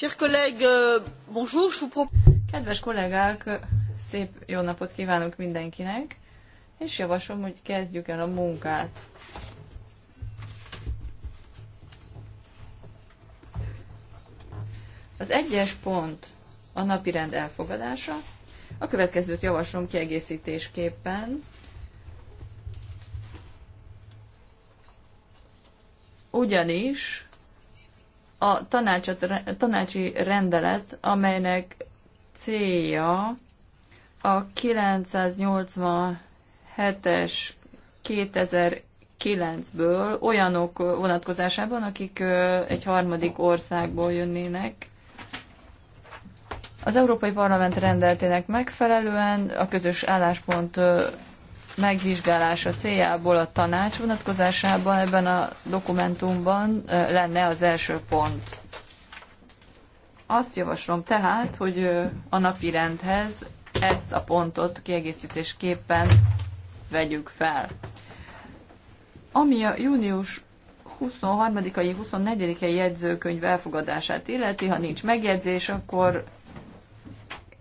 Euh, Kedves kollégák, szép jó napot kívánok mindenkinek, és javaslom, hogy kezdjük el a munkát. Az egyes pont a napirend elfogadása. A következőt javaslom kiegészítésképpen. Ugyanis a tanácsot, tanácsi rendelet, amelynek célja a 987-es 2009-ből olyanok vonatkozásában, akik egy harmadik országból jönnének. Az Európai Parlament rendeletének megfelelően a közös álláspont megvizsgálása céljából a tanács vonatkozásában ebben a dokumentumban lenne az első pont. Azt javaslom tehát, hogy a napi rendhez ezt a pontot kiegészítésképpen vegyük fel. Ami a június 23-ai, 24-ei jegyzőkönyv elfogadását illeti, ha nincs megjegyzés, akkor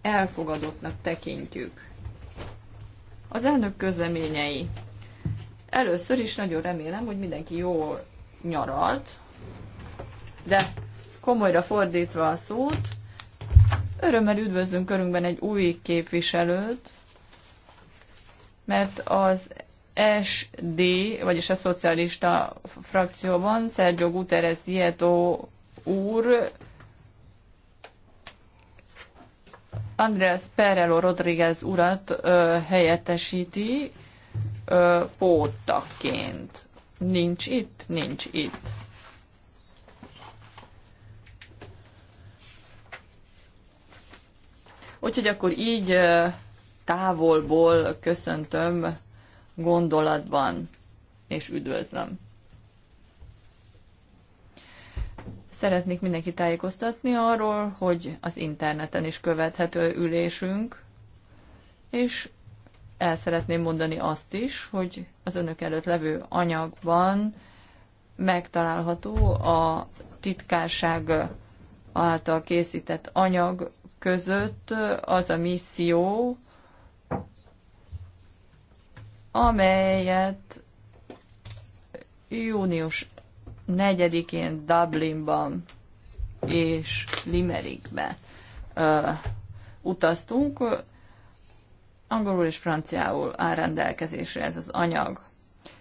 elfogadottnak tekintjük. Az elnök közleményei. Először is nagyon remélem, hogy mindenki jól nyaralt, de komolyra fordítva a szót, örömmel üdvözlünk körünkben egy új képviselőt, mert az SD, vagyis a szocialista frakcióban Sergio Guterres Nieto úr Andreas Perello Rodríguez urat ö, helyettesíti ö, póttaként. Nincs itt? Nincs itt. Úgyhogy akkor így távolból köszöntöm gondolatban, és üdvözlöm. Szeretnék mindenki tájékoztatni arról, hogy az interneten is követhető ülésünk, és el szeretném mondani azt is, hogy az önök előtt levő anyagban megtalálható a titkárság által készített anyag között az a misszió, amelyet június 4-én Dublinban és Limerickbe ö, utaztunk. Angolul és franciául áll rendelkezésre ez az anyag.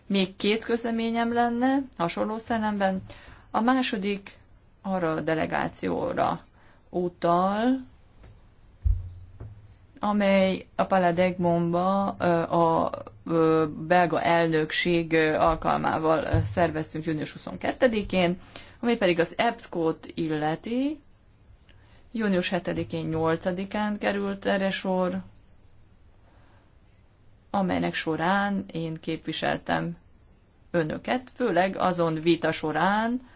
Még két közleményem lenne, hasonló szellemben. A második arra a delegációra utal, amely a Paladegmomba a belga elnökség alkalmával szerveztünk június 22-én, amely pedig az EBSCO-t illeti. Június 7-én, 8-án került erre sor, amelynek során én képviseltem önöket, főleg azon vita során,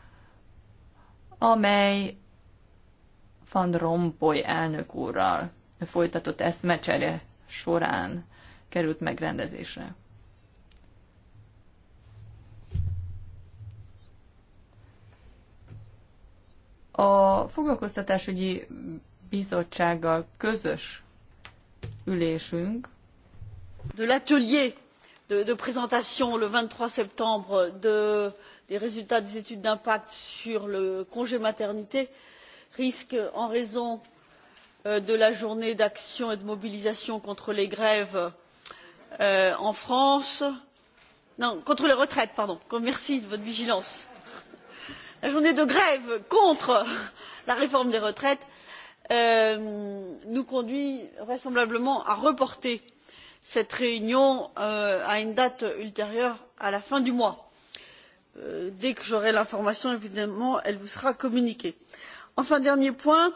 amely Van Rompuy elnök úrral folytatott eszmecsere során került megrendezésre. A foglalkoztatásügyi bizottsággal közös ülésünk de l'atelier de, de présentation le 23 septembre de, des résultats des études d'impact sur le congé maternité risque en raison Euh, de la journée d'action et de mobilisation contre les grèves euh, en france non contre les retraites pardon merci de votre vigilance la journée de grève contre la réforme des retraites euh, nous conduit vraisemblablement à reporter cette réunion à une date ultérieure à la fin du mois. dès que j'aurai l'information évidemment elle vous sera communiquée. enfin dernier point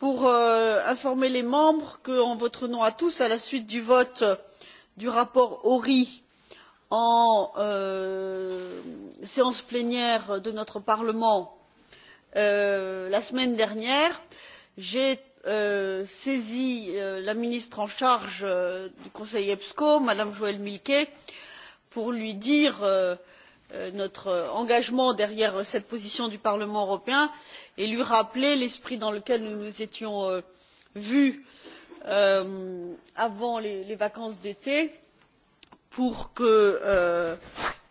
pour euh, informer les membres en votre nom à tous à la suite du vote du rapport ry en euh, séance plénière de notre parlement euh, la semaine dernière j'ai saisi la ministre en charge du conseil epsco mme joëlle milquet pour lui dire Euh, notre engagement derrière cette position du parlement européen et lui rappeler l'esprit dans lequel nous nous étions euh, vus euh, avant les vacances d'été pour que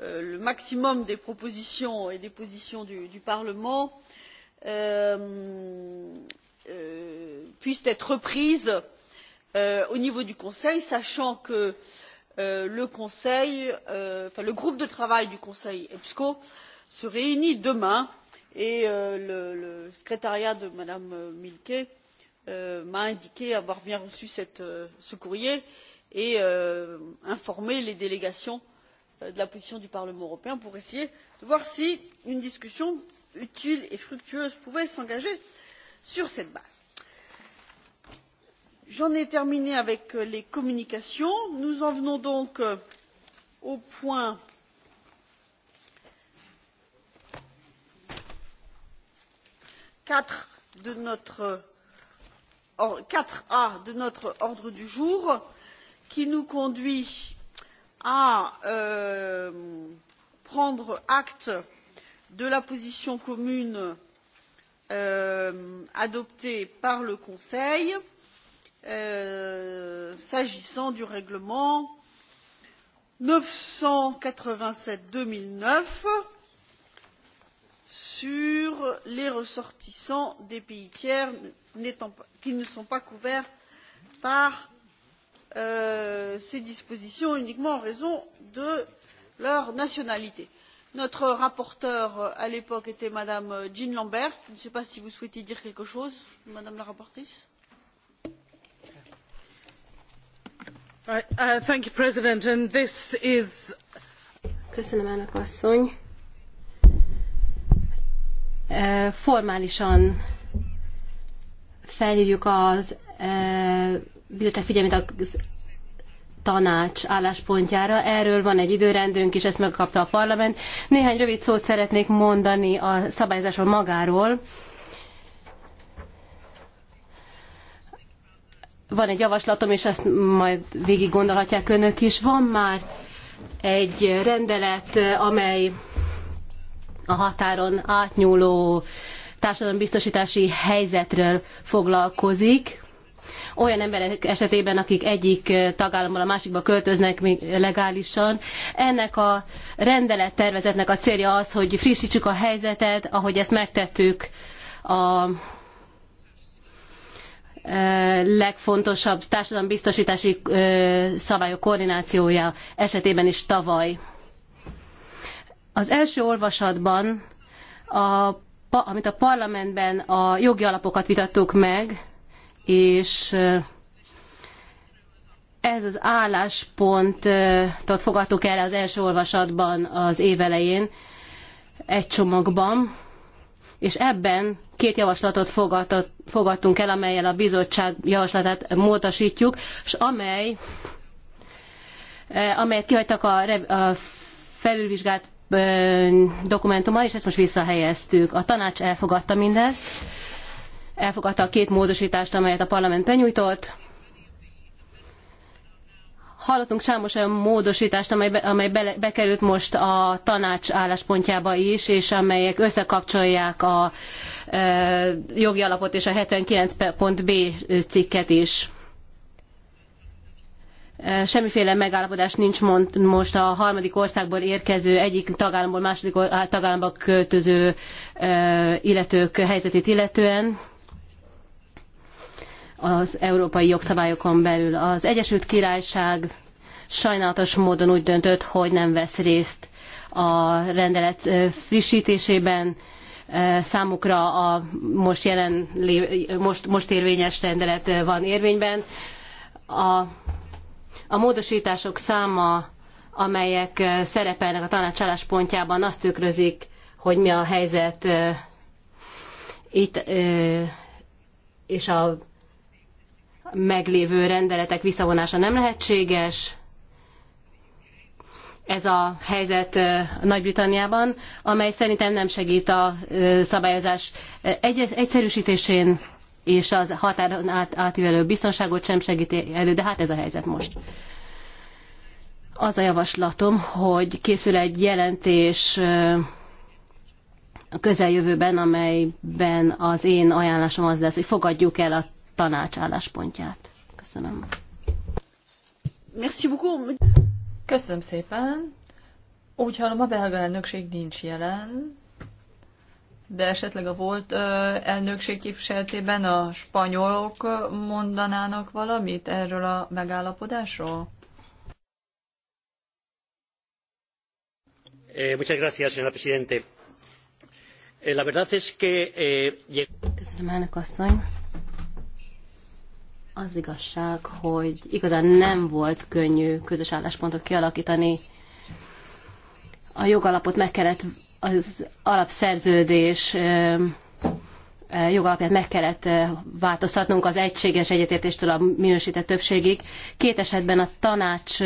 le maximum des propositions et des positions du parlement puissent être reprises au niveau du conseil sachant que Euh, euh, le groupe de travail du conseil epsco se réunit demain et euh, le, secrétariat de mme milquet m'a indiqué avoir bien reçu ce courrier et informé les délégations de la position du parlement européen pour essayer de voir si une discussion utile et fructueuse pouvait s'engager sur cette base j'en ai terminé avec euh, les communications. nous en venons donc euh, au point euh, quatre a de notre ordre du jour qui nous conduit à prendre acte de la position commune adoptée par le conseil et Euh, s'agissant du règlement neuf cent quatre vingt sept deux mille neuf sur les ressortissants des pays tiers qui ne sont pas couverts par euh, ces dispositions uniquement en raison de leur nationalité. notre rapporteure à l'époque était mme jean lambert. je ne sais pas si vous souhaitez dire quelque chose madame la rapporteure. Uh, Köszönöm, Formálisan felhívjuk az bizottság figyelmét a tanács álláspontjára. Erről van egy időrendünk is, ezt megkapta a parlament. Néhány rövid szót szeretnék mondani a szabályozásról magáról. van egy javaslatom, és ezt majd végig gondolhatják önök is. Van már egy rendelet, amely a határon átnyúló társadalombiztosítási helyzetről foglalkozik. Olyan emberek esetében, akik egyik tagállamból a másikba költöznek még legálisan. Ennek a rendelettervezetnek a célja az, hogy frissítsük a helyzetet, ahogy ezt megtettük a legfontosabb társadalombiztosítási szabályok koordinációja esetében is tavaly. Az első olvasatban, a, amit a parlamentben a jogi alapokat vitattuk meg, és ez az álláspontot fogadtuk el az első olvasatban az évelején egy csomagban, és ebben két javaslatot fogadtunk el, amelyel a bizottság javaslatát módosítjuk, és amely, eh, amelyet kihagytak a, a felülvizsgált dokumentummal, és ezt most visszahelyeztük. A tanács elfogadta mindezt, elfogadta a két módosítást, amelyet a parlament benyújtott, Hallottunk számos olyan módosítást, amely, be, amely bekerült most a tanács álláspontjába is, és amelyek összekapcsolják a e, jogi alapot és a 79.b cikket is. Semmiféle megállapodás nincs most a harmadik országból érkező, egyik tagállamból második tagállamba költöző illetők helyzetét illetően az európai jogszabályokon belül. Az Egyesült Királyság sajnálatos módon úgy döntött, hogy nem vesz részt a rendelet frissítésében. Számukra a most, jelen, most, most érvényes rendelet van érvényben. A, a módosítások száma, amelyek szerepelnek a tanács álláspontjában, azt tükrözik, hogy mi a helyzet itt, és a meglévő rendeletek visszavonása nem lehetséges. Ez a helyzet Nagy-Britanniában, amely szerintem nem segít a szabályozás egy- egyszerűsítésén, és az határon át, átívelő biztonságot sem segíti elő, de hát ez a helyzet most. Az a javaslatom, hogy készül egy jelentés a közeljövőben, amelyben az én ajánlásom az lesz, hogy fogadjuk el a tanács álláspontját. Köszönöm. Merci beaucoup. Köszönöm szépen. Úgy hallom, a belga elnökség nincs jelen, de esetleg a volt elnökség képviseletében a spanyolok mondanának valamit erről a megállapodásról? Eh, muchas gracias, señora presidente. Eh, la verdad es que... Eh, Köszönöm, elnök asszony. Az igazság, hogy igazán nem volt könnyű közös álláspontot kialakítani. A jogalapot meg kellett, az alapszerződés jogalapját meg kellett változtatnunk az egységes egyetértéstől a minősített többségig. Két esetben a tanács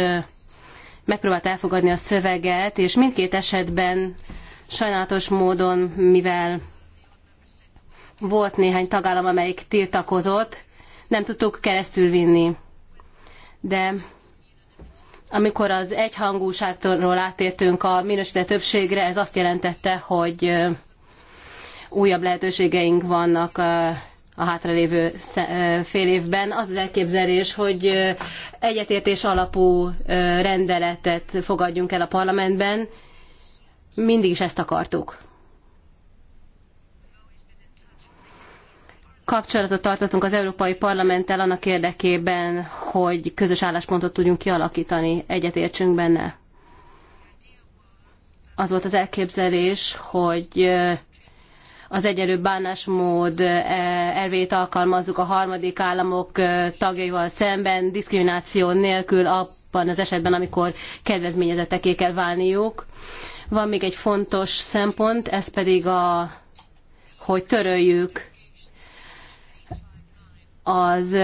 megpróbált elfogadni a szöveget, és mindkét esetben sajnálatos módon, mivel volt néhány tagállam, amelyik tiltakozott, nem tudtuk keresztülvinni. De amikor az egyhangúságtól áttértünk a minősített többségre, ez azt jelentette, hogy újabb lehetőségeink vannak a hátralévő fél évben. Az az elképzelés, hogy egyetértés alapú rendeletet fogadjunk el a parlamentben, mindig is ezt akartuk. kapcsolatot tartottunk az Európai Parlamenttel annak érdekében, hogy közös álláspontot tudjunk kialakítani, egyetértsünk benne. Az volt az elképzelés, hogy az egyenlő bánásmód elvét alkalmazzuk a harmadik államok tagjaival szemben, diszkrimináció nélkül abban az esetben, amikor kedvezményezetteké kell válniuk. Van még egy fontos szempont, ez pedig a, hogy töröljük az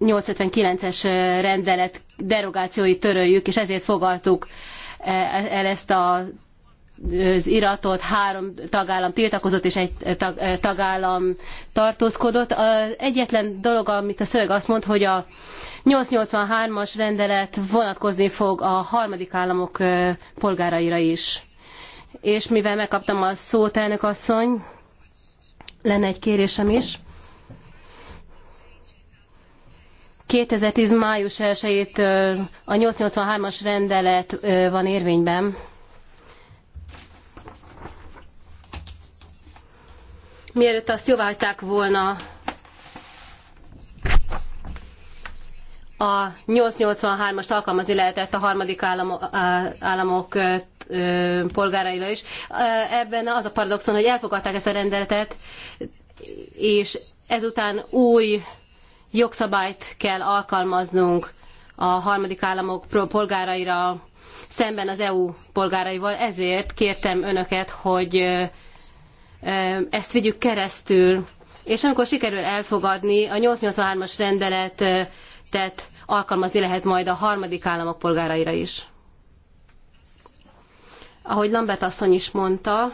859-es rendelet derogációit töröljük, és ezért fogadtuk el ezt a az iratot három tagállam tiltakozott, és egy tagállam tartózkodott. Az egyetlen dolog, amit a szöveg azt mond, hogy a 883-as rendelet vonatkozni fog a harmadik államok polgáraira is. És mivel megkaptam a szót, elnök asszony, lenne egy kérésem is. 2010. május 1 a 883-as rendelet van érvényben. Mielőtt azt jóváhagyták volna a 883-ast alkalmazni lehetett a harmadik államok polgáraira is. Ebben az a paradoxon, hogy elfogadták ezt a rendeletet, és ezután új jogszabályt kell alkalmaznunk a harmadik államok polgáraira szemben az EU polgáraival. Ezért kértem önöket, hogy ezt vigyük keresztül, és amikor sikerül elfogadni, a 883-as rendeletet alkalmazni lehet majd a harmadik államok polgáraira is. Ahogy Lambert asszony is mondta,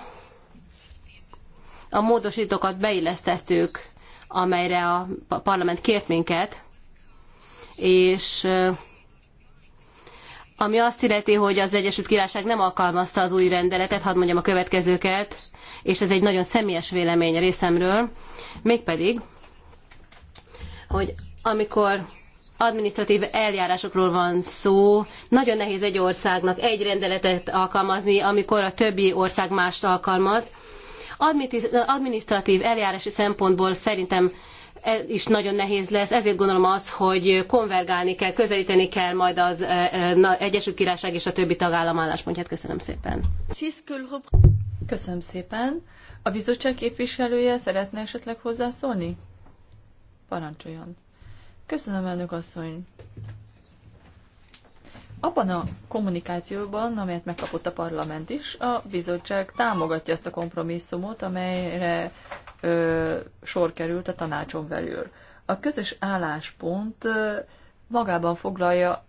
a módosítókat beillesztettük amelyre a parlament kért minket, és ami azt illeti, hogy az Egyesült Királyság nem alkalmazta az új rendeletet, hadd mondjam a következőket, és ez egy nagyon személyes vélemény részemről, mégpedig, hogy amikor administratív eljárásokról van szó, nagyon nehéz egy országnak egy rendeletet alkalmazni, amikor a többi ország mást alkalmaz, Adminisztratív eljárási szempontból szerintem e is nagyon nehéz lesz, ezért gondolom az, hogy konvergálni kell, közelíteni kell majd az e, e, na, Egyesült Királyság és a többi tagállam álláspontját. Köszönöm szépen. Köszönöm szépen. A bizottság képviselője szeretne esetleg hozzászólni? Parancsoljon. Köszönöm, elnök asszony. Abban a kommunikációban, amelyet megkapott a parlament is, a bizottság támogatja ezt a kompromisszumot, amelyre ö, sor került a tanácson belül. A közös álláspont ö, magában foglalja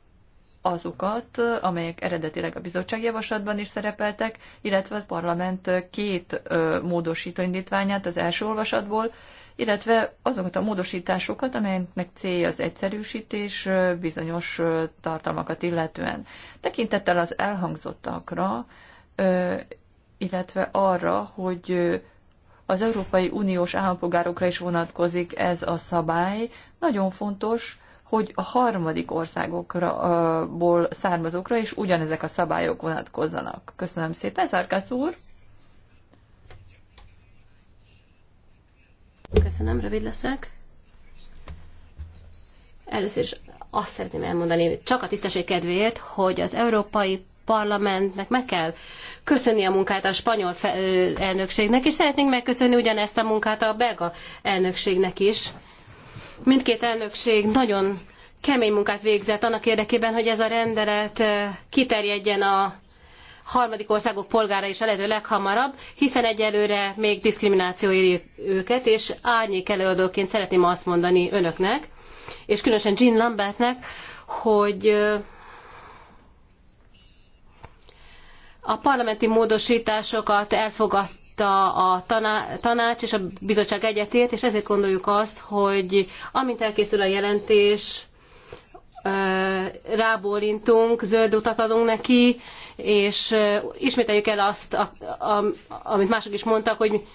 azokat, amelyek eredetileg a bizottság javaslatban is szerepeltek, illetve a parlament két módosító indítványát az első olvasatból, illetve azokat a módosításokat, amelyeknek célja az egyszerűsítés bizonyos tartalmakat illetően. Tekintettel az elhangzottakra, illetve arra, hogy az Európai Uniós állampolgárokra is vonatkozik ez a szabály, nagyon fontos, hogy a harmadik országokból származókra is ugyanezek a szabályok vonatkozzanak. Köszönöm szépen, Zárkász úr! Köszönöm, rövid leszek. Először is azt szeretném elmondani, csak a tisztesség kedvéért, hogy az Európai Parlamentnek meg kell köszönni a munkát a spanyol elnökségnek, és szeretnénk megköszönni ugyanezt a munkát a belga elnökségnek is. Mindkét elnökség nagyon kemény munkát végzett annak érdekében, hogy ez a rendelet kiterjedjen a harmadik országok polgára is a lehető leghamarabb, hiszen egyelőre még diszkrimináció éri őket, és árnyék előadóként szeretném azt mondani önöknek, és különösen Jean Lambertnek, hogy a parlamenti módosításokat elfogadta a, a tanács és a bizottság egyetért, és ezért gondoljuk azt, hogy amint elkészül a jelentés, rábólintunk, zöld utat adunk neki, és ismételjük el azt, a, a, amit mások is mondtak, hogy,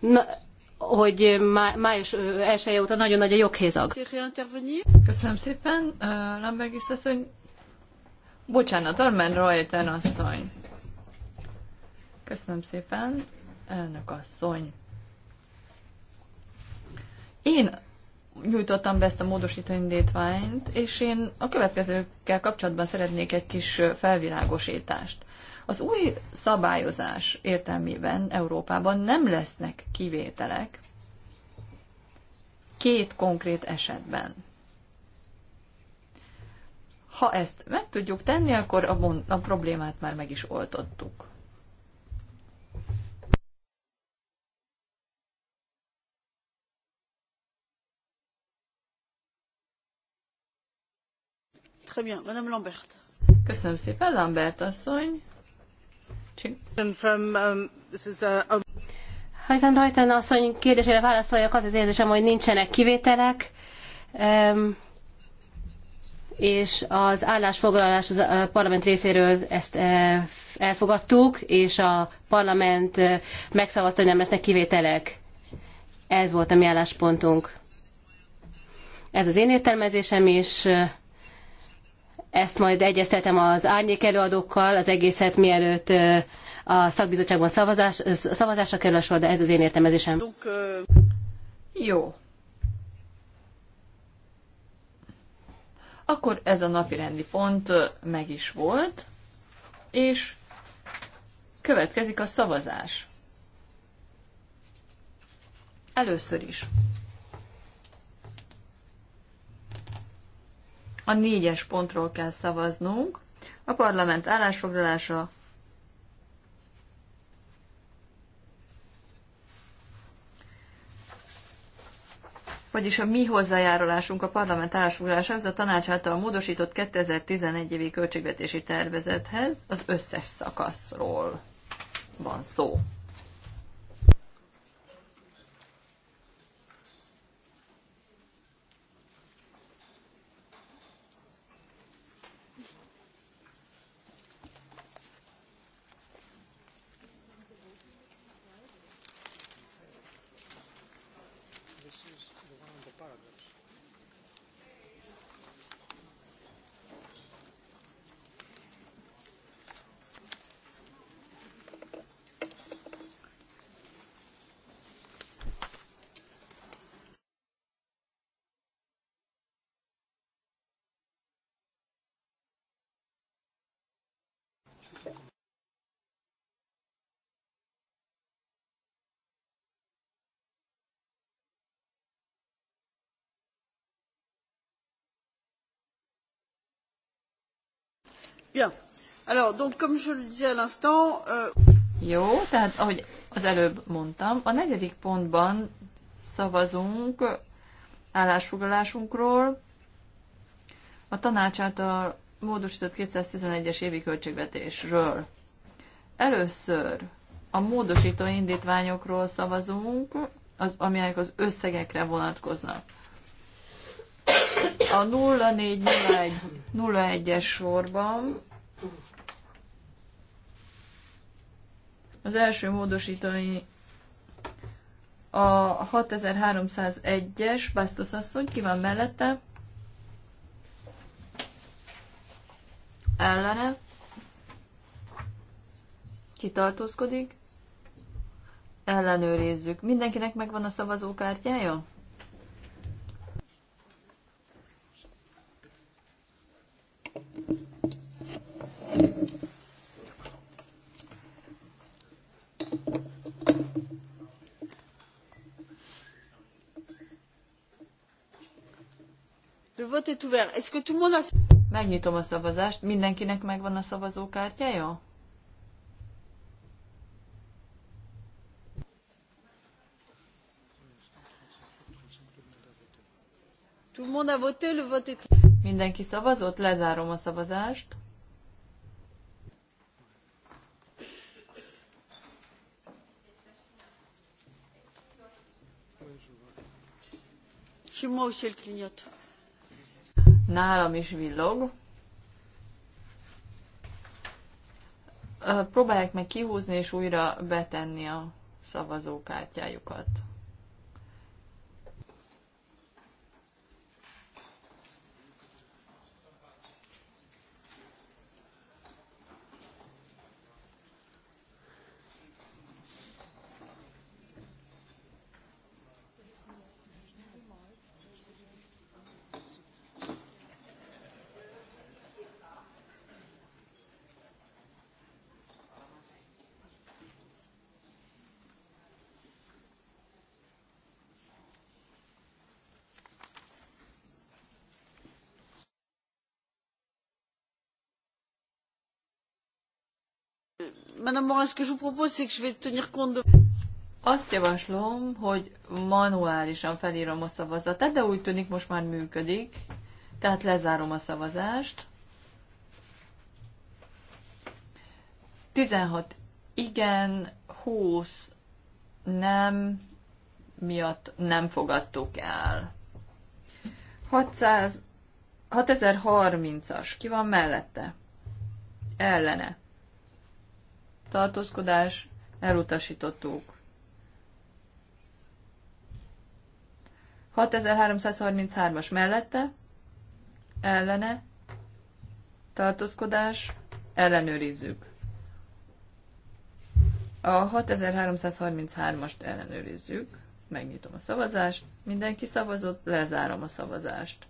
na, hogy má, május 1 óta nagyon nagy a joghézag. Köszönöm szépen, uh, Lambergis asszony. Bocsánat, Armen Reuten asszony. Köszönöm szépen, elnök asszony. Én nyújtottam be ezt a módosító indítványt, és én a következőkkel kapcsolatban szeretnék egy kis felvilágosítást. Az új szabályozás értelmében Európában nem lesznek kivételek két konkrét esetben. Ha ezt meg tudjuk tenni, akkor a, a problémát már meg is oltottuk. Très bien, Madame Lambert. Köszönöm szépen, Lambert asszony. Um, hogy uh, van rajta, asszony kérdésére válaszoljak, az az érzésem, hogy nincsenek kivételek, um, és az állásfoglalás az a uh, parlament részéről ezt uh, elfogadtuk, és a parlament megszavazta, hogy nem lesznek kivételek. Ez volt a mi álláspontunk. Ez az én értelmezésem is. Ezt majd egyeztetem az árnyék előadókkal, az egészet mielőtt a szakbizottságban szavazás, szavazásra kerül a sor, de ez az én értelmezésem. Jó. Akkor ez a napi rendi pont meg is volt, és következik a szavazás. Először is A négyes pontról kell szavaznunk. A parlament állásfoglalása vagyis a mi hozzájárulásunk a parlament állásfoglalásához a tanács által módosított 2011 évi költségvetési tervezethez az összes szakaszról van szó. Euh, Jó, tehát ahogy az előbb mondtam, a negyedik pontban szavazunk állásfoglalásunkról, a tanács által módosított 211-es évi költségvetésről. Először a módosító indítványokról szavazunk, az, amelyek az összegekre vonatkoznak a 0401 es sorban az első módosítói a 6301-es Bastos asszony, ki van mellette? Ellene. Kitartózkodik. Ellenőrizzük. Mindenkinek megvan a szavazókártyája? Megnyitom a szavazást. Mindenkinek megvan a szavazókártyája? Mindenki szavazott, lezárom a szavazást. Nálam is villog. Próbálják meg kihúzni és újra betenni a szavazókártyájukat. Madame Morin, ce que je vous propose, c'est que je vais tenir compte de... Azt javaslom, hogy manuálisan felírom a szavazatát, de úgy tűnik most már működik. Tehát lezárom a szavazást. 16 igen, 20 nem, miatt nem fogadtuk el. 600, 6030-as, ki van mellette? Ellene tartózkodás, elutasítottuk. 6333-as mellette, ellene, tartózkodás, ellenőrizzük. A 6333-ast ellenőrizzük, megnyitom a szavazást, mindenki szavazott, lezárom a szavazást.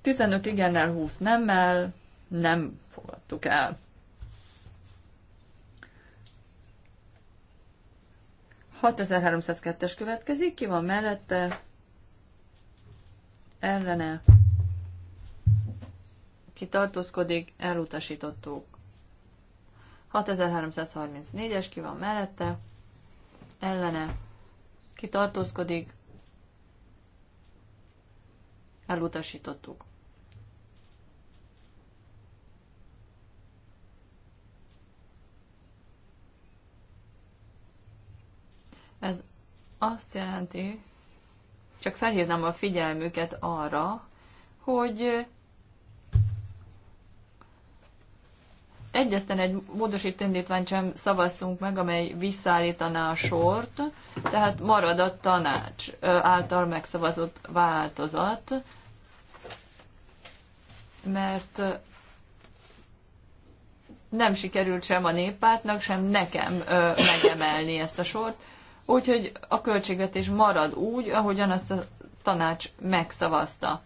15 igennel, 20 nemmel, nem fogadtuk el. 6302-es következik, ki van mellette, ellene, ki tartózkodik, elutasítottuk. 6334-es, ki van mellette, ellene, ki tartózkodik, elutasítottuk. Ez azt jelenti, csak felhívnám a figyelmüket arra, hogy egyetlen egy módosító indítványt sem szavaztunk meg, amely visszaállítaná a sort, tehát marad a tanács által megszavazott változat, mert nem sikerült sem a néppártnak, sem nekem megemelni ezt a sort, úgyhogy a költségvetés marad úgy, ahogyan azt a tanács megszavazta.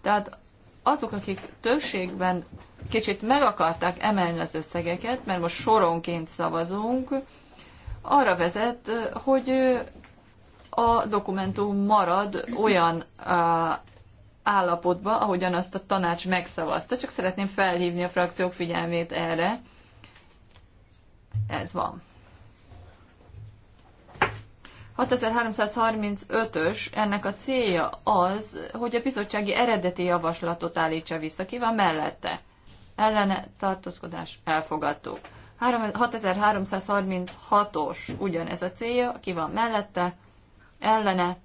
Tehát azok, akik többségben kicsit meg akarták emelni az összegeket, mert most soronként szavazunk, arra vezet, hogy a dokumentum marad olyan állapotba, ahogyan azt a tanács megszavazta. Csak szeretném felhívni a frakciók figyelmét erre. Ez van. 6335-ös, ennek a célja az, hogy a bizottsági eredeti javaslatot állítsa vissza. Ki van mellette? Ellene tartózkodás elfogadtuk. 6336-os ugyanez a célja, ki van mellette? Ellene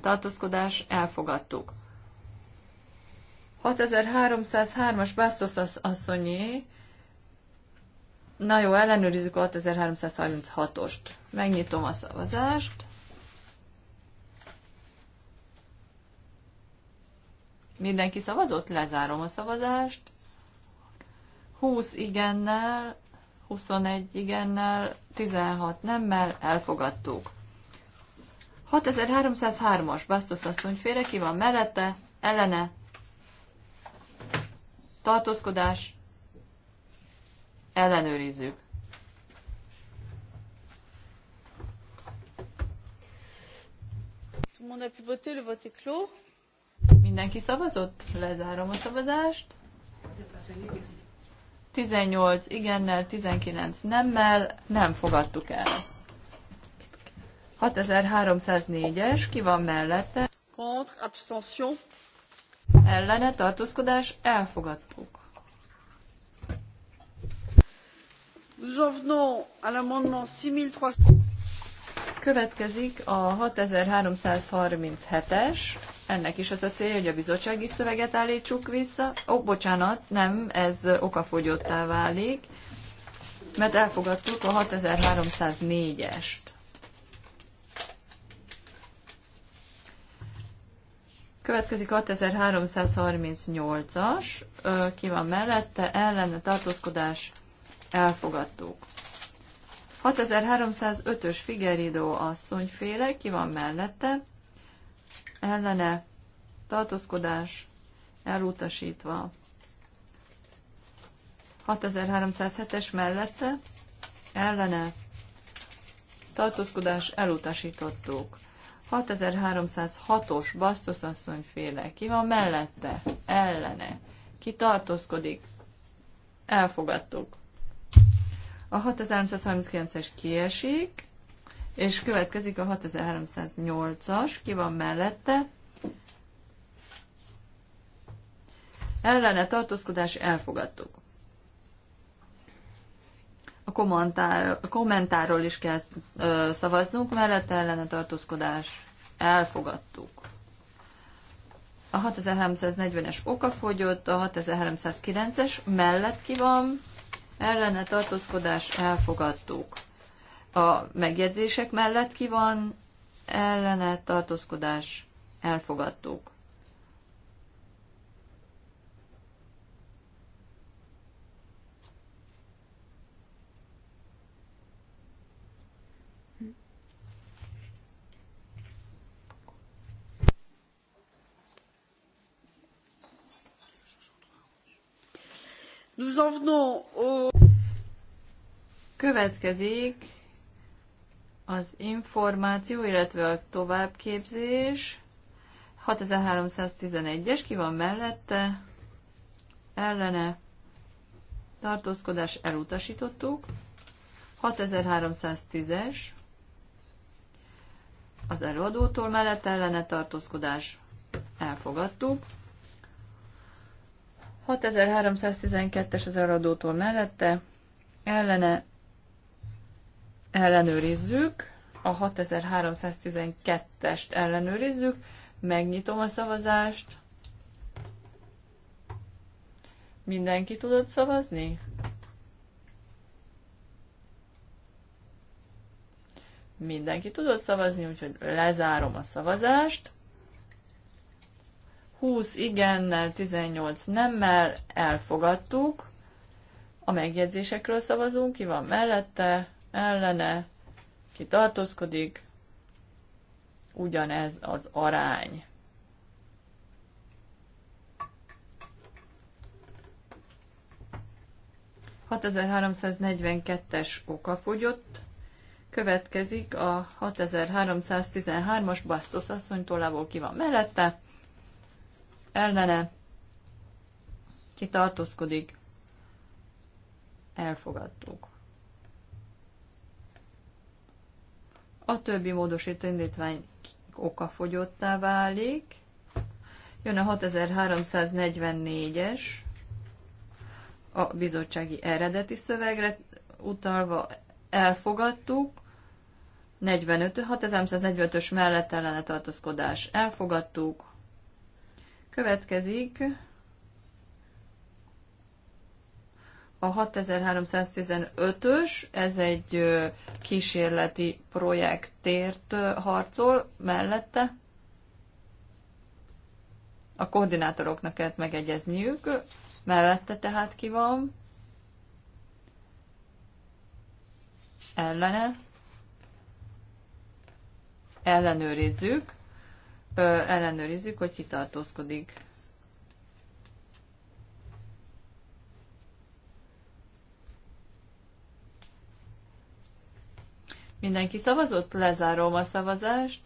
tartózkodás elfogadtuk. 6303-as Bastos asszonyé, Na jó, ellenőrizzük a 6336-ost. Megnyitom a szavazást. Mindenki szavazott? Lezárom a szavazást. 20 igennel, 21 igennel, 16 nemmel elfogadtuk. 6303-as Bastos asszony ki van mellette, ellene, tartózkodás, ellenőrizzük. Mindenki szavazott? Lezárom a szavazást. 18 igennel, 19 nemmel nem fogadtuk el. 6304-es, ki van mellette? Contre, abstention. Ellene tartózkodás, elfogadtuk. Nous en venons à l'amendement 6300. Következik a 6337-es. Ennek is az a célja, hogy a bizottsági szöveget állítsuk vissza. Ó, oh, bocsánat, nem, ez okafogyottá válik, mert elfogadtuk a 6304-est. Következik 6338-as, ki van mellette, ellene tartózkodás elfogadtuk. 6305-ös Figueridó asszonyféle, ki van mellette, ellene tartózkodás elutasítva. 6307-es mellette, ellene tartózkodás elutasítottuk. 6306-os Basztos asszonyféle, ki van mellette, ellene, ki tartózkodik, elfogadtuk. A 6339-es kiesik, és következik a 6308-as, ki van mellette. Ellene tartózkodás elfogadtuk. A, kommentár, a kommentárról is kell ö, szavaznunk, mellette ellene tartózkodás elfogadtuk. A 6340-es okafogyott, a 6309-es mellett ki van, ellene tartózkodás elfogadtuk. A megjegyzések mellett ki van, ellene tartózkodás elfogadtuk. Nous en venons au... Következik az információ, illetve a továbbképzés. 6311-es, ki van mellette? Ellene. Tartózkodás elutasítottuk. 6310-es. Az előadótól mellett ellene tartózkodás elfogadtuk. 6312-es az eladótól mellette, ellene ellenőrizzük, a 6312-est ellenőrizzük, megnyitom a szavazást. Mindenki tudott szavazni? Mindenki tudott szavazni, úgyhogy lezárom a szavazást. 20 igennel, 18 nemmel elfogadtuk. A megjegyzésekről szavazunk, ki van mellette, ellene, ki tartózkodik, ugyanez az arány. es oka fogyott, következik a 6313-as Basztos asszonytól, ki van mellette, ellene ki tartózkodik, elfogadtuk. A többi módosító indítvány okafogyottá válik. Jön a 6344-es, a bizottsági eredeti szövegre utalva elfogadtuk, 45, 6345-ös mellett ellene tartózkodás elfogadtuk, Következik a 6315-ös, ez egy kísérleti projektért harcol mellette. A koordinátoroknak kellett megegyezniük, mellette tehát ki van, ellene, ellenőrizzük, ellenőrizzük, hogy kitartózkodik. Mindenki szavazott? Lezárom a szavazást.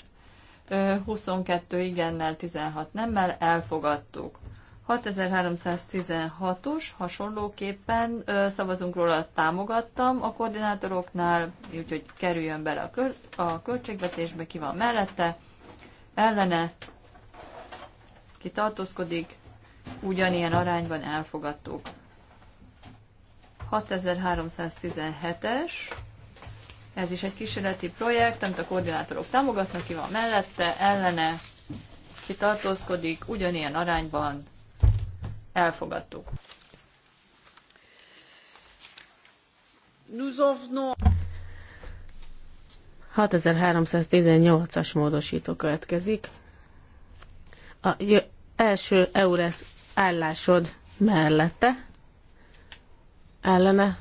22 igennel, 16 nemmel elfogadtuk. 6316-os hasonlóképpen szavazunk róla, támogattam a koordinátoroknál, úgyhogy kerüljön bele a, a költségvetésbe, ki van mellette, ellene ki ugyanilyen arányban elfogadtuk. 6317-es, ez is egy kísérleti projekt, amit a koordinátorok támogatnak, ki van mellette, ellene, ki ugyanilyen arányban elfogadtuk. Nous en venons... 6318-as módosító következik. A első EURES állásod mellette, ellene,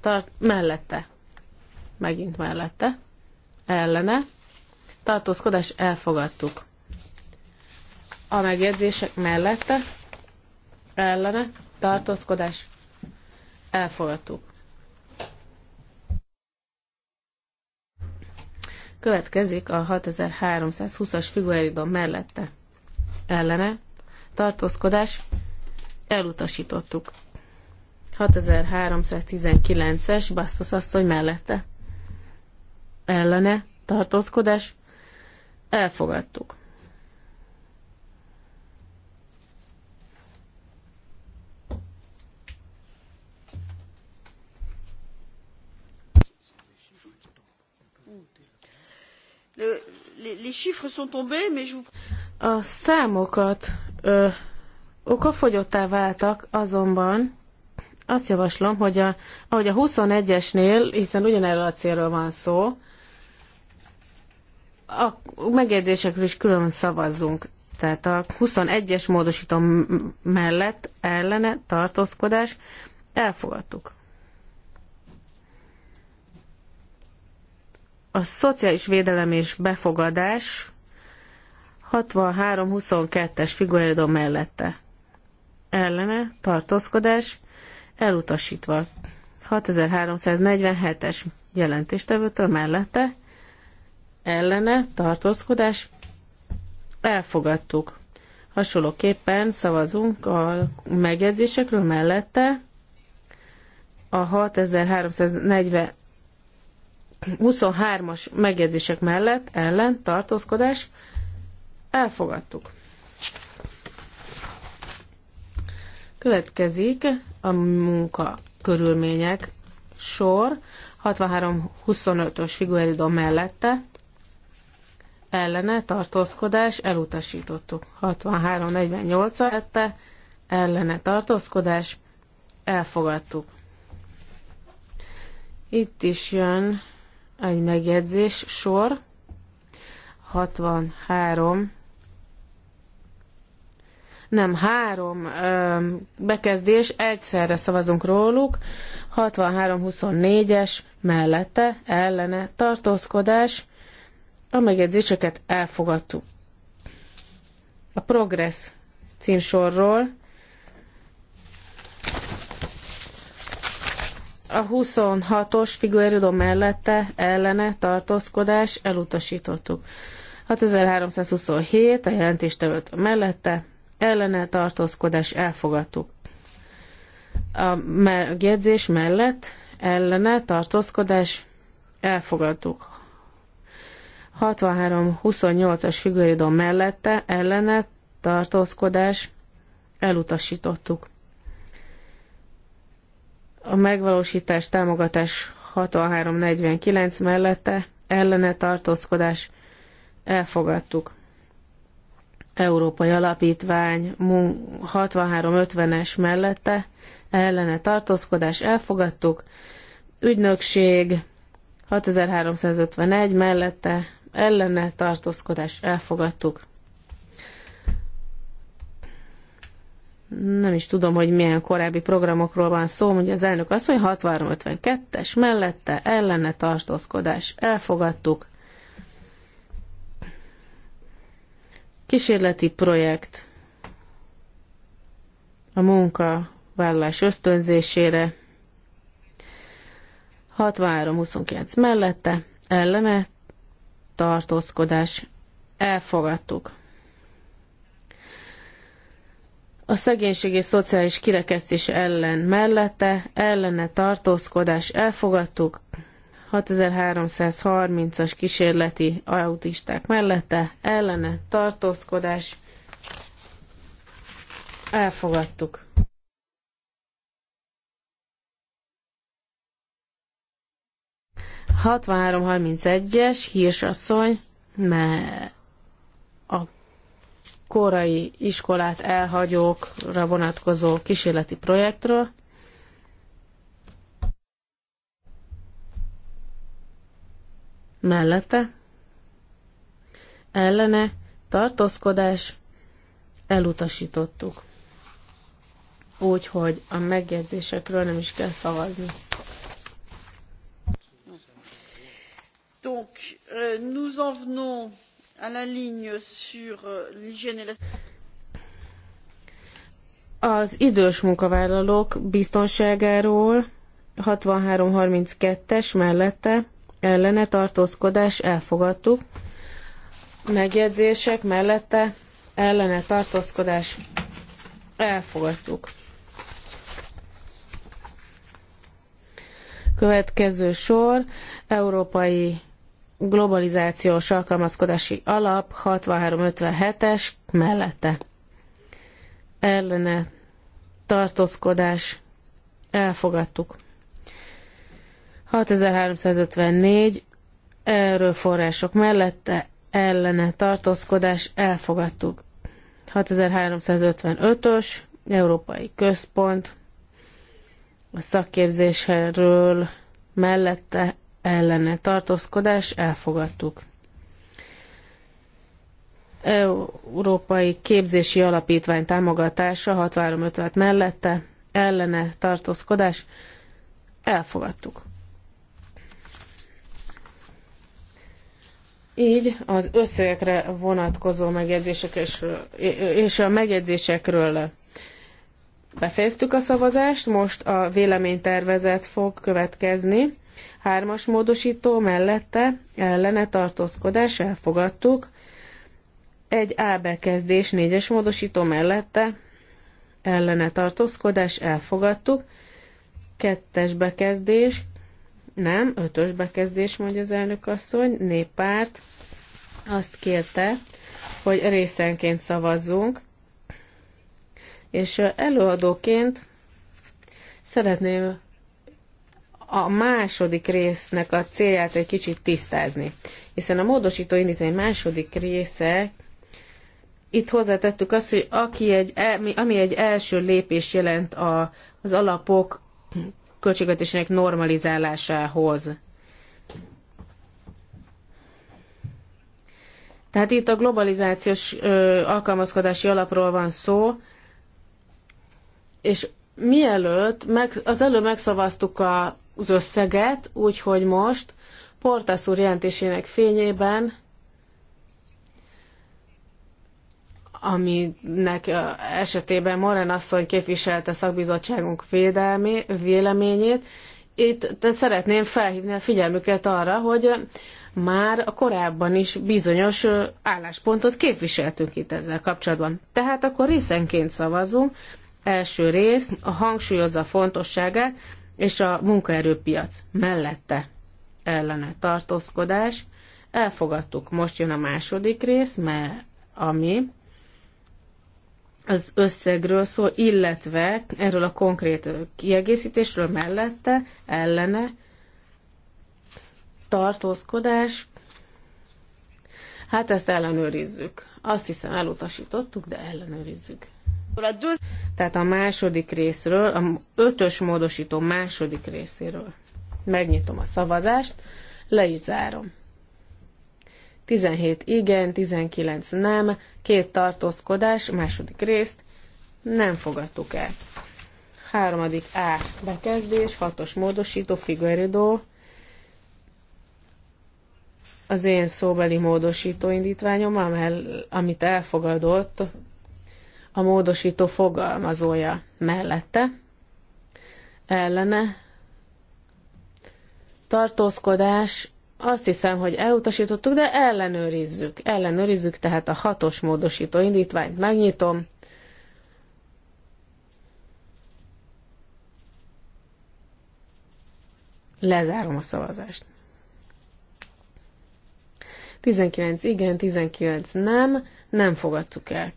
tart, mellette, megint mellette, ellene, tartózkodás elfogadtuk. A megjegyzések mellette, ellene, tartózkodás elfogadtuk. Következik a 6320-as figuelidon mellette. Ellene. Tartózkodás. Elutasítottuk. 6319-es Bastos asszony mellette. Ellene. Tartózkodás. Elfogadtuk. les chiffres sont tombés, mais je vous... A számokat ö, okafogyottá váltak, azonban azt javaslom, hogy a, ahogy a 21-esnél, hiszen ugyanerről a célról van szó, a megjegyzésekről is külön szavazzunk. Tehát a 21-es módosító mellett ellene tartózkodás elfogadtuk. A szociális védelem és befogadás 63-22-es figueredo mellette. Ellene tartózkodás elutasítva. 6347-es jelentéstevőtől mellette ellene tartózkodás elfogadtuk. Hasonlóképpen szavazunk a megjegyzésekről mellette a 6340 23-as megjegyzések mellett ellen tartózkodás elfogadtuk. Következik a munka körülmények sor 63-25-ös figueridon mellette ellene tartózkodás elutasítottuk. 63-48 mellette ellene tartózkodás elfogadtuk. Itt is jön egy megjegyzés, sor, 63, nem, három ö, bekezdés, egyszerre szavazunk róluk, 63-24-es, mellette, ellene, tartózkodás, a megjegyzéseket elfogadtuk. A progress címsorról A 26-os Figueredo mellette ellene tartózkodás elutasítottuk. 6327 a jelentéstevőt mellette ellene tartózkodás elfogadtuk. A megjegyzés mellett ellene tartózkodás elfogadtuk. 63-28-as Figueredo mellette ellene tartózkodás elutasítottuk. A megvalósítás támogatás 6349 mellette ellene tartózkodás elfogadtuk. Európai Alapítvány 6350-es mellette ellene tartózkodás elfogadtuk. Ügynökség 6351 mellette ellene tartózkodás elfogadtuk. nem is tudom, hogy milyen korábbi programokról van szó, mondja az elnök azt, hogy 6352 es mellette ellene tartózkodás. Elfogadtuk. Kísérleti projekt a munkavállalás ösztönzésére 6329 mellette ellene tartózkodás. Elfogadtuk. a szegénység és szociális kirekesztés ellen mellette, ellene tartózkodás elfogadtuk, 6330-as kísérleti autisták mellette, ellene tartózkodás elfogadtuk. es hírsasszony, mert korai iskolát elhagyókra vonatkozó kísérleti projektről. Mellette ellene tartózkodás elutasítottuk. Úgyhogy a megjegyzésekről nem is kell szavazni. Donc, euh, nous en venons Euh, az idős munkavállalók biztonságáról 6332-es mellette ellene tartózkodás elfogadtuk. Megjegyzések mellette ellene tartózkodás elfogadtuk. Következő sor, európai globalizációs alkalmazkodási alap 6357-es mellette. Ellene tartózkodás elfogadtuk. 6354 források mellette ellene tartózkodás elfogadtuk. 6355-ös Európai Központ a szakképzésről mellette ellene tartózkodás elfogadtuk. Európai Képzési Alapítvány támogatása 6356 mellette ellene tartózkodás elfogadtuk. Így az összegekre vonatkozó megjegyzések és a megjegyzésekről befejeztük a szavazást, most a véleménytervezet fog következni. Hármas módosító mellette ellene tartózkodás elfogadtuk. Egy A bekezdés négyes módosító mellette ellene tartózkodás elfogadtuk. Kettes bekezdés, nem, ötös bekezdés, mondja az elnök asszony, néppárt azt kérte, hogy részenként szavazzunk, és előadóként szeretném a második résznek a célját egy kicsit tisztázni. Hiszen a módosító indítvány második része, itt hozzátettük azt, hogy aki egy, e, ami egy első lépés jelent a, az alapok költségvetésének normalizálásához. Tehát itt a globalizációs ö, alkalmazkodási alapról van szó, és mielőtt meg, az előbb megszavaztuk a az összeget, úgyhogy most Portász úr jelentésének fényében, aminek esetében Morán asszony képviselte szakbizottságunk védelmi, véleményét, itt szeretném felhívni a figyelmüket arra, hogy már a korábban is bizonyos álláspontot képviseltünk itt ezzel kapcsolatban. Tehát akkor részenként szavazunk. Első rész a hangsúlyozza fontosságát, és a munkaerőpiac mellette ellene tartózkodás. Elfogadtuk. Most jön a második rész, mert ami az összegről szól, illetve erről a konkrét kiegészítésről mellette ellene tartózkodás. Hát ezt ellenőrizzük. Azt hiszem elutasítottuk, de ellenőrizzük. Tehát a második részről, a ötös módosító második részéről. Megnyitom a szavazást, le is zárom. 17 igen, 19 nem, két tartózkodás, második részt nem fogadtuk el. Háromadik A bekezdés, hatos módosító, Figueredo, az én szóbeli módosító indítványom, amel, amit elfogadott a módosító fogalmazója mellette, ellene, tartózkodás, azt hiszem, hogy elutasítottuk, de ellenőrizzük. Ellenőrizzük, tehát a hatos módosító indítványt megnyitom. Lezárom a szavazást. 19 igen, 19 nem, nem fogadtuk el.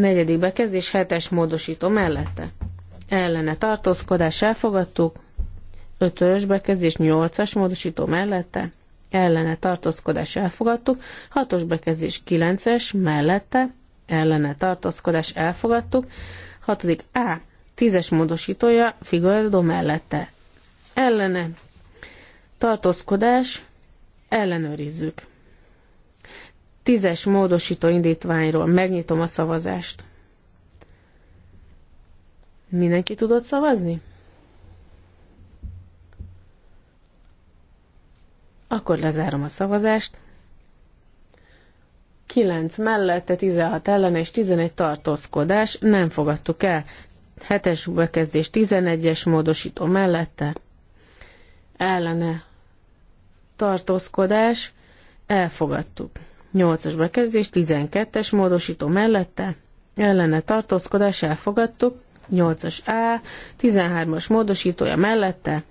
Negyedik bekezdés, hetes módosító mellette. Ellene tartózkodás elfogadtuk. Ötös bekezdés, nyolcas módosító mellette. Ellene tartózkodás elfogadtuk. Hatos bekezdés, kilences mellette. Ellene tartózkodás elfogadtuk. Hatodik A. Tízes módosítója Figueredo mellette. Ellene tartózkodás ellenőrizzük. Tízes módosító indítványról megnyitom a szavazást. Mindenki tudott szavazni? Akkor lezárom a szavazást. 9 mellette, 16 ellen és 11 tartózkodás, nem fogadtuk el. 7-es bekezdés 11-es módosító mellette, ellene tartózkodás, elfogadtuk. 8-as bekezdés, 12-es módosító mellette, ellene tartózkodás elfogadtuk, 8-as A, 13-as módosítója mellette,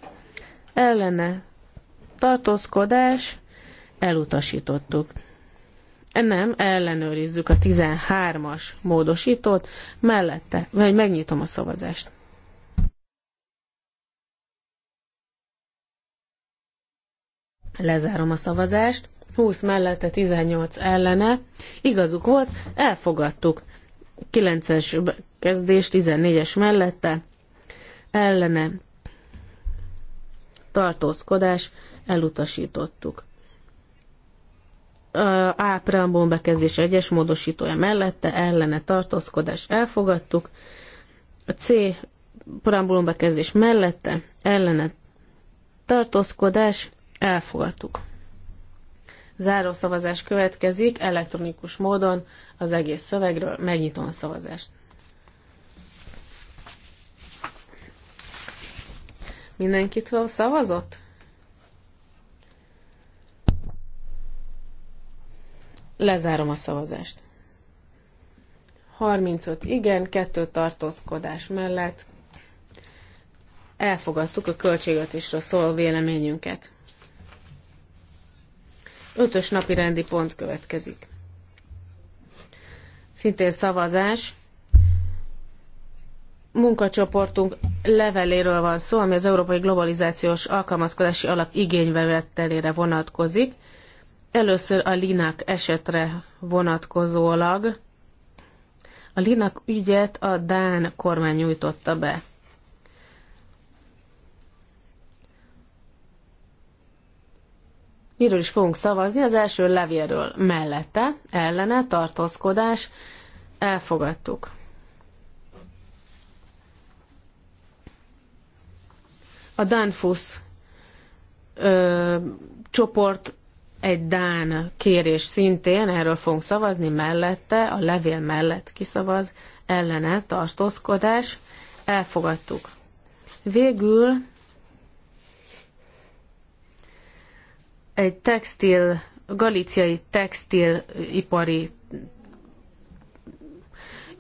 ellene tartózkodás elutasítottuk. Nem, ellenőrizzük a 13-as módosítót mellette, vagy megnyitom a szavazást. Lezárom a szavazást. 20 mellette 18 ellene. Igazuk volt, elfogadtuk. 9-es kezdés 14-es mellette ellene tartózkodás elutasítottuk. A preambon bekezdés egyes módosítója mellette ellene tartózkodás elfogadtuk. A C preambon bekezdés mellette ellene tartózkodás elfogadtuk. Záró szavazás következik elektronikus módon az egész szövegről. Megnyitom a szavazást. Mindenkit szavazott? Lezárom a szavazást. 35 igen, 2 tartózkodás mellett elfogadtuk a költségvetésről szóló véleményünket. Ötös napi rendi pont következik. Szintén szavazás. Munkacsoportunk leveléről van szó, ami az Európai Globalizációs Alkalmazkodási Alap igénybevettelére vonatkozik. Először a Linak esetre vonatkozólag. A Linak ügyet a Dán kormány nyújtotta be. Miről is fogunk szavazni? Az első levélről mellette, ellene, tartózkodás, elfogadtuk. A Danfusz ö, csoport egy Dán kérés szintén, erről fogunk szavazni, mellette, a levél mellett kiszavaz, ellene tartózkodás, elfogadtuk. Végül egy textil, galiciai textilipari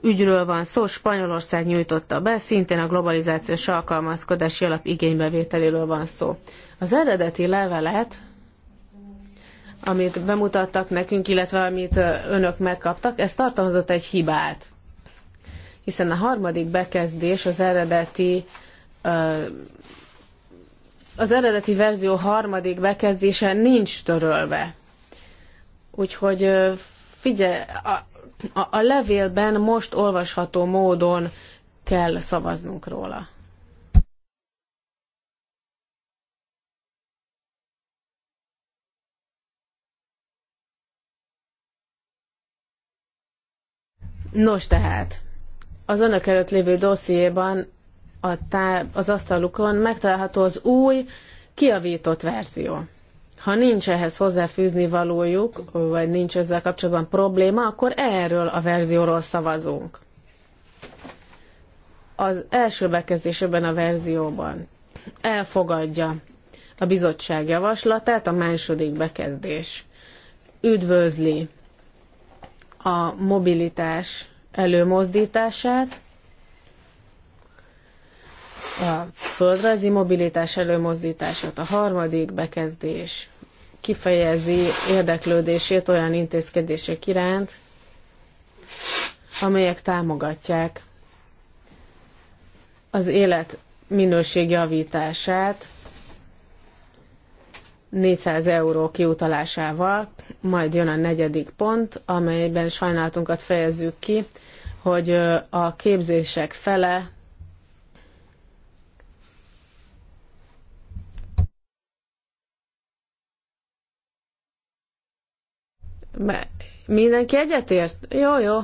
ügyről van szó, Spanyolország nyújtotta be, szintén a globalizációs alkalmazkodási alap igénybevételéről van szó. Az eredeti levelet, amit bemutattak nekünk, illetve amit önök megkaptak, ez tartalmazott egy hibát. Hiszen a harmadik bekezdés az eredeti az eredeti verzió harmadik bekezdése nincs törölve. Úgyhogy figyelj, a, a, a levélben most olvasható módon kell szavaznunk róla. Nos tehát, az önök előtt lévő dossziéban a tá- az asztalukon megtalálható az új, kiavított verzió. Ha nincs ehhez hozzáfűzni valójuk, vagy nincs ezzel kapcsolatban probléma, akkor erről a verzióról szavazunk. Az első bekezdésében a verzióban elfogadja a bizottság javaslatát, a második bekezdés üdvözli a mobilitás előmozdítását, a földrajzi mobilitás előmozdítását, a harmadik bekezdés kifejezi érdeklődését olyan intézkedések iránt, amelyek támogatják az élet minőség javítását 400 euró kiutalásával, majd jön a negyedik pont, amelyben sajnálatunkat fejezzük ki, hogy a képzések fele Mindenki egyetért? Jó, jó.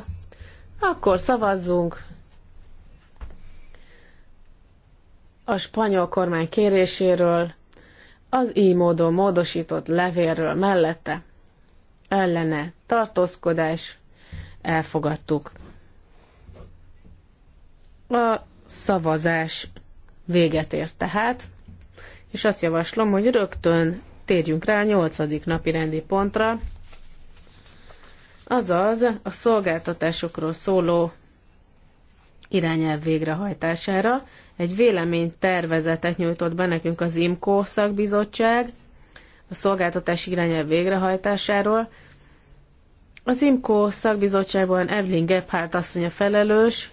Akkor szavazzunk. A spanyol kormány kéréséről, az így módon módosított levélről mellette, ellene tartózkodás, elfogadtuk. A szavazás véget ért tehát, és azt javaslom, hogy rögtön térjünk rá a nyolcadik napi rendi pontra, azaz a szolgáltatásokról szóló irányelv végrehajtására. Egy véleménytervezetet nyújtott be nekünk az IMCO szakbizottság a szolgáltatás irányelv végrehajtásáról. Az IMCO szakbizottságban Evelyn Gebhardt asszony a felelős,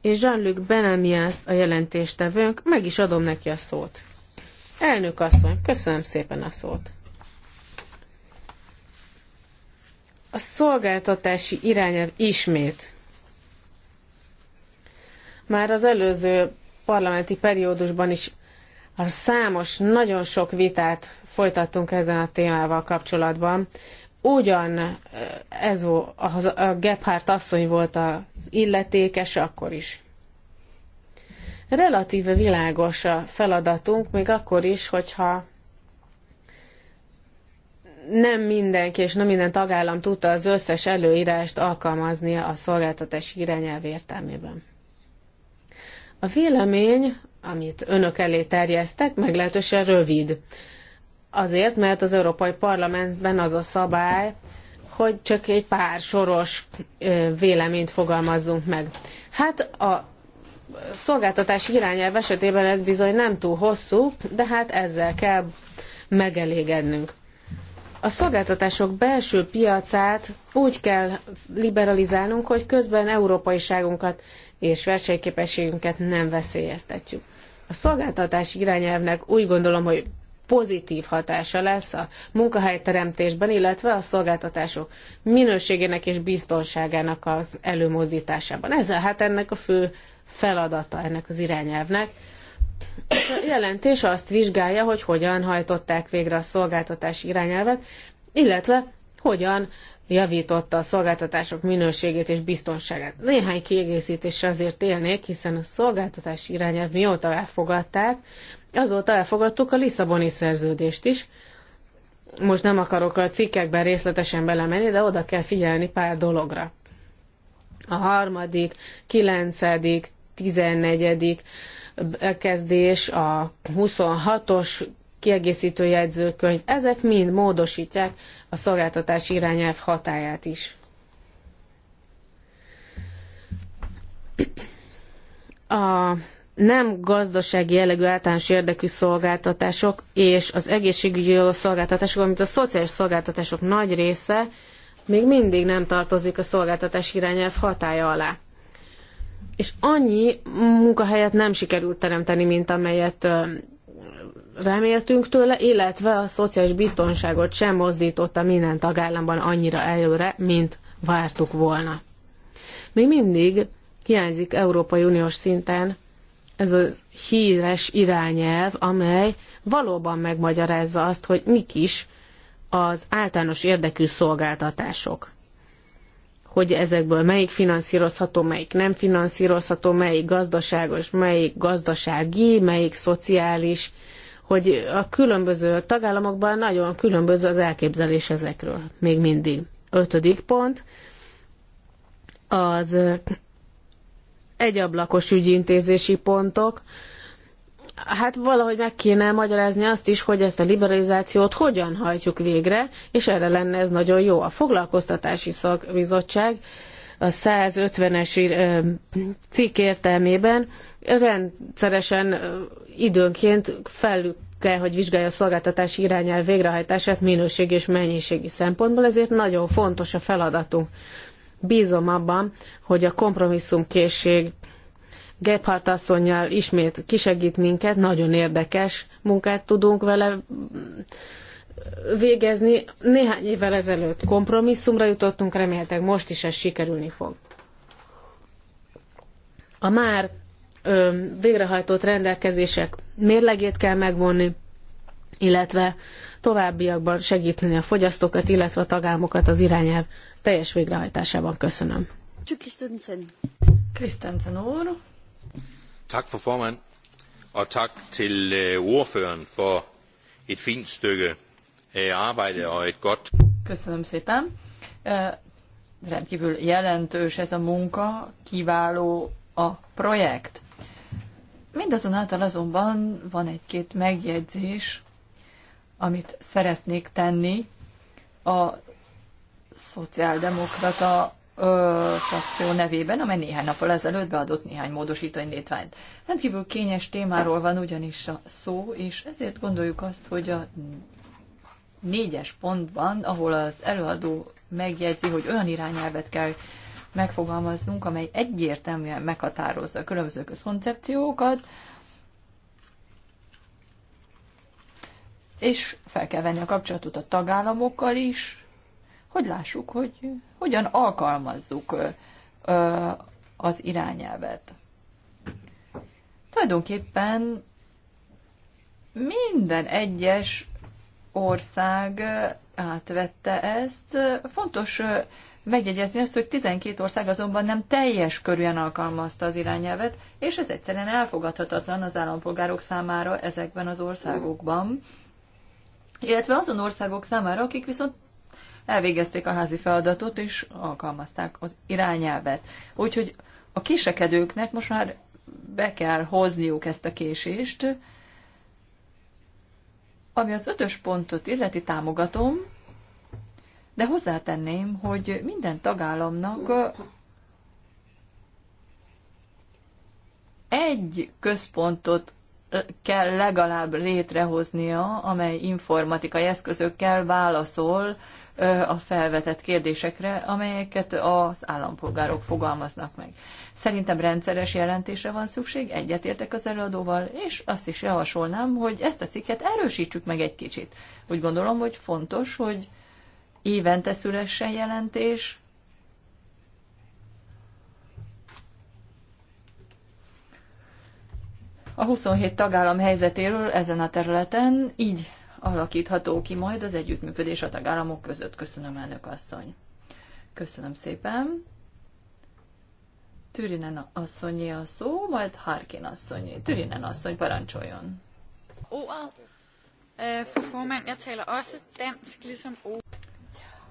és Jean-Luc Benemias a jelentéstevőnk, meg is adom neki a szót. Elnök asszony, köszönöm szépen a szót. A szolgáltatási irányelv ismét már az előző parlamenti periódusban is a számos, nagyon sok vitát folytattunk ezen a témával kapcsolatban. Ugyan ez a, a Gephardt asszony volt az illetékes akkor is. Relatíve világos a feladatunk, még akkor is, hogyha nem mindenki és nem minden tagállam tudta az összes előírást alkalmazni a szolgáltatási irányelv értelmében. A vélemény, amit önök elé terjesztek, meglehetősen rövid. Azért, mert az Európai Parlamentben az a szabály, hogy csak egy pár soros véleményt fogalmazzunk meg. Hát a szolgáltatási irányelv esetében ez bizony nem túl hosszú, de hát ezzel kell megelégednünk. A szolgáltatások belső piacát úgy kell liberalizálnunk, hogy közben európaiságunkat és versenyképességünket nem veszélyeztetjük. A szolgáltatás irányelvnek úgy gondolom, hogy pozitív hatása lesz a munkahelyteremtésben, illetve a szolgáltatások minőségének és biztonságának az előmozdításában. Ez hát ennek a fő feladata ennek az irányelvnek, a jelentés azt vizsgálja, hogy hogyan hajtották végre a szolgáltatás irányelvet, illetve hogyan javította a szolgáltatások minőségét és biztonságát. Néhány kiegészítésre azért élnék, hiszen a szolgáltatás irányelv mióta elfogadták, azóta elfogadtuk a Lisszaboni szerződést is. Most nem akarok a cikkekben részletesen belemenni, de oda kell figyelni pár dologra. A harmadik, kilencedik, tizennegyedik, bekezdés, a 26-os kiegészítő jegyzőkönyv, ezek mind módosítják a szolgáltatás irányelv hatáját is. A nem gazdasági jellegű általános érdekű szolgáltatások és az egészségügyi szolgáltatások, amit a szociális szolgáltatások nagy része még mindig nem tartozik a szolgáltatás irányelv hatája alá és annyi munkahelyet nem sikerült teremteni, mint amelyet reméltünk tőle, illetve a szociális biztonságot sem mozdította minden tagállamban annyira előre, mint vártuk volna. Még mindig hiányzik Európai Uniós szinten ez a híres irányelv, amely valóban megmagyarázza azt, hogy mik is az általános érdekű szolgáltatások hogy ezekből melyik finanszírozható, melyik nem finanszírozható, melyik gazdaságos, melyik gazdasági, melyik szociális, hogy a különböző tagállamokban nagyon különböző az elképzelés ezekről még mindig. Ötödik pont az egyablakos ügyintézési pontok, hát valahogy meg kéne magyarázni azt is, hogy ezt a liberalizációt hogyan hajtjuk végre, és erre lenne ez nagyon jó. A foglalkoztatási szakbizottság a 150-es cikk értelmében rendszeresen időnként felül kell, hogy vizsgálja a szolgáltatási irányelv végrehajtását minőségi és mennyiségi szempontból, ezért nagyon fontos a feladatunk. Bízom abban, hogy a kompromisszumkészség készség Gebhardt asszonynal ismét kisegít minket, nagyon érdekes munkát tudunk vele végezni. Néhány évvel ezelőtt kompromisszumra jutottunk, remélhetőleg most is ez sikerülni fog. A már ö, végrehajtott rendelkezések mérlegét kell megvonni, illetve továbbiakban segíteni a fogyasztókat, illetve a tagállamokat az irányelv teljes végrehajtásában. Köszönöm. Krisztensen úr. Tak for formand, og tak til øh, ordføreren for et fint stykke øh, arbejde og et godt... Köszönöm szépen. Rendkívül jelentős ez a munka, kiváló a projekt. Mindazonáltal azonban van egy-két megjegyzés, amit szeretnék tenni a szociáldemokrata ö, frakció nevében, amely néhány nappal ezelőtt beadott néhány módosító indítványt. Rendkívül kényes témáról van ugyanis a szó, és ezért gondoljuk azt, hogy a négyes pontban, ahol az előadó megjegyzi, hogy olyan irányelvet kell megfogalmaznunk, amely egyértelműen meghatározza a különböző közkoncepciókat, és fel kell venni a kapcsolatot a tagállamokkal is, hogy lássuk, hogy hogyan alkalmazzuk az irányelvet. Tulajdonképpen minden egyes ország átvette ezt. Fontos megjegyezni azt, hogy 12 ország azonban nem teljes körűen alkalmazta az irányelvet, és ez egyszerűen elfogadhatatlan az állampolgárok számára ezekben az országokban, illetve azon országok számára, akik viszont elvégezték a házi feladatot, és alkalmazták az irányelvet. Úgyhogy a kisekedőknek most már be kell hozniuk ezt a késést. Ami az ötös pontot illeti támogatom, de hozzátenném, hogy minden tagállamnak egy központot kell legalább létrehoznia, amely informatikai eszközökkel válaszol a felvetett kérdésekre, amelyeket az állampolgárok fogalmaznak meg. Szerintem rendszeres jelentésre van szükség, egyetértek az előadóval, és azt is javasolnám, hogy ezt a cikket erősítsük meg egy kicsit. Úgy gondolom, hogy fontos, hogy évente szülessen jelentés, a 27 tagállam helyzetéről ezen a területen, így alakítható ki majd az együttműködés a tagállamok között. Köszönöm, elnök asszony. Köszönöm szépen. Türinen asszonyé a szó, majd Harkin asszonyé. Türinen asszony, parancsoljon. Eh,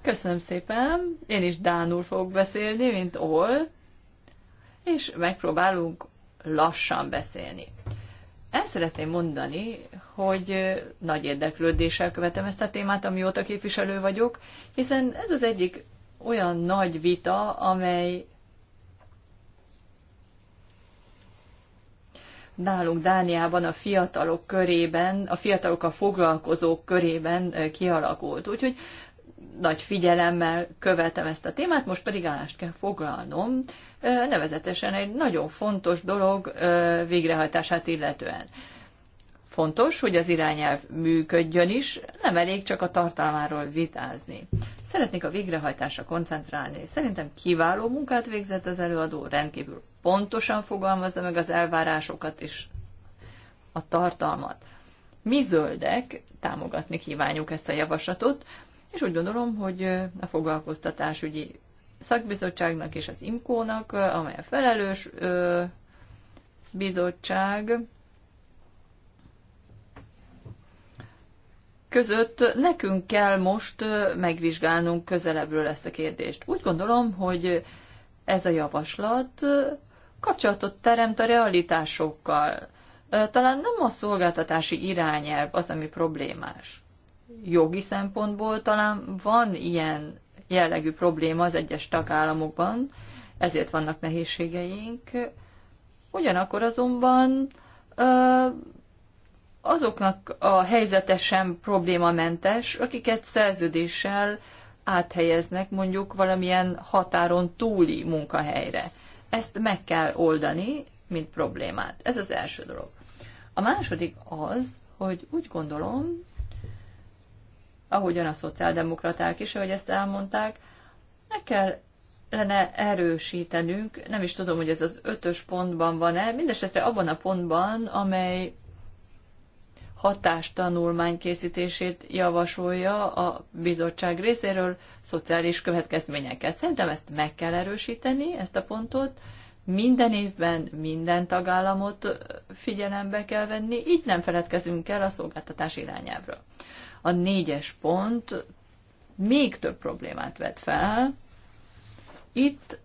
Köszönöm szépen. Én is Dánul fogok beszélni, mint Ol, és megpróbálunk lassan beszélni. El szeretném mondani, hogy nagy érdeklődéssel követem ezt a témát, amióta képviselő vagyok, hiszen ez az egyik olyan nagy vita, amely nálunk Dániában a fiatalok körében, a fiatalok a foglalkozók körében kialakult. Úgyhogy nagy figyelemmel követem ezt a témát, most pedig állást kell foglalnom, nevezetesen egy nagyon fontos dolog végrehajtását illetően. Fontos, hogy az irányelv működjön is, nem elég csak a tartalmáról vitázni. Szeretnék a végrehajtásra koncentrálni. Szerintem kiváló munkát végzett az előadó, rendkívül pontosan fogalmazza meg az elvárásokat és a tartalmat. Mi zöldek támogatni kívánjuk ezt a javaslatot, és úgy gondolom, hogy a foglalkoztatásügyi szakbizottságnak és az imko nak amely a felelős bizottság, között nekünk kell most megvizsgálnunk közelebbről ezt a kérdést. Úgy gondolom, hogy ez a javaslat kapcsolatot teremt a realitásokkal. Talán nem a szolgáltatási irányelv az, ami problémás jogi szempontból talán van ilyen jellegű probléma az egyes tagállamokban, ezért vannak nehézségeink. Ugyanakkor azonban azoknak a helyzete sem problémamentes, akiket szerződéssel áthelyeznek mondjuk valamilyen határon túli munkahelyre. Ezt meg kell oldani, mint problémát. Ez az első dolog. A második az, hogy úgy gondolom, ahogyan a szociáldemokraták is, ahogy ezt elmondták, meg kellene erősítenünk, nem is tudom, hogy ez az ötös pontban van-e, mindesetre abban a pontban, amely hatástanulmány készítését javasolja a bizottság részéről szociális következményekkel. Szerintem ezt meg kell erősíteni, ezt a pontot. Minden évben minden tagállamot figyelembe kell venni, így nem feledkezünk el a szolgáltatás irányábra. A négyes pont még több problémát vet fel. Itt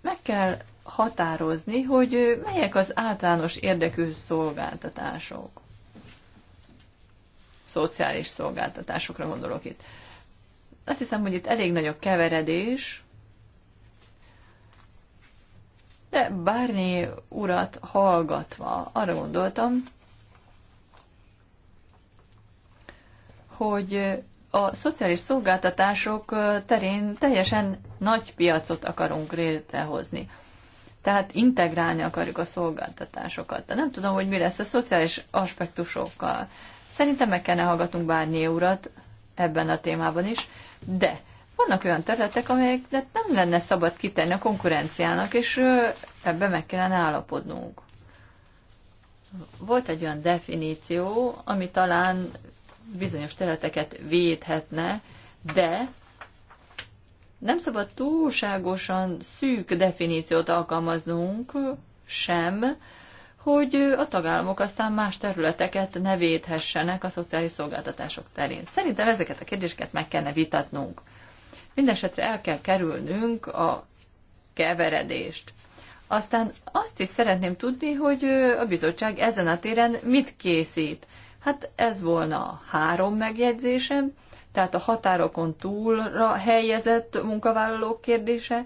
meg kell határozni, hogy melyek az általános érdekű szolgáltatások. Szociális szolgáltatásokra gondolok itt. Azt hiszem, hogy itt elég nagy a keveredés, de Bárnyi urat hallgatva arra gondoltam, hogy a szociális szolgáltatások terén teljesen nagy piacot akarunk létrehozni. Tehát integrálni akarjuk a szolgáltatásokat. De nem tudom, hogy mi lesz a szociális aspektusokkal. Szerintem meg kellene hallgatnunk bárnyi urat ebben a témában is, de vannak olyan területek, amelyeket nem lenne szabad kitenni a konkurenciának, és ebben meg kellene állapodnunk. Volt egy olyan definíció, ami talán bizonyos területeket védhetne, de nem szabad túlságosan szűk definíciót alkalmaznunk sem, hogy a tagállamok aztán más területeket ne védhessenek a szociális szolgáltatások terén. Szerintem ezeket a kérdéseket meg kellene vitatnunk. Mindenesetre el kell kerülnünk a keveredést. Aztán azt is szeretném tudni, hogy a bizottság ezen a téren mit készít. Hát ez volna három megjegyzésem, tehát a határokon túlra helyezett munkavállalók kérdése,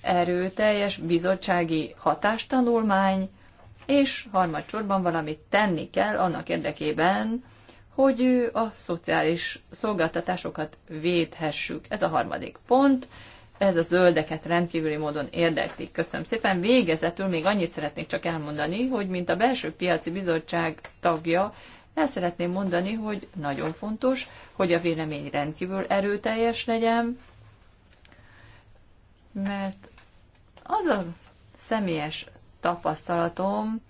erőteljes bizottsági hatástanulmány, és harmadsorban valamit tenni kell annak érdekében, hogy ő a szociális szolgáltatásokat védhessük. Ez a harmadik pont ez a zöldeket rendkívüli módon érdekli. Köszönöm szépen. Végezetül még annyit szeretnék csak elmondani, hogy mint a belső piaci bizottság tagja, el szeretném mondani, hogy nagyon fontos, hogy a vélemény rendkívül erőteljes legyen, mert az a személyes tapasztalatom,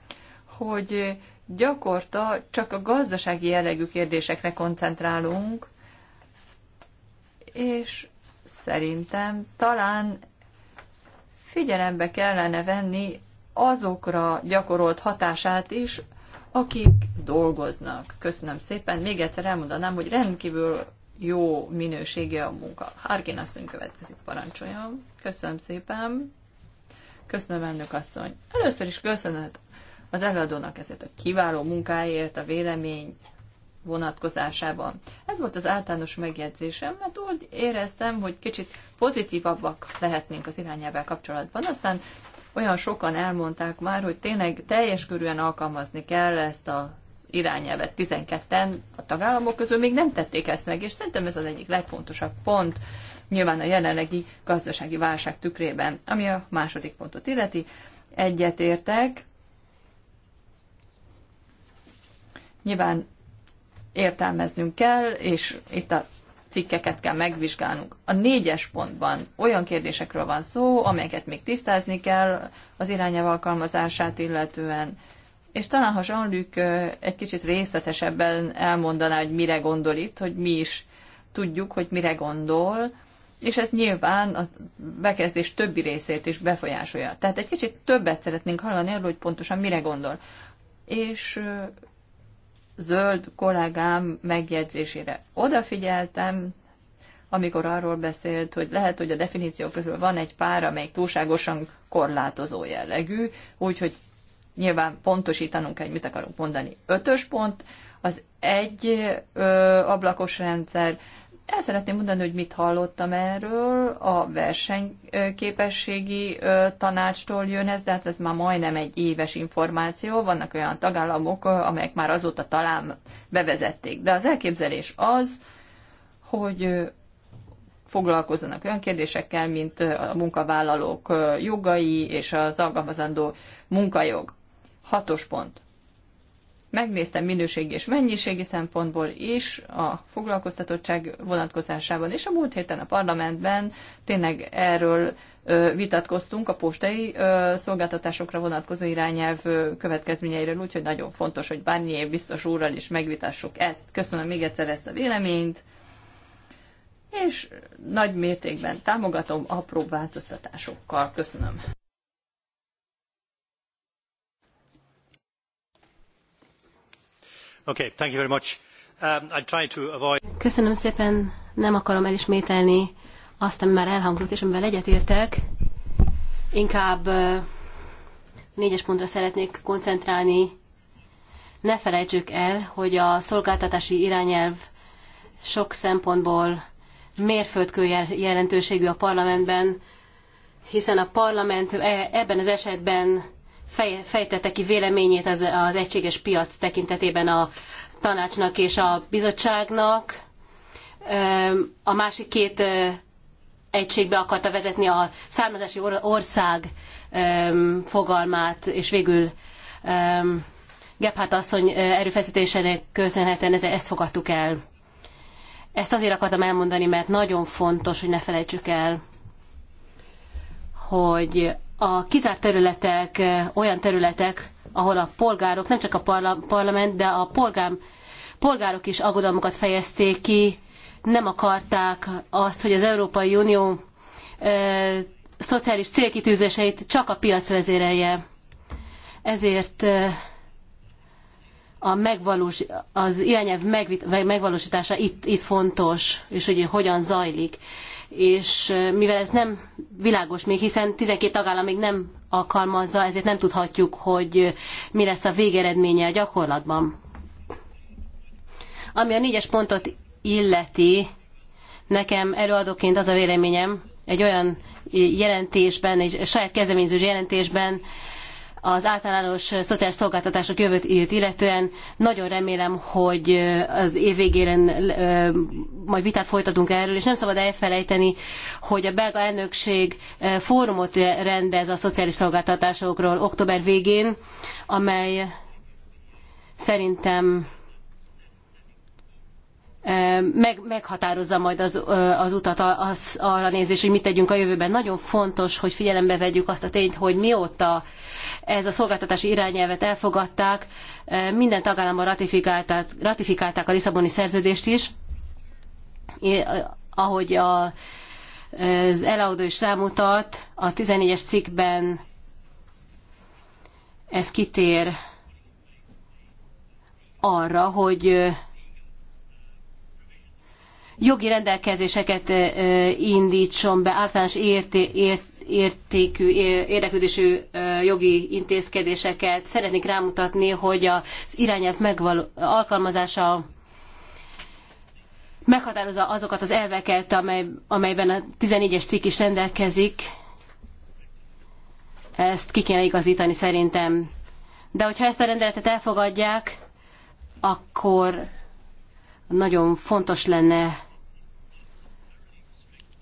hogy gyakorta csak a gazdasági jellegű kérdésekre koncentrálunk, és szerintem talán figyelembe kellene venni azokra gyakorolt hatását is, akik dolgoznak. Köszönöm szépen. Még egyszer elmondanám, hogy rendkívül jó minősége a munka. Hárkén asszony következik, parancsoljon. Köszönöm szépen. Köszönöm, elnök asszony. Először is köszönöm az előadónak ezért a kiváló munkáért, a vélemény vonatkozásában. Ez volt az általános megjegyzésem, mert úgy éreztem, hogy kicsit pozitívabbak lehetnénk az irányával kapcsolatban. Aztán olyan sokan elmondták már, hogy tényleg teljes körűen alkalmazni kell ezt a irányelvet 12-en a tagállamok közül még nem tették ezt meg, és szerintem ez az egyik legfontosabb pont, nyilván a jelenlegi gazdasági válság tükrében, ami a második pontot illeti. Egyetértek, nyilván értelmeznünk kell, és itt a cikkeket kell megvizsgálnunk. A négyes pontban olyan kérdésekről van szó, amelyeket még tisztázni kell az irányelv alkalmazását illetően, és talán ha Jean-Luc egy kicsit részletesebben elmondaná, hogy mire gondol itt, hogy mi is tudjuk, hogy mire gondol, és ez nyilván a bekezdés többi részét is befolyásolja. Tehát egy kicsit többet szeretnénk hallani arról, hogy pontosan mire gondol. És zöld kollégám megjegyzésére. Odafigyeltem, amikor arról beszélt, hogy lehet, hogy a definíció közül van egy pár, amelyik túlságosan korlátozó jellegű, úgyhogy nyilván pontosítanunk kell, mit akarunk mondani. Ötös pont, az egy ö, ablakos rendszer, el szeretném mondani, hogy mit hallottam erről. A versenyképességi tanácstól jön ez, de hát ez már majdnem egy éves információ. Vannak olyan tagállamok, amelyek már azóta talán bevezették. De az elképzelés az, hogy foglalkozzanak olyan kérdésekkel, mint a munkavállalók jogai és az alkalmazandó munkajog. Hatos pont megnéztem minőségi és mennyiségi szempontból is a foglalkoztatottság vonatkozásában, és a múlt héten a parlamentben tényleg erről vitatkoztunk a postai szolgáltatásokra vonatkozó irányelv következményeiről, úgyhogy nagyon fontos, hogy Barnier biztos úrral is megvitassuk ezt. Köszönöm még egyszer ezt a véleményt, és nagy mértékben támogatom apró változtatásokkal. Köszönöm. Köszönöm szépen, nem akarom elismételni azt, ami már elhangzott, és amivel egyetértek. Inkább négyes pontra szeretnék koncentrálni. Ne felejtsük el, hogy a szolgáltatási irányelv sok szempontból mérföldkő jelentőségű a parlamentben, hiszen a parlament e-, ebben az esetben fej, fejtette ki véleményét az, az egységes piac tekintetében a tanácsnak és a bizottságnak. A másik két egységbe akarta vezetni a származási ország fogalmát, és végül Gebhardt asszony erőfeszítésének köszönhetően ezt fogadtuk el. Ezt azért akartam elmondani, mert nagyon fontos, hogy ne felejtsük el, hogy a kizárt területek olyan területek, ahol a polgárok, nem csak a parlament, de a polgár, polgárok is aggodalmukat fejezték ki, nem akarták azt, hogy az Európai Unió szociális célkitűzéseit csak a piac vezérelje. Ezért a megvalós, az irányelv megvit, megvalósítása itt, itt fontos, és hogy hogyan zajlik és mivel ez nem világos még, hiszen 12 tagállam még nem alkalmazza, ezért nem tudhatjuk, hogy mi lesz a végeredménye a gyakorlatban. Ami a négyes pontot illeti, nekem előadóként az a véleményem, egy olyan jelentésben, egy saját kezdeményező jelentésben, az általános szociális szolgáltatások jövőt illetően nagyon remélem, hogy az év végére, majd vitát folytatunk erről, és nem szabad elfelejteni, hogy a belga elnökség fórumot rendez a szociális szolgáltatásokról október végén, amely szerintem meg, meghatározza majd az, az utat az, arra nézés, hogy mit tegyünk a jövőben. Nagyon fontos, hogy figyelembe vegyük azt a tényt, hogy mióta ez a szolgáltatási irányelvet elfogadták, minden tagállamban ratifikálták, ratifikálták a Lisszaboni szerződést is, ahogy a, az elaudó is rámutat, a 14-es cikkben ez kitér arra, hogy jogi rendelkezéseket indítson be általános érté, ért, értékű, érdeklődésű jogi intézkedéseket. Szeretnék rámutatni, hogy az irányelv megvaló, alkalmazása meghatározza azokat az elveket, amely, amelyben a 14-es cikk is rendelkezik. Ezt ki kéne igazítani szerintem. De hogyha ezt a rendeletet elfogadják, akkor nagyon fontos lenne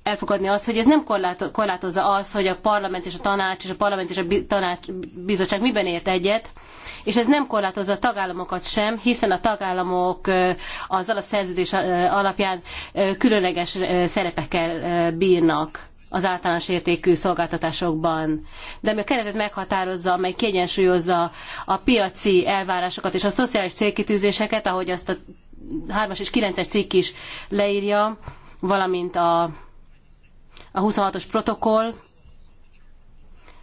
elfogadni azt, hogy ez nem korlátozza az, hogy a parlament és a tanács és a parlament és a tanács bizottság miben ért egyet, és ez nem korlátozza a tagállamokat sem, hiszen a tagállamok az alapszerződés alapján különleges szerepekkel bírnak az általános értékű szolgáltatásokban. De ami a keretet meghatározza, amely kiegyensúlyozza a piaci elvárásokat és a szociális célkitűzéseket, ahogy azt a 3-as és 9-es cikk is leírja, valamint a a 26-os protokoll,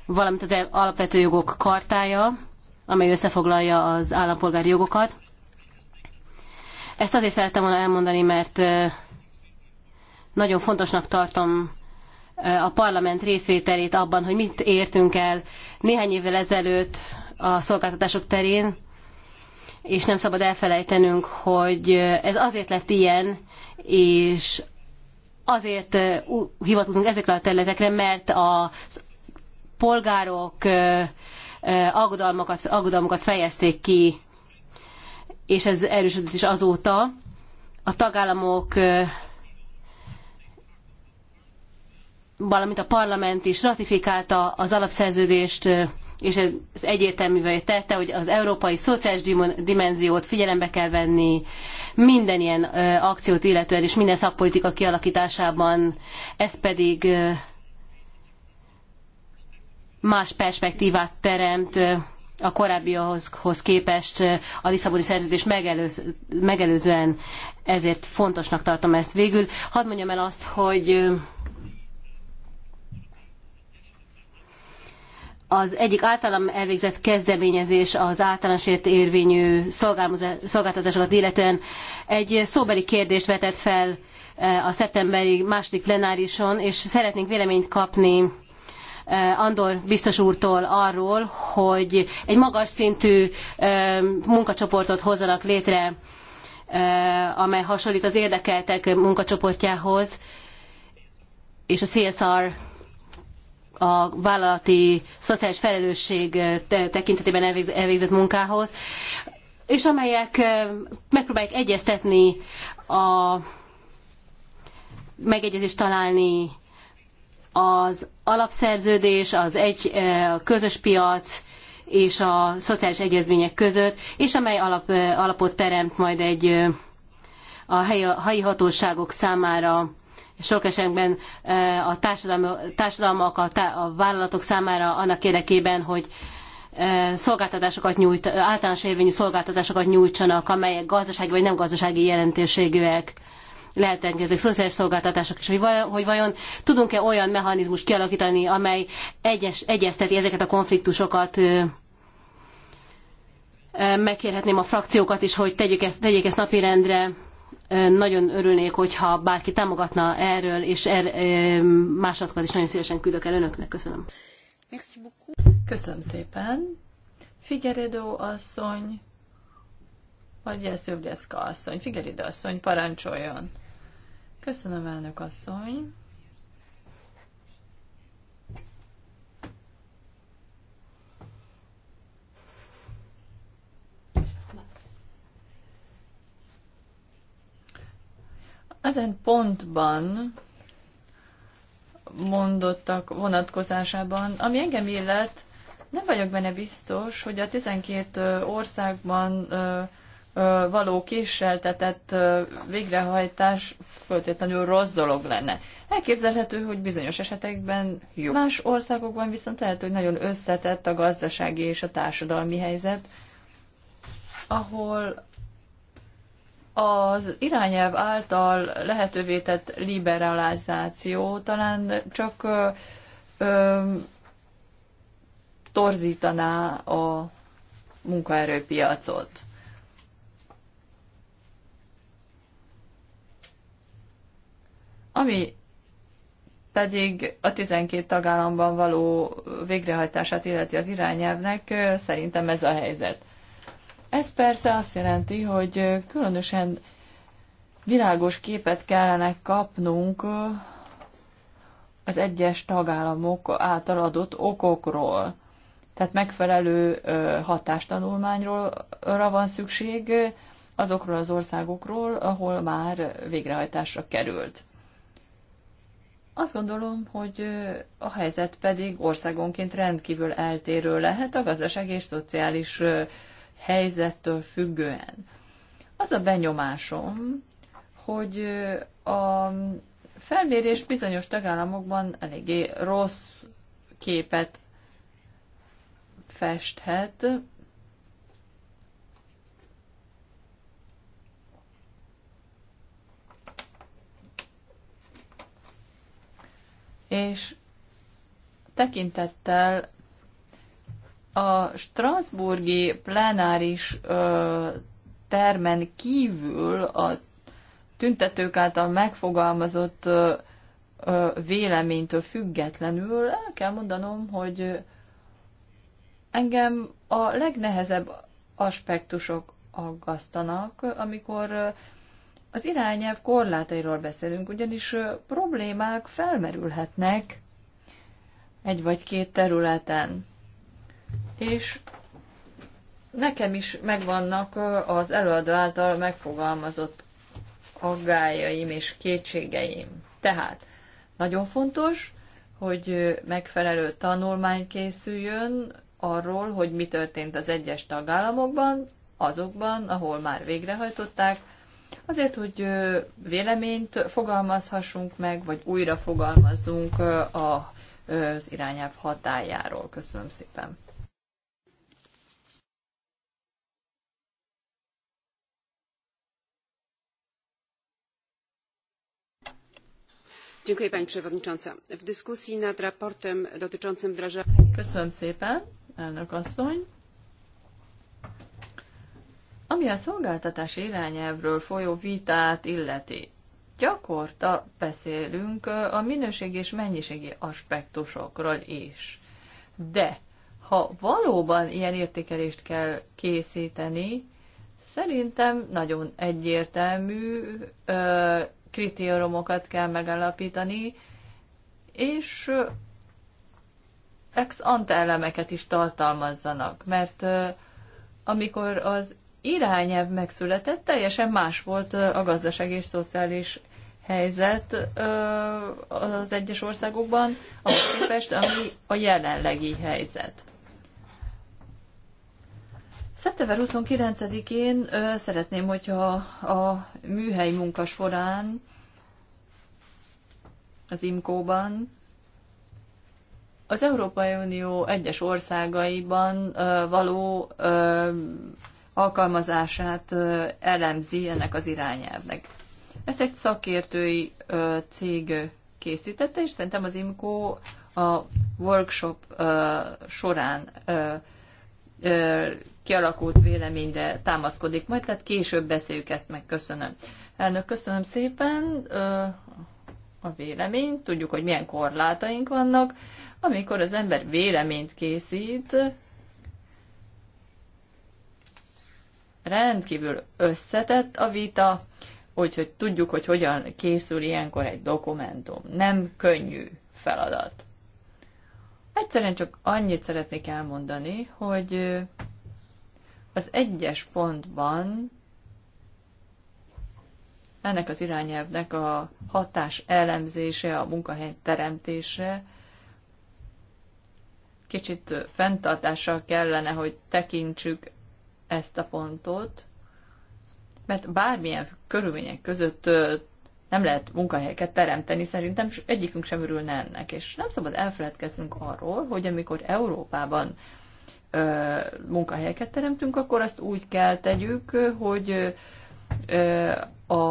valamint az alapvető jogok kartája, amely összefoglalja az állampolgári jogokat. Ezt azért szerettem volna elmondani, mert nagyon fontosnak tartom a parlament részvételét abban, hogy mit értünk el néhány évvel ezelőtt a szolgáltatások terén, és nem szabad elfelejtenünk, hogy ez azért lett ilyen, és azért hivatkozunk ezekre a területekre, mert a polgárok aggodalmakat, aggodalmakat fejezték ki, és ez erősödött is azóta. A tagállamok valamint a parlament is ratifikálta az alapszerződést és ez egyértelművé tette, hogy az európai szociális dimenziót figyelembe kell venni minden ilyen akciót illetően, és minden szakpolitika kialakításában, ez pedig más perspektívát teremt a korábbihoz képest a Lisszaboni szerződés megelőz, megelőzően, ezért fontosnak tartom ezt végül. Hadd mondjam el azt, hogy az egyik általam elvégzett kezdeményezés az általános érvényű szolgáltatásokat illetően egy szóbeli kérdést vetett fel e, a szeptemberi második plenárison, és szeretnénk véleményt kapni e, Andor biztos úrtól arról, hogy egy magas szintű e, munkacsoportot hozzanak létre, amely hasonlít az érdekeltek munkacsoportjához, és a CSR a vállalati szociális felelősség tekintetében elvégzett munkához, és amelyek megpróbálják egyeztetni a megegyezést találni az alapszerződés, az egy a közös piac és a szociális egyezmények között, és amely alap, alapot teremt majd egy a helyi, hatóságok számára sok esetben e, a társadalmak, a vállalatok számára annak érdekében, hogy e, szolgáltatásokat nyújt, általános érvényű szolgáltatásokat nyújtsanak, amelyek gazdasági vagy nem gazdasági jelentőségűek lehetnek ezek szociális szolgáltatások is, hogy vajon tudunk-e olyan mechanizmust kialakítani, amely egyes, egyezteti ezeket a konfliktusokat, megkérhetném a frakciókat is, hogy tegyük ezt, tegyék ezt napirendre, nagyon örülnék, hogyha bárki támogatna erről, és er, másokat is nagyon szívesen küldök el önöknek. Köszönöm. Köszönöm szépen. Figyeredó asszony, vagy Jelszövdeszka asszony, Figyeredő asszony, parancsoljon. Köszönöm, elnök asszony. Ezen pontban mondottak vonatkozásában, ami engem illet, nem vagyok benne biztos, hogy a 12 országban való késseltetett végrehajtás föltétlenül rossz dolog lenne. Elképzelhető, hogy bizonyos esetekben jó. Más országokban viszont lehet, hogy nagyon összetett a gazdasági és a társadalmi helyzet, ahol az irányelv által lehetővé tett liberalizáció talán csak ö, ö, torzítaná a munkaerőpiacot. Ami pedig a 12 tagállamban való végrehajtását illeti az irányelvnek, szerintem ez a helyzet. Ez persze azt jelenti, hogy különösen világos képet kellene kapnunk az egyes tagállamok által adott okokról. Tehát megfelelő hatástanulmányra van szükség azokról az országokról, ahol már végrehajtásra került. Azt gondolom, hogy a helyzet pedig országonként rendkívül eltérő lehet a gazdaság és szociális helyzettől függően. Az a benyomásom, hogy a felmérés bizonyos tagállamokban eléggé rossz képet festhet, és tekintettel a Strasburgi plenáris ö, termen kívül a tüntetők által megfogalmazott ö, ö, véleménytől függetlenül el kell mondanom, hogy engem a legnehezebb aspektusok aggasztanak, amikor az irányelv korlátairól beszélünk, ugyanis problémák felmerülhetnek egy vagy két területen és nekem is megvannak az előadó által megfogalmazott aggájaim és kétségeim. Tehát nagyon fontos, hogy megfelelő tanulmány készüljön arról, hogy mi történt az egyes tagállamokban, azokban, ahol már végrehajtották, azért, hogy véleményt fogalmazhassunk meg, vagy újra fogalmazzunk az irányelv hatájáról. Köszönöm szépen. pani przewodnicząca! w dyskusji nad sprawozdaniem dotyczącym wdrażania. köszönöm szépen elnök ami a szolgáltatási irányelvről folyó vitát illeti gyakorta beszélünk a minőség és mennyiségi aspektusokról is. De ha valóban ilyen értékelést kell készíteni, szerintem nagyon egyértelmű kritériumokat kell megalapítani, és ex ante elemeket is tartalmazzanak, mert amikor az irányelv megszületett, teljesen más volt a gazdaság és szociális helyzet az egyes országokban, ahhoz képest, ami a jelenlegi helyzet. Szeptember 29-én szeretném, hogyha a műhely munka során az imco ban az Európai Unió egyes országaiban való alkalmazását elemzi ennek az irányelvnek. Ezt egy szakértői cég készítette, és szerintem az IMCO a workshop során kialakult véleményre támaszkodik majd, tehát később beszéljük ezt meg. Köszönöm. Elnök, köszönöm szépen a véleményt. Tudjuk, hogy milyen korlátaink vannak. Amikor az ember véleményt készít, rendkívül összetett a vita, úgyhogy tudjuk, hogy hogyan készül ilyenkor egy dokumentum. Nem könnyű feladat. Egyszerűen csak annyit szeretnék elmondani, hogy az egyes pontban ennek az irányelvnek a hatás elemzése, a munkahely teremtése kicsit fenntartással kellene, hogy tekintsük ezt a pontot, mert bármilyen körülmények között nem lehet munkahelyeket teremteni, szerintem egyikünk sem örülne ennek. És nem szabad elfeledkeznünk arról, hogy amikor Európában munkahelyeket teremtünk, akkor azt úgy kell tegyük, hogy a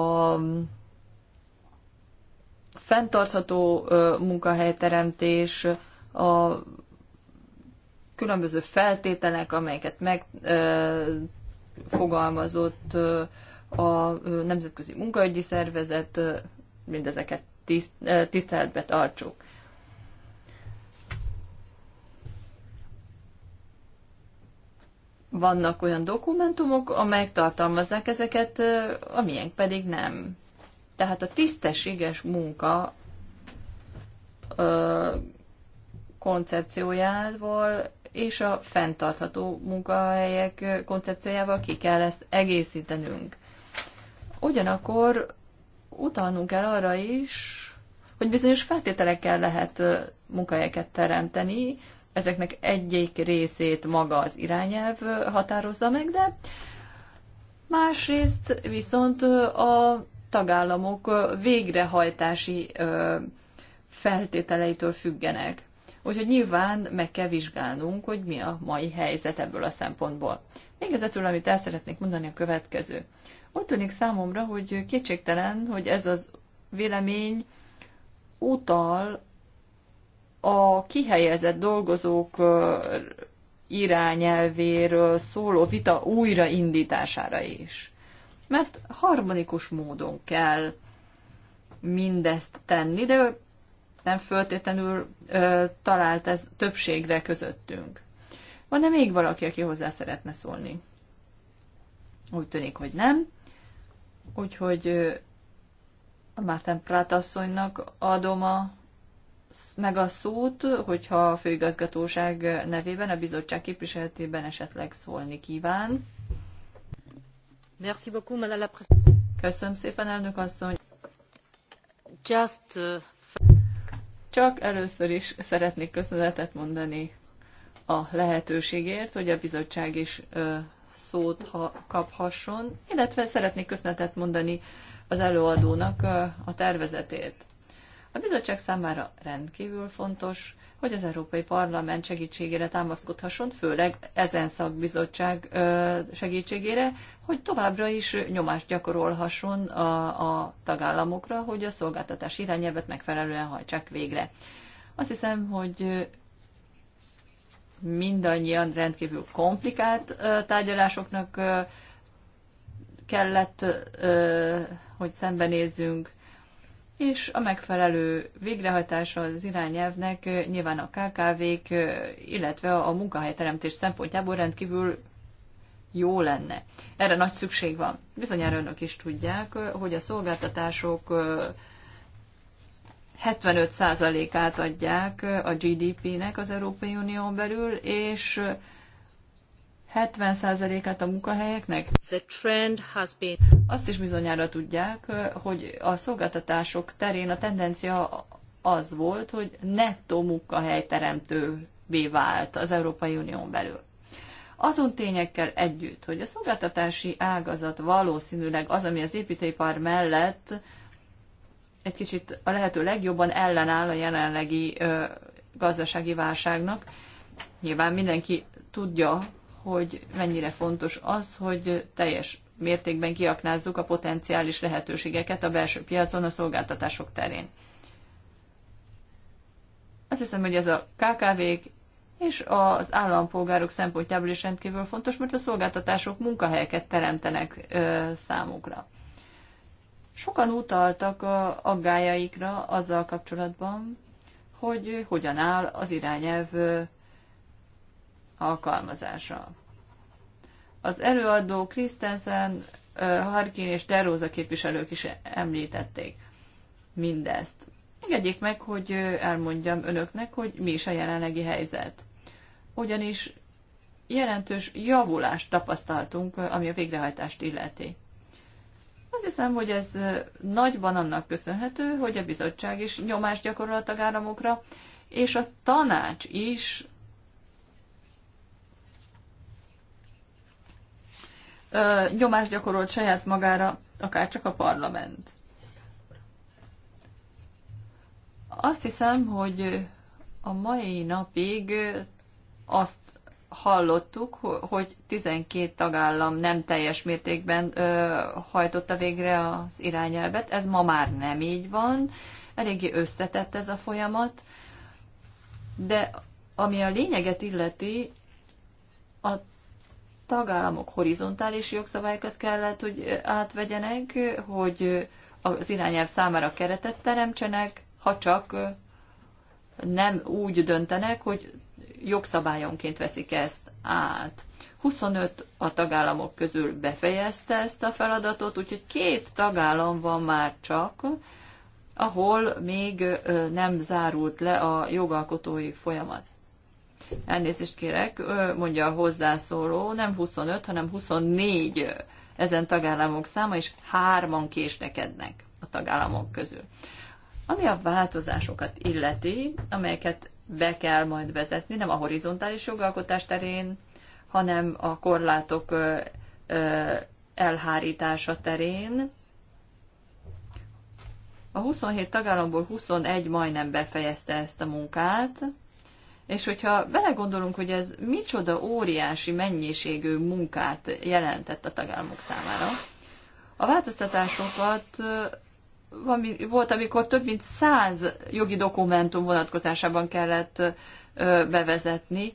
fenntartható munkahelyteremtés, a különböző feltételek, amelyeket megfogalmazott a Nemzetközi Munkaügyi Szervezet, mindezeket tiszteletbe tartsuk. vannak olyan dokumentumok, amelyek tartalmazzák ezeket, amilyen pedig nem. Tehát a tisztességes munka ö, koncepciójával és a fenntartható munkahelyek koncepciójával ki kell ezt egészítenünk. Ugyanakkor utalnunk kell arra is, hogy bizonyos feltételekkel lehet munkahelyeket teremteni, ezeknek egyik részét maga az irányelv határozza meg, de másrészt viszont a tagállamok végrehajtási feltételeitől függenek. Úgyhogy nyilván meg kell vizsgálnunk, hogy mi a mai helyzet ebből a szempontból. Végezetül, amit el szeretnék mondani, a következő. Úgy tűnik számomra, hogy kétségtelen, hogy ez az vélemény utal a kihelyezett dolgozók irányelvéről szóló vita újraindítására is. Mert harmonikus módon kell mindezt tenni, de nem föltétlenül ö, talált ez többségre közöttünk. Van-e még valaki, aki hozzá szeretne szólni? Úgy tűnik, hogy nem. Úgyhogy Márten Prát asszonynak adom a meg a szót, hogyha a főigazgatóság nevében, a bizottság képviseletében esetleg szólni kíván. Merci beaucoup, Madame la Köszönöm szépen, elnök asszony. Just, uh... Csak először is szeretnék köszönetet mondani a lehetőségért, hogy a bizottság is uh, szót ha, kaphasson, illetve szeretnék köszönetet mondani az előadónak uh, a tervezetét. A bizottság számára rendkívül fontos, hogy az Európai Parlament segítségére támaszkodhasson, főleg ezen szakbizottság segítségére, hogy továbbra is nyomást gyakorolhasson a, a tagállamokra, hogy a szolgáltatás irányelvet megfelelően hajtsák végre. Azt hiszem, hogy mindannyian rendkívül komplikált tárgyalásoknak kellett, hogy szembenézzünk, és a megfelelő végrehajtása az irányelvnek nyilván a KKV-k, illetve a munkahelyteremtés szempontjából rendkívül jó lenne. Erre nagy szükség van. Bizonyára önök is tudják, hogy a szolgáltatások 75%-át adják a GDP-nek az Európai Unión belül, és 70%-át a munkahelyeknek. The trend has been... Azt is bizonyára tudják, hogy a szolgáltatások terén a tendencia az volt, hogy nettó munkahelyteremtővé vált az Európai Unión belül. Azon tényekkel együtt, hogy a szolgáltatási ágazat valószínűleg az, ami az építőipar mellett egy kicsit a lehető legjobban ellenáll a jelenlegi ö, gazdasági válságnak. Nyilván mindenki tudja, hogy mennyire fontos az, hogy teljes mértékben kiaknázzuk a potenciális lehetőségeket a belső piacon a szolgáltatások terén. Azt hiszem, hogy ez a KKV-k és az állampolgárok szempontjából is rendkívül fontos, mert a szolgáltatások munkahelyeket teremtenek ö, számukra. Sokan utaltak a aggájaikra azzal kapcsolatban, hogy hogyan áll az irányelv alkalmazása. Az előadó Krisztensen, Harkin és Terróza képviselők is említették mindezt. Engedjék meg, hogy elmondjam önöknek, hogy mi is a jelenlegi helyzet. Ugyanis jelentős javulást tapasztaltunk, ami a végrehajtást illeti. Azt hiszem, hogy ez nagyban annak köszönhető, hogy a bizottság is nyomást gyakorol a tagáramokra, és a tanács is ö, nyomást gyakorolt saját magára, akár csak a parlament. Azt hiszem, hogy a mai napig azt hallottuk, hogy 12 tagállam nem teljes mértékben ö, hajtotta végre az irányelvet. Ez ma már nem így van. Eléggé összetett ez a folyamat. De ami a lényeget illeti, a tagállamok horizontális jogszabályokat kellett, hogy átvegyenek, hogy az irányelv számára keretet teremtsenek, ha csak nem úgy döntenek, hogy jogszabályonként veszik ezt át. 25 a tagállamok közül befejezte ezt a feladatot, úgyhogy két tagállam van már csak, ahol még nem zárult le a jogalkotói folyamat. Elnézést kérek, mondja a hozzászóló, nem 25, hanem 24 ezen tagállamok száma, és hárman késnekednek a tagállamok közül. Ami a változásokat illeti, amelyeket be kell majd vezetni, nem a horizontális jogalkotás terén, hanem a korlátok elhárítása terén. A 27 tagállamból 21 majdnem befejezte ezt a munkát, és hogyha belegondolunk, hogy ez micsoda óriási mennyiségű munkát jelentett a tagállamok számára, a változtatásokat volt, amikor több mint száz jogi dokumentum vonatkozásában kellett bevezetni.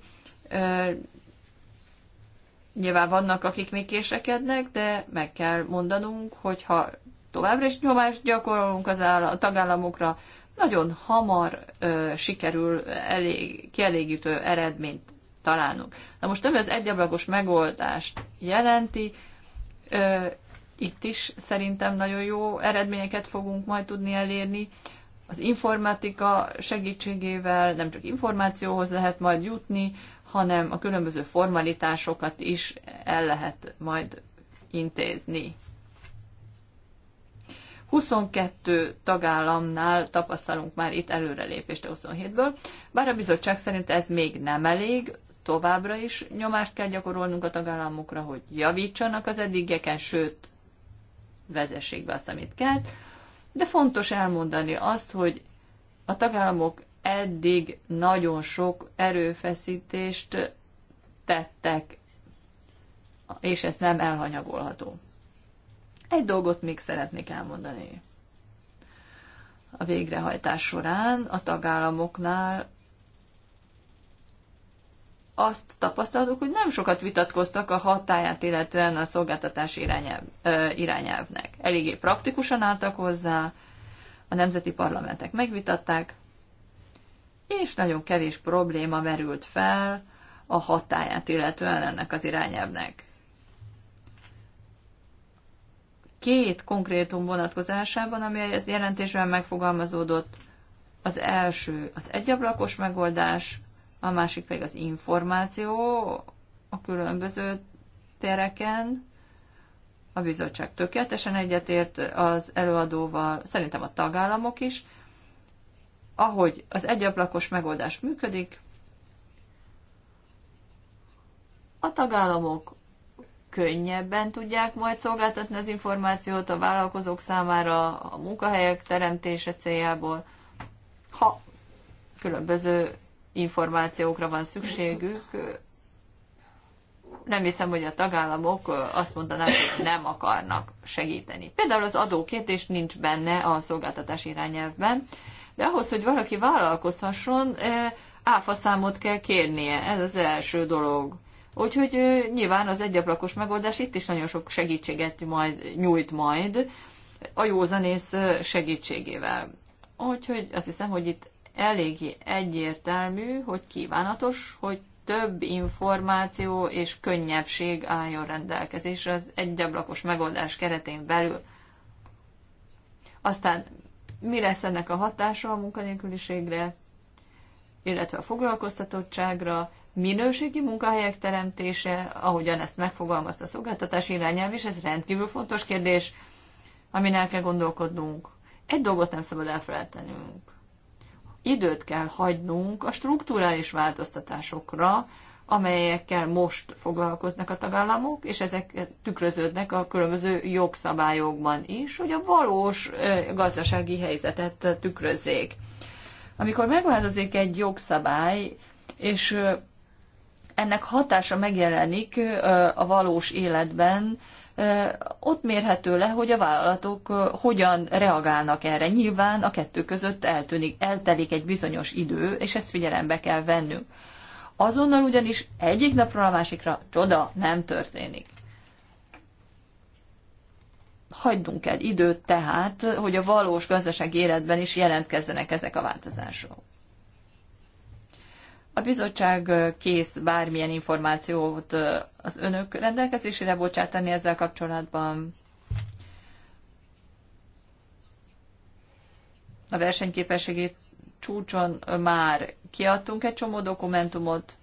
Nyilván vannak, akik még késrekednek, de meg kell mondanunk, hogyha továbbra is nyomást gyakorolunk az áll- a tagállamokra, nagyon hamar ö, sikerül elég, kielégítő eredményt találnunk. Na most ami az egyablakos megoldást jelenti, ö, itt is szerintem nagyon jó eredményeket fogunk majd tudni elérni. Az informatika segítségével nem csak információhoz lehet majd jutni, hanem a különböző formalitásokat is el lehet majd intézni. 22 tagállamnál tapasztalunk már itt előrelépést a 27-ből, bár a bizottság szerint ez még nem elég, továbbra is nyomást kell gyakorolnunk a tagállamokra, hogy javítsanak az eddigieken, sőt, vezessék be azt, amit kell. De fontos elmondani azt, hogy a tagállamok eddig nagyon sok erőfeszítést tettek, és ez nem elhanyagolható. Egy dolgot még szeretnék elmondani. A végrehajtás során a tagállamoknál azt tapasztaltuk, hogy nem sokat vitatkoztak a hatáját, illetően a szolgáltatás irányelv, ö, irányelvnek. Eléggé praktikusan álltak hozzá, a nemzeti parlamentek megvitatták, és nagyon kevés probléma merült fel a hatáját, illetően ennek az irányelvnek. két konkrétum vonatkozásában, ami az jelentésben megfogalmazódott. Az első az egyablakos megoldás, a másik pedig az információ a különböző tereken. A bizottság tökéletesen egyetért az előadóval, szerintem a tagállamok is. Ahogy az egyablakos megoldás működik, a tagállamok könnyebben tudják majd szolgáltatni az információt a vállalkozók számára a munkahelyek teremtése céljából, ha különböző információkra van szükségük. Nem hiszem, hogy a tagállamok azt mondanák, hogy nem akarnak segíteni. Például az adókétés nincs benne a szolgáltatás irányelvben, de ahhoz, hogy valaki vállalkozhasson, áfaszámot kell kérnie. Ez az első dolog Úgyhogy nyilván az egyablakos megoldás itt is nagyon sok segítséget majd, nyújt majd a zenész segítségével. Úgyhogy azt hiszem, hogy itt eléggé egyértelmű, hogy kívánatos, hogy több információ és könnyebbség álljon rendelkezésre az egyablakos megoldás keretén belül. Aztán mi lesz ennek a hatása a munkanélküliségre, illetve a foglalkoztatottságra, minőségi munkahelyek teremtése, ahogyan ezt megfogalmazta a szolgáltatási irányelv is, ez rendkívül fontos kérdés, amin el kell gondolkodnunk. Egy dolgot nem szabad elfelejtenünk. Időt kell hagynunk a strukturális változtatásokra, amelyekkel most foglalkoznak a tagállamok, és ezek tükröződnek a különböző jogszabályokban is, hogy a valós gazdasági helyzetet tükrözzék. Amikor megváltozik egy jogszabály, és ennek hatása megjelenik a valós életben, ott mérhető le, hogy a vállalatok hogyan reagálnak erre. Nyilván a kettő között eltűnik, eltelik egy bizonyos idő, és ezt figyelembe kell vennünk. Azonnal ugyanis egyik napról a másikra csoda nem történik. Hagynunk el időt tehát, hogy a valós gazdaság életben is jelentkezzenek ezek a változások. A bizottság kész bármilyen információt az önök rendelkezésére bocsátani ezzel kapcsolatban. A versenyképességi csúcson már kiadtunk egy csomó dokumentumot,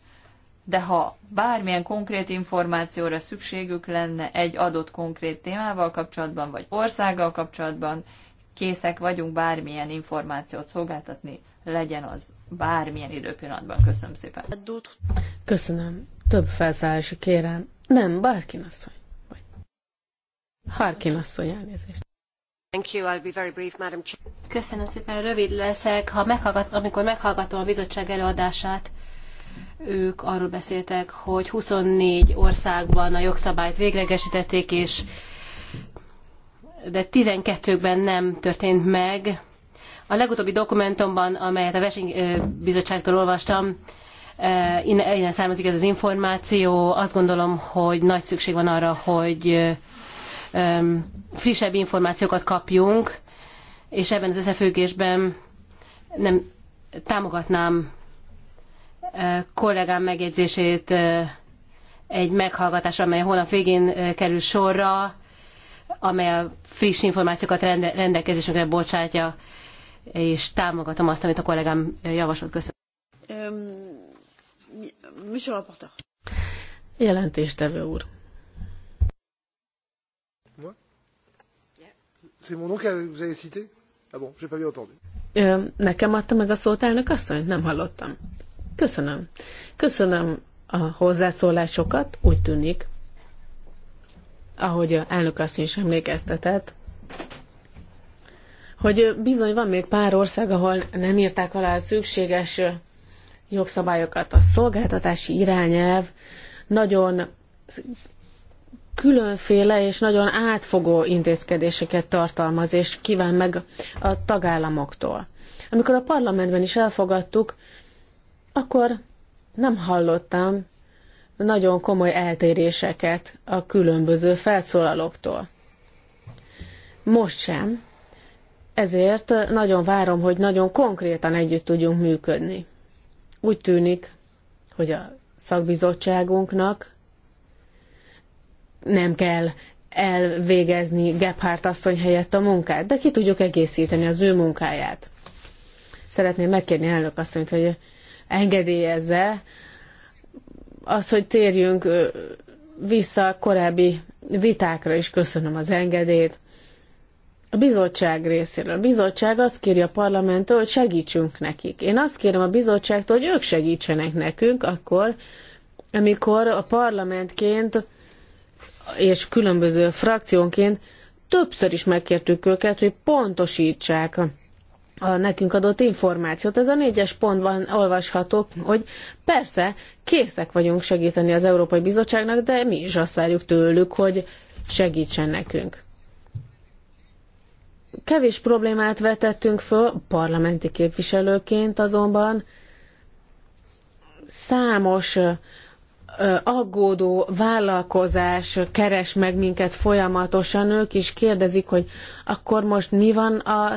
de ha bármilyen konkrét információra szükségük lenne egy adott konkrét témával kapcsolatban, vagy országgal kapcsolatban, készek vagyunk bármilyen információt szolgáltatni, legyen az bármilyen időpillanatban. Köszönöm szépen. Köszönöm. Több felszállása kérem. Nem, bárki asszony. Bárki Harkin asszony, elnézést. Köszönöm szépen, rövid leszek. Ha meghallgat, amikor meghallgatom a bizottság előadását, ők arról beszéltek, hogy 24 országban a jogszabályt véglegesítették, és de 12-ben nem történt meg a legutóbbi dokumentumban, amelyet a Vesing bizottságtól olvastam, innen származik ez az információ. Azt gondolom, hogy nagy szükség van arra, hogy frissebb információkat kapjunk, és ebben az összefüggésben nem támogatnám kollégám megjegyzését egy meghallgatás, amely holnap végén kerül sorra, amely a friss információkat rendelkezésünkre bocsátja és támogatom azt, amit a kollégám javasolt. Köszönöm. monsieur rapporteur. Jelentéstevő úr. C'est mon nom que vous avez cité Ah bon, j'ai pas bien entendu. nekem adta meg a szót elnök asszony? Nem hallottam. Köszönöm. Köszönöm a hozzászólásokat. Úgy tűnik, ahogy a elnök asszony is emlékeztetett, hogy bizony van még pár ország, ahol nem írták alá a szükséges jogszabályokat. A szolgáltatási irányelv nagyon különféle és nagyon átfogó intézkedéseket tartalmaz, és kíván meg a tagállamoktól. Amikor a parlamentben is elfogadtuk, akkor nem hallottam nagyon komoly eltéréseket a különböző felszólalóktól. Most sem, ezért nagyon várom, hogy nagyon konkrétan együtt tudjunk működni. Úgy tűnik, hogy a szakbizottságunknak nem kell elvégezni Gebhardt asszony helyett a munkát, de ki tudjuk egészíteni az ő munkáját. Szeretném megkérni elnök asszonyt, hogy engedélyezze az, hogy térjünk vissza a korábbi vitákra is köszönöm az engedélyt a bizottság részéről. A bizottság azt kérje a parlamenttől, hogy segítsünk nekik. Én azt kérem a bizottságtól, hogy ők segítsenek nekünk akkor, amikor a parlamentként és különböző frakciónként többször is megkértük őket, hogy pontosítsák a nekünk adott információt. Ez a négyes pontban olvasható, hogy persze készek vagyunk segíteni az Európai Bizottságnak, de mi is azt várjuk tőlük, hogy segítsen nekünk. Kevés problémát vetettünk föl, parlamenti képviselőként azonban számos aggódó vállalkozás keres meg minket folyamatosan, ők is kérdezik, hogy akkor most mi van a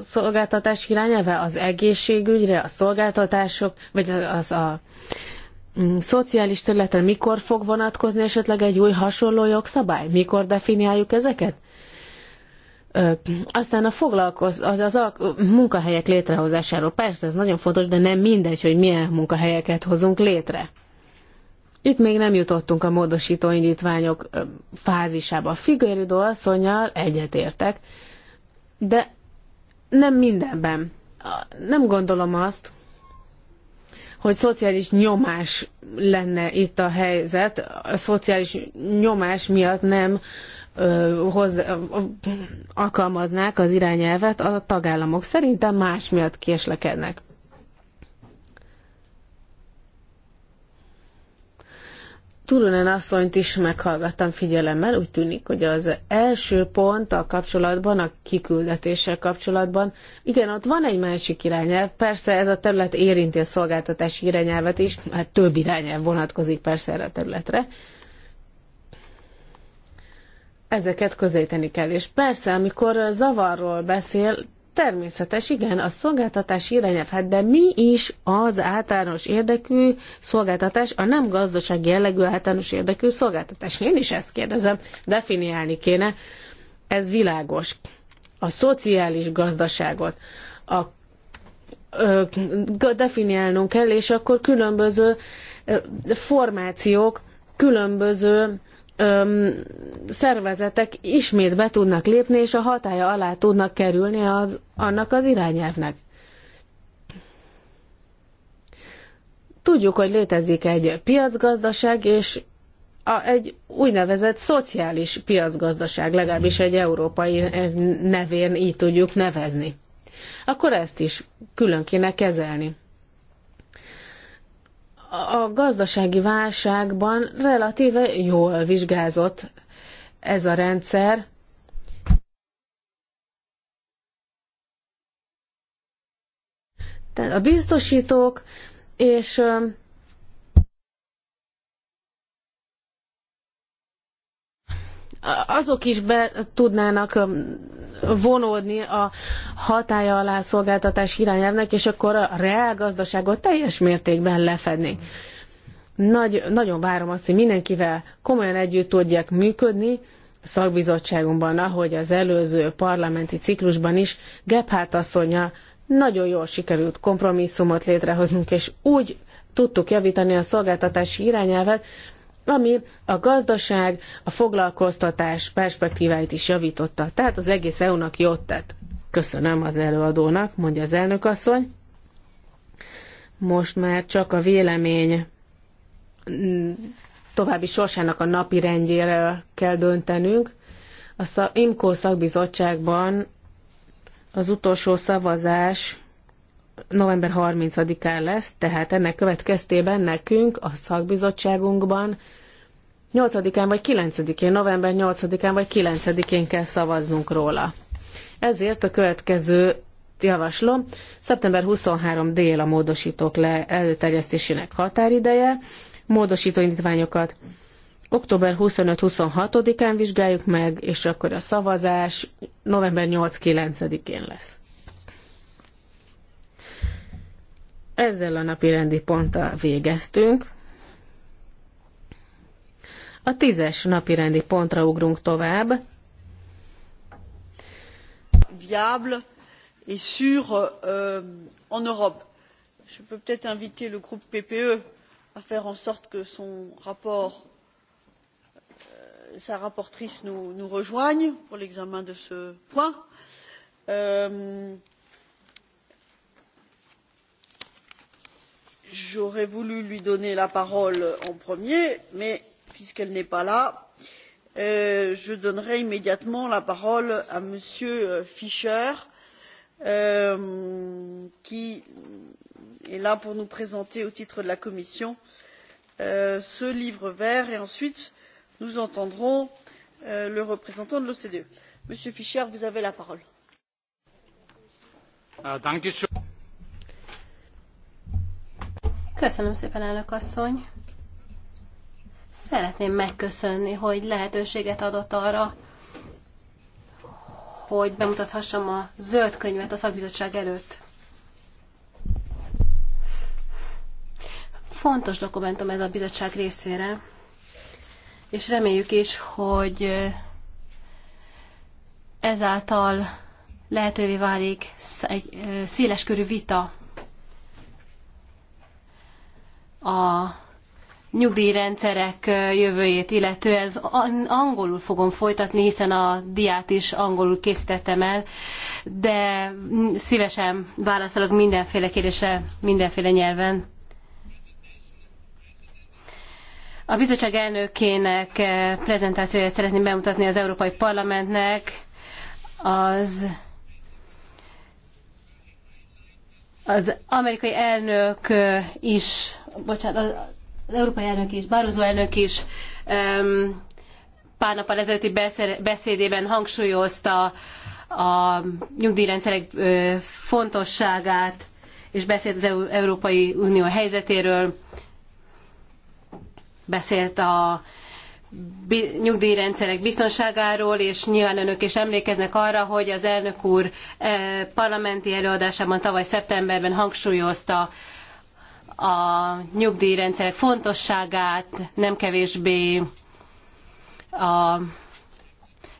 szolgáltatás irányelve az egészségügyre, a szolgáltatások, vagy az a mm, szociális területre mikor fog vonatkozni esetleg egy új hasonló jogszabály? Mikor definiáljuk ezeket? Aztán a foglalkoz, az, az a munkahelyek létrehozásáról. Persze, ez nagyon fontos, de nem mindegy, hogy milyen munkahelyeket hozunk létre. Itt még nem jutottunk a módosító indítványok fázisába. Figueridó asszonyjal egyetértek, de nem mindenben. Nem gondolom azt, hogy szociális nyomás lenne itt a helyzet. A szociális nyomás miatt nem Hoz alkalmaznák az irányelvet, a tagállamok szerintem más miatt késlekednek. Turunen asszonyt is meghallgattam figyelemmel, úgy tűnik, hogy az első pont a kapcsolatban, a kiküldetéssel kapcsolatban, igen, ott van egy másik irányelv, persze ez a terület érinti a szolgáltatási irányelvet is, hát több irányelv vonatkozik persze erre a területre, ezeket közéteni kell. És persze, amikor zavarról beszél, természetes, igen, a szolgáltatás irányelv, hát de mi is az általános érdekű szolgáltatás, a nem gazdasági jellegű általános érdekű szolgáltatás? Én is ezt kérdezem, definiálni kéne. Ez világos. A szociális gazdaságot, a definiálnunk kell, és akkor különböző formációk, különböző öm, szervezetek ismét be tudnak lépni, és a hatája alá tudnak kerülni az, annak az irányelvnek. Tudjuk, hogy létezik egy piacgazdaság, és a, egy úgynevezett szociális piacgazdaság, legalábbis egy európai nevén így tudjuk nevezni. Akkor ezt is külön kéne kezelni a gazdasági válságban relatíve jól vizsgázott ez a rendszer. Tehát a biztosítók és azok is be tudnának vonódni a hatája alá szolgáltatás irányelvnek, és akkor a reálgazdaságot teljes mértékben lefedni. Nagy, nagyon várom azt, hogy mindenkivel komolyan együtt tudják működni, szakbizottságunkban, ahogy az előző parlamenti ciklusban is, Gebhardt asszonya nagyon jól sikerült kompromisszumot létrehoznunk, és úgy tudtuk javítani a szolgáltatási irányelvet, ami a gazdaság, a foglalkoztatás perspektíváit is javította. Tehát az egész EU-nak jót tett. Köszönöm az előadónak, mondja az asszony. Most már csak a vélemény mm, további sorsának a napi rendjére kell döntenünk. A IMCO szakbizottságban az utolsó szavazás november 30-án lesz, tehát ennek következtében nekünk a szakbizottságunkban 8-án vagy 9-én, november 8-án vagy 9-én kell szavaznunk róla. Ezért a következő javaslom, szeptember 23 dél a módosítók le előterjesztésének határideje, módosító indítványokat október 25-26-án vizsgáljuk meg, és akkor a szavazás november 8-9-én lesz. Ezzel a napi rendi ponttal végeztünk. A tízes napi rendi pontra ugrunk tovább. Viable és sûr euh, en Europe. Je peux peut-être inviter le groupe PPE à faire en sorte que son rapport, euh, sa rapportrice nous, nous rejoigne pour l'examen de ce point. Euh, j'aurais voulu lui donner la parole en premier mais puisqu'elle n'est pas là euh, je donnerai immédiatement la parole à m. Euh, fischer euh, qui est là pour nous présenter au titre de la commission ce livre vert et ensuite nous entendrons le représentant de l'ocde. monsieur fischer vous avez la parole. Köszönöm szépen, elnök asszony. Szeretném megköszönni, hogy lehetőséget adott arra, hogy bemutathassam a zöld könyvet a szakbizottság előtt. Fontos dokumentum ez a bizottság részére, és reméljük is, hogy ezáltal lehetővé válik egy széleskörű vita a nyugdíjrendszerek jövőjét illetően angolul fogom folytatni, hiszen a diát is angolul készítettem el, de szívesen válaszolok mindenféle kérdésre, mindenféle nyelven. A bizottság elnökének prezentációját szeretném bemutatni az Európai Parlamentnek. Az az amerikai elnök is, bocsánat, az európai elnök is, Barroso elnök is um, pár nappal ezelőtti beszédében hangsúlyozta a nyugdíjrendszerek fontosságát, és beszélt az Európai Unió helyzetéről, beszélt a nyugdíjrendszerek biztonságáról, és nyilván önök is emlékeznek arra, hogy az elnök úr eh, parlamenti előadásában tavaly szeptemberben hangsúlyozta a nyugdíjrendszerek fontosságát, nem kevésbé a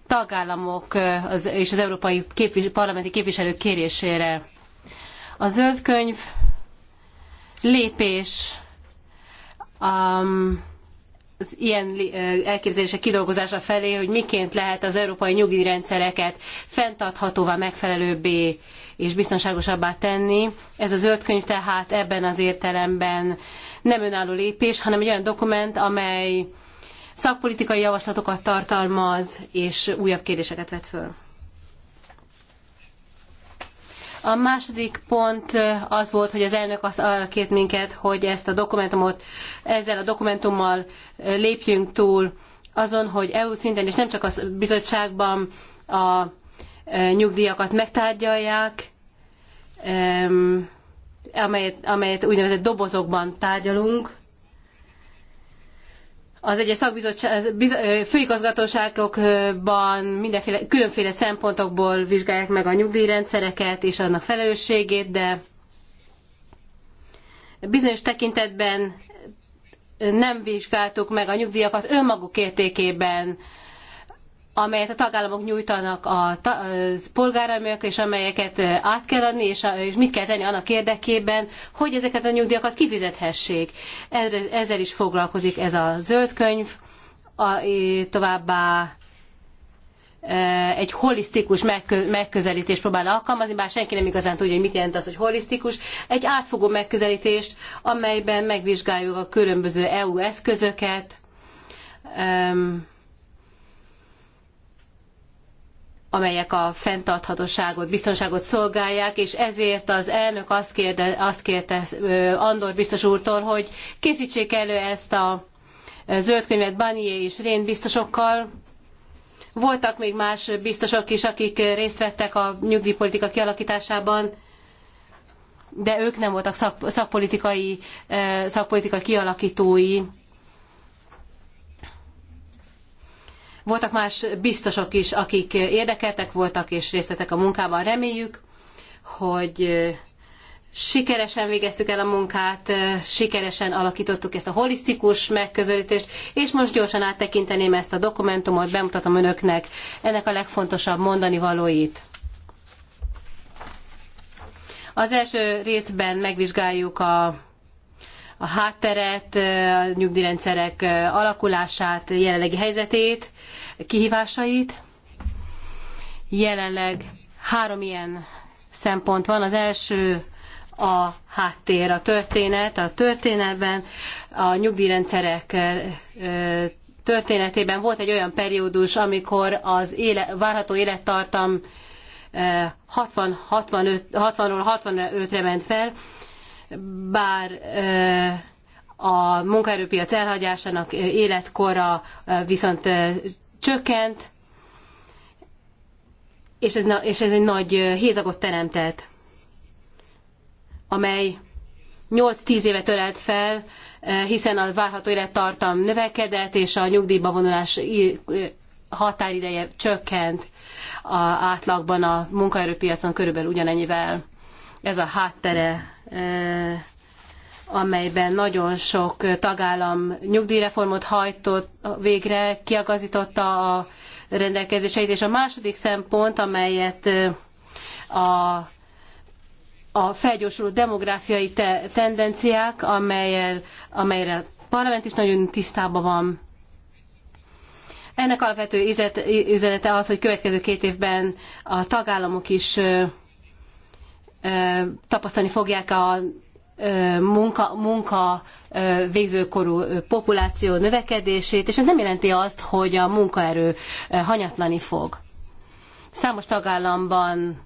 tagállamok eh, és az európai képvis parlamenti képviselők kérésére. A zöld könyv lépés um, az ilyen eh, elképzelések kidolgozása felé, hogy miként lehet az európai nyugdíjrendszereket fenntarthatóvá, megfelelőbbé és biztonságosabbá tenni. Ez a zöld könyv tehát ebben az értelemben nem önálló lépés, hanem egy olyan dokument, amely szakpolitikai javaslatokat tartalmaz és újabb kérdéseket vet föl. A második pont az volt, hogy az elnök azt arra kért minket, hogy ezt a dokumentumot, ezzel a dokumentummal lépjünk túl azon, hogy EU szinten és nem csak a bizottságban a nyugdíjakat megtárgyalják, amelyet, amelyet úgynevezett dobozokban tárgyalunk, az egyes főigazgatóságokban mindenféle, különféle szempontokból vizsgálják meg a nyugdíjrendszereket és annak felelősségét, de bizonyos tekintetben nem vizsgáltuk meg a nyugdíjakat önmaguk értékében, amelyet a tagállamok nyújtanak a polgáramok, és amelyeket át kell adni, és, mit kell tenni annak érdekében, hogy ezeket a nyugdíjakat kifizethessék. Ezzel is foglalkozik ez a zöld könyv, a, továbbá egy holisztikus megközelítést próbál alkalmazni, bár senki nem igazán tudja, hogy mit jelent az, hogy holisztikus, egy átfogó megközelítést, amelyben megvizsgáljuk a különböző EU eszközöket, amelyek a fenntarthatóságot, biztonságot szolgálják, és ezért az elnök azt, kérde, azt kérte Andor biztos úrtól, hogy készítsék elő ezt a zöld könyvet Banié és Rén biztosokkal, voltak még más biztosok is, akik részt vettek a nyugdíjpolitika kialakításában, de ők nem voltak szak, szakpolitikai, szakpolitika kialakítói. Voltak más biztosok is, akik érdekeltek voltak és részt vettek a munkában. Reméljük, hogy sikeresen végeztük el a munkát, sikeresen alakítottuk ezt a holisztikus megközelítést, és most gyorsan áttekinteném ezt a dokumentumot, bemutatom önöknek ennek a legfontosabb mondani valóit. Az első részben megvizsgáljuk a a hátteret, a nyugdíjrendszerek alakulását, jelenlegi helyzetét, kihívásait. Jelenleg három ilyen szempont van. Az első a háttér, a történet. A történetben a nyugdíjrendszerek történetében volt egy olyan periódus, amikor az éle, várható élettartam 60-65-re 60 65 ment fel, bár a munkaerőpiac elhagyásának életkora viszont csökkent, és ez, és ez egy nagy hézagot teremtett, amely 8-10 éve törelt fel, hiszen a várható élettartam növekedett, és a nyugdíjba vonulás határideje csökkent a átlagban a munkaerőpiacon körülbelül ugyanennyivel. Ez a háttere Eh, amelyben nagyon sok tagállam nyugdíjreformot hajtott végre, kiagazította a rendelkezéseit, és a második szempont, amelyet eh, a, a felgyorsuló demográfiai te, tendenciák, amelyel, amelyre a parlament is nagyon tisztában van. Ennek alapvető üzenete az, hogy következő két évben a tagállamok is eh, tapasztalni fogják a munka, munka végzőkorú populáció növekedését, és ez nem jelenti azt, hogy a munkaerő hanyatlani fog. Számos tagállamban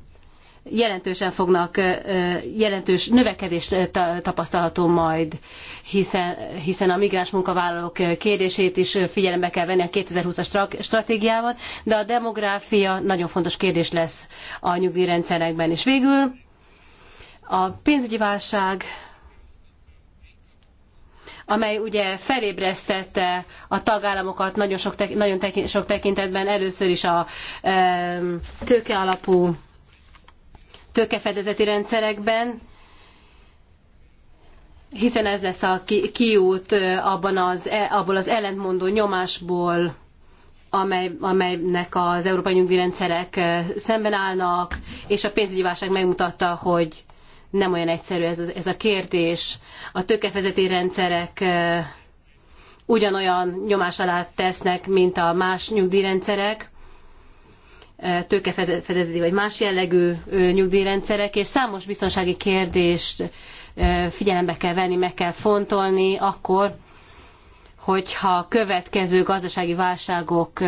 jelentősen fognak, jelentős növekedést tapasztalható majd, hiszen, hiszen a migráns munkavállalók kérdését is figyelembe kell venni a 2020-as stratégiában, de a demográfia nagyon fontos kérdés lesz a nyugdíjrendszerekben. is végül a pénzügyi válság amely ugye felébresztette a tagállamokat nagyon sok, tek, nagyon tek, sok tekintetben, először is a e, tőkealapú tőkefedezeti rendszerekben, hiszen ez lesz a ki, kiút abban az, e- abból az ellentmondó nyomásból, amely, amelynek az európai nyugdíjrendszerek szemben állnak, és a pénzügyi válság megmutatta, hogy nem olyan egyszerű ez, ez a kérdés. A tőkefezeti rendszerek ugyanolyan nyomás alá tesznek, mint a más nyugdíjrendszerek, tőkefedezeti vagy más jellegű nyugdíjrendszerek, és számos biztonsági kérdést figyelembe kell venni, meg kell fontolni akkor, hogyha következő gazdasági válságok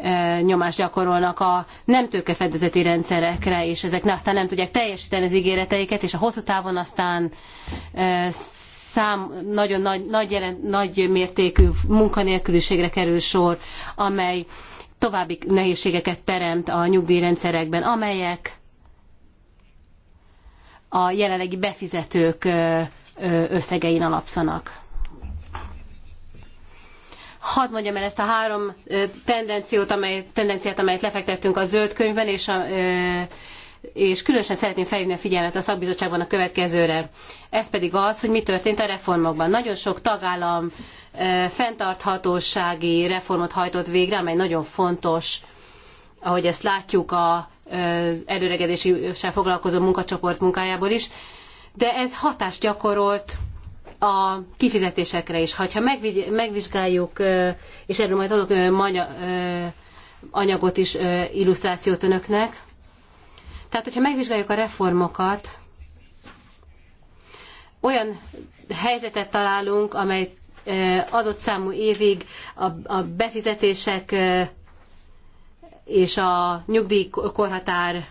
E, nyomást gyakorolnak a nem tőkefedezeti rendszerekre, és ezek aztán nem tudják teljesíteni az ígéreteiket, és a hosszú távon aztán e, szám, nagyon nagy, nagy, nagy mértékű munkanélküliségre kerül sor, amely további nehézségeket teremt a nyugdíjrendszerekben, amelyek a jelenlegi befizetők e, összegein alapszanak. Hadd mondjam el ezt a három tendenciót, amely, tendenciát, amelyet lefektettünk a zöld könyvben, és, a, és különösen szeretném felhívni a figyelmet a szakbizottságban a következőre. Ez pedig az, hogy mi történt a reformokban. Nagyon sok tagállam fenntarthatósági reformot hajtott végre, amely nagyon fontos, ahogy ezt látjuk az előregedéssel foglalkozó munkacsoport munkájából is, de ez hatást gyakorolt a kifizetésekre is. Ha megvizsgáljuk, és erről majd adok anyagot is, illusztrációt önöknek. Tehát, hogyha megvizsgáljuk a reformokat, olyan helyzetet találunk, amely adott számú évig a befizetések és a nyugdíjkorhatár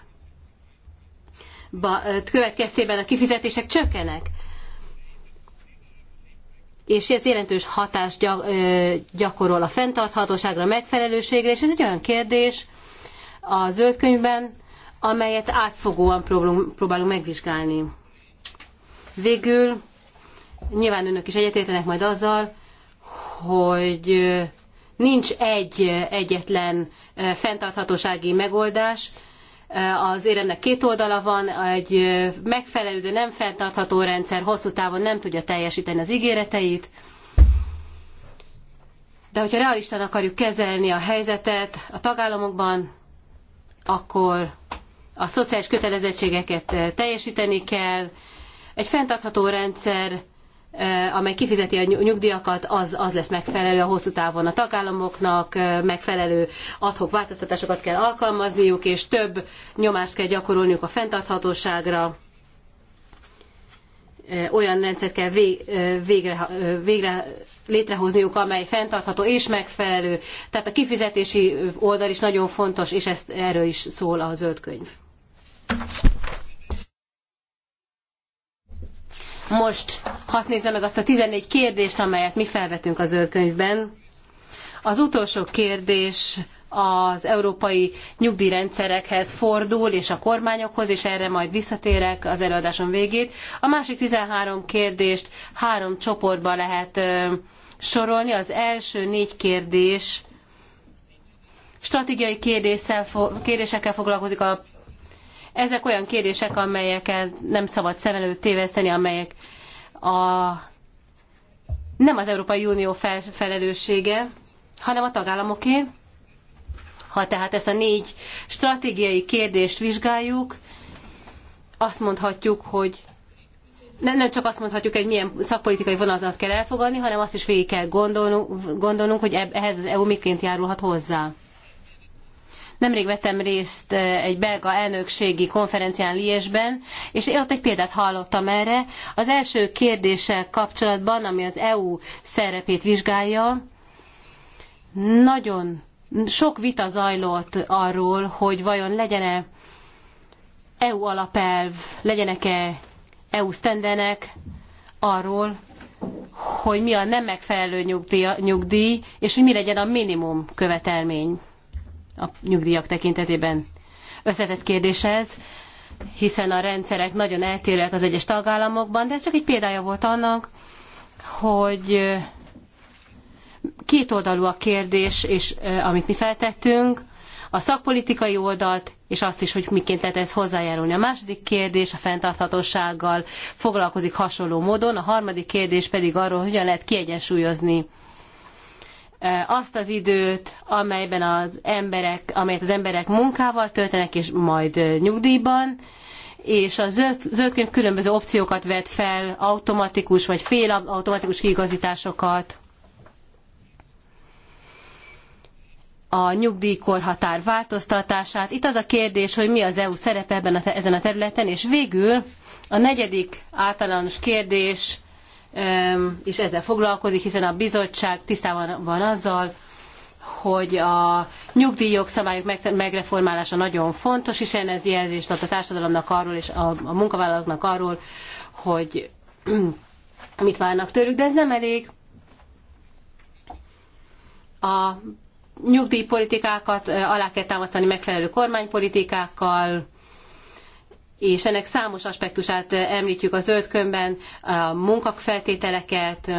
következtében a kifizetések csökkenek és ez jelentős hatást gyakorol a fenntarthatóságra, a megfelelőségre, és ez egy olyan kérdés a zöld könyvben, amelyet átfogóan próbálunk megvizsgálni. Végül nyilván önök is egyetértenek majd azzal, hogy nincs egy egyetlen fenntarthatósági megoldás, az éremnek két oldala van, egy megfelelő, de nem fenntartható rendszer hosszú távon nem tudja teljesíteni az ígéreteit. De hogyha realistán akarjuk kezelni a helyzetet a tagállamokban, akkor a szociális kötelezettségeket teljesíteni kell. Egy fenntartható rendszer Eh, amely kifizeti a nyugdíjakat, az, az lesz megfelelő a hosszú távon a tagállamoknak, eh, megfelelő adhok változtatásokat kell alkalmazniuk, és több nyomást kell gyakorolniuk a fenntarthatóságra. Eh, olyan rendszert kell végre, végre létrehozniuk, amely fenntartható és megfelelő. Tehát a kifizetési oldal is nagyon fontos, és ezt, erről is szól a zöld könyv. Most hadd nézze meg azt a 14 kérdést, amelyet mi felvetünk az könyvben. Az utolsó kérdés az európai nyugdíjrendszerekhez fordul, és a kormányokhoz, és erre majd visszatérek az előadásom végét. A másik 13 kérdést három csoportba lehet ö, sorolni. Az első négy kérdés stratégiai kérdéssel, kérdésekkel foglalkozik a ezek olyan kérdések, amelyeket nem szabad szem előtt téveszteni, amelyek a, nem az Európai Unió fel, felelőssége, hanem a tagállamoké. Ha tehát ezt a négy stratégiai kérdést vizsgáljuk, azt mondhatjuk, hogy nem, csak azt mondhatjuk, hogy milyen szakpolitikai vonalat kell elfogadni, hanem azt is végig kell gondolnunk, gondolnunk hogy ehhez az EU miként járulhat hozzá. Nemrég vettem részt eh, egy belga elnökségi konferencián Liesben, és ott egy példát hallottam erre. Az első kérdéssel kapcsolatban, ami az EU szerepét vizsgálja, nagyon sok vita zajlott arról, hogy vajon legyen-e EU alapelv, legyenek-e EU sztendenek arról, hogy mi a nem megfelelő nyugdíj, nyugdíj, és hogy mi legyen a minimum követelmény a nyugdíjak tekintetében. Összetett kérdés ez, hiszen a rendszerek nagyon eltérőek az egyes tagállamokban, de ez csak egy példája volt annak, hogy kétoldalú a kérdés, és amit mi feltettünk, a szakpolitikai oldalt, és azt is, hogy miként lehet ez hozzájárulni. A második kérdés a fenntarthatósággal foglalkozik hasonló módon, a harmadik kérdés pedig arról, hogyan lehet kiegyensúlyozni azt az időt, amelyben az emberek, amelyet az emberek munkával töltenek, és majd nyugdíjban, és a zöld, zöld könyv különböző opciókat vet fel, automatikus vagy félautomatikus kiigazításokat, a nyugdíjkorhatár változtatását. Itt az a kérdés, hogy mi az EU szerepe ebben a, ezen a területen, és végül a negyedik általános kérdés és ezzel foglalkozik, hiszen a bizottság tisztában van azzal, hogy a nyugdíjok szabályok megreformálása nagyon fontos, hiszen ez jelzést ad a társadalomnak arról és a, a munkavállalóknak arról, hogy mit várnak tőlük, de ez nem elég. A nyugdíjpolitikákat alá kell támasztani megfelelő kormánypolitikákkal, és ennek számos aspektusát említjük a zöld könyvben, a munkafeltételeket,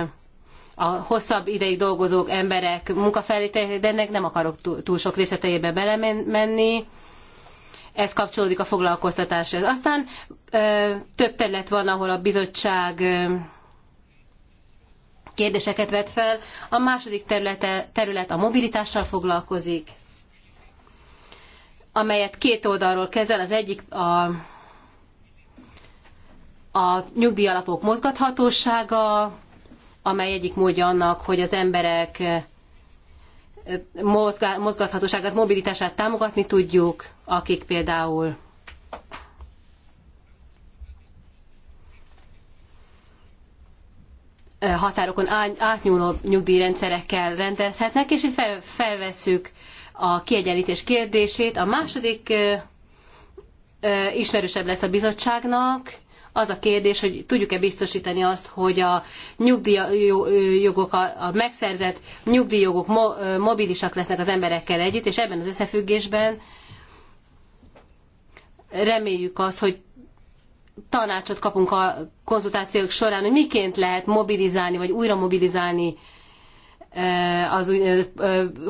a hosszabb ideig dolgozó emberek munkafeltételeit, de ennek nem akarok túl sok részleteibe belemenni. Ez kapcsolódik a foglalkoztatáshoz. Aztán több terület van, ahol a bizottság kérdéseket vet fel. A második területe, terület a mobilitással foglalkozik, amelyet két oldalról kezel. Az egyik a a nyugdíjalapok mozgathatósága, amely egyik módja annak, hogy az emberek mozgathatóságát, mobilitását támogatni tudjuk, akik például határokon átnyúló nyugdíjrendszerekkel rendezhetnek, és itt fel, felvesszük a kiegyenlítés kérdését. A második ismerősebb lesz a bizottságnak, az a kérdés, hogy tudjuk-e biztosítani azt, hogy a nyugdíjjogok, a megszerzett nyugdíjjogok mobilisak lesznek az emberekkel együtt, és ebben az összefüggésben reméljük azt, hogy tanácsot kapunk a konzultációk során, hogy miként lehet mobilizálni, vagy újra mobilizálni az úgynevezett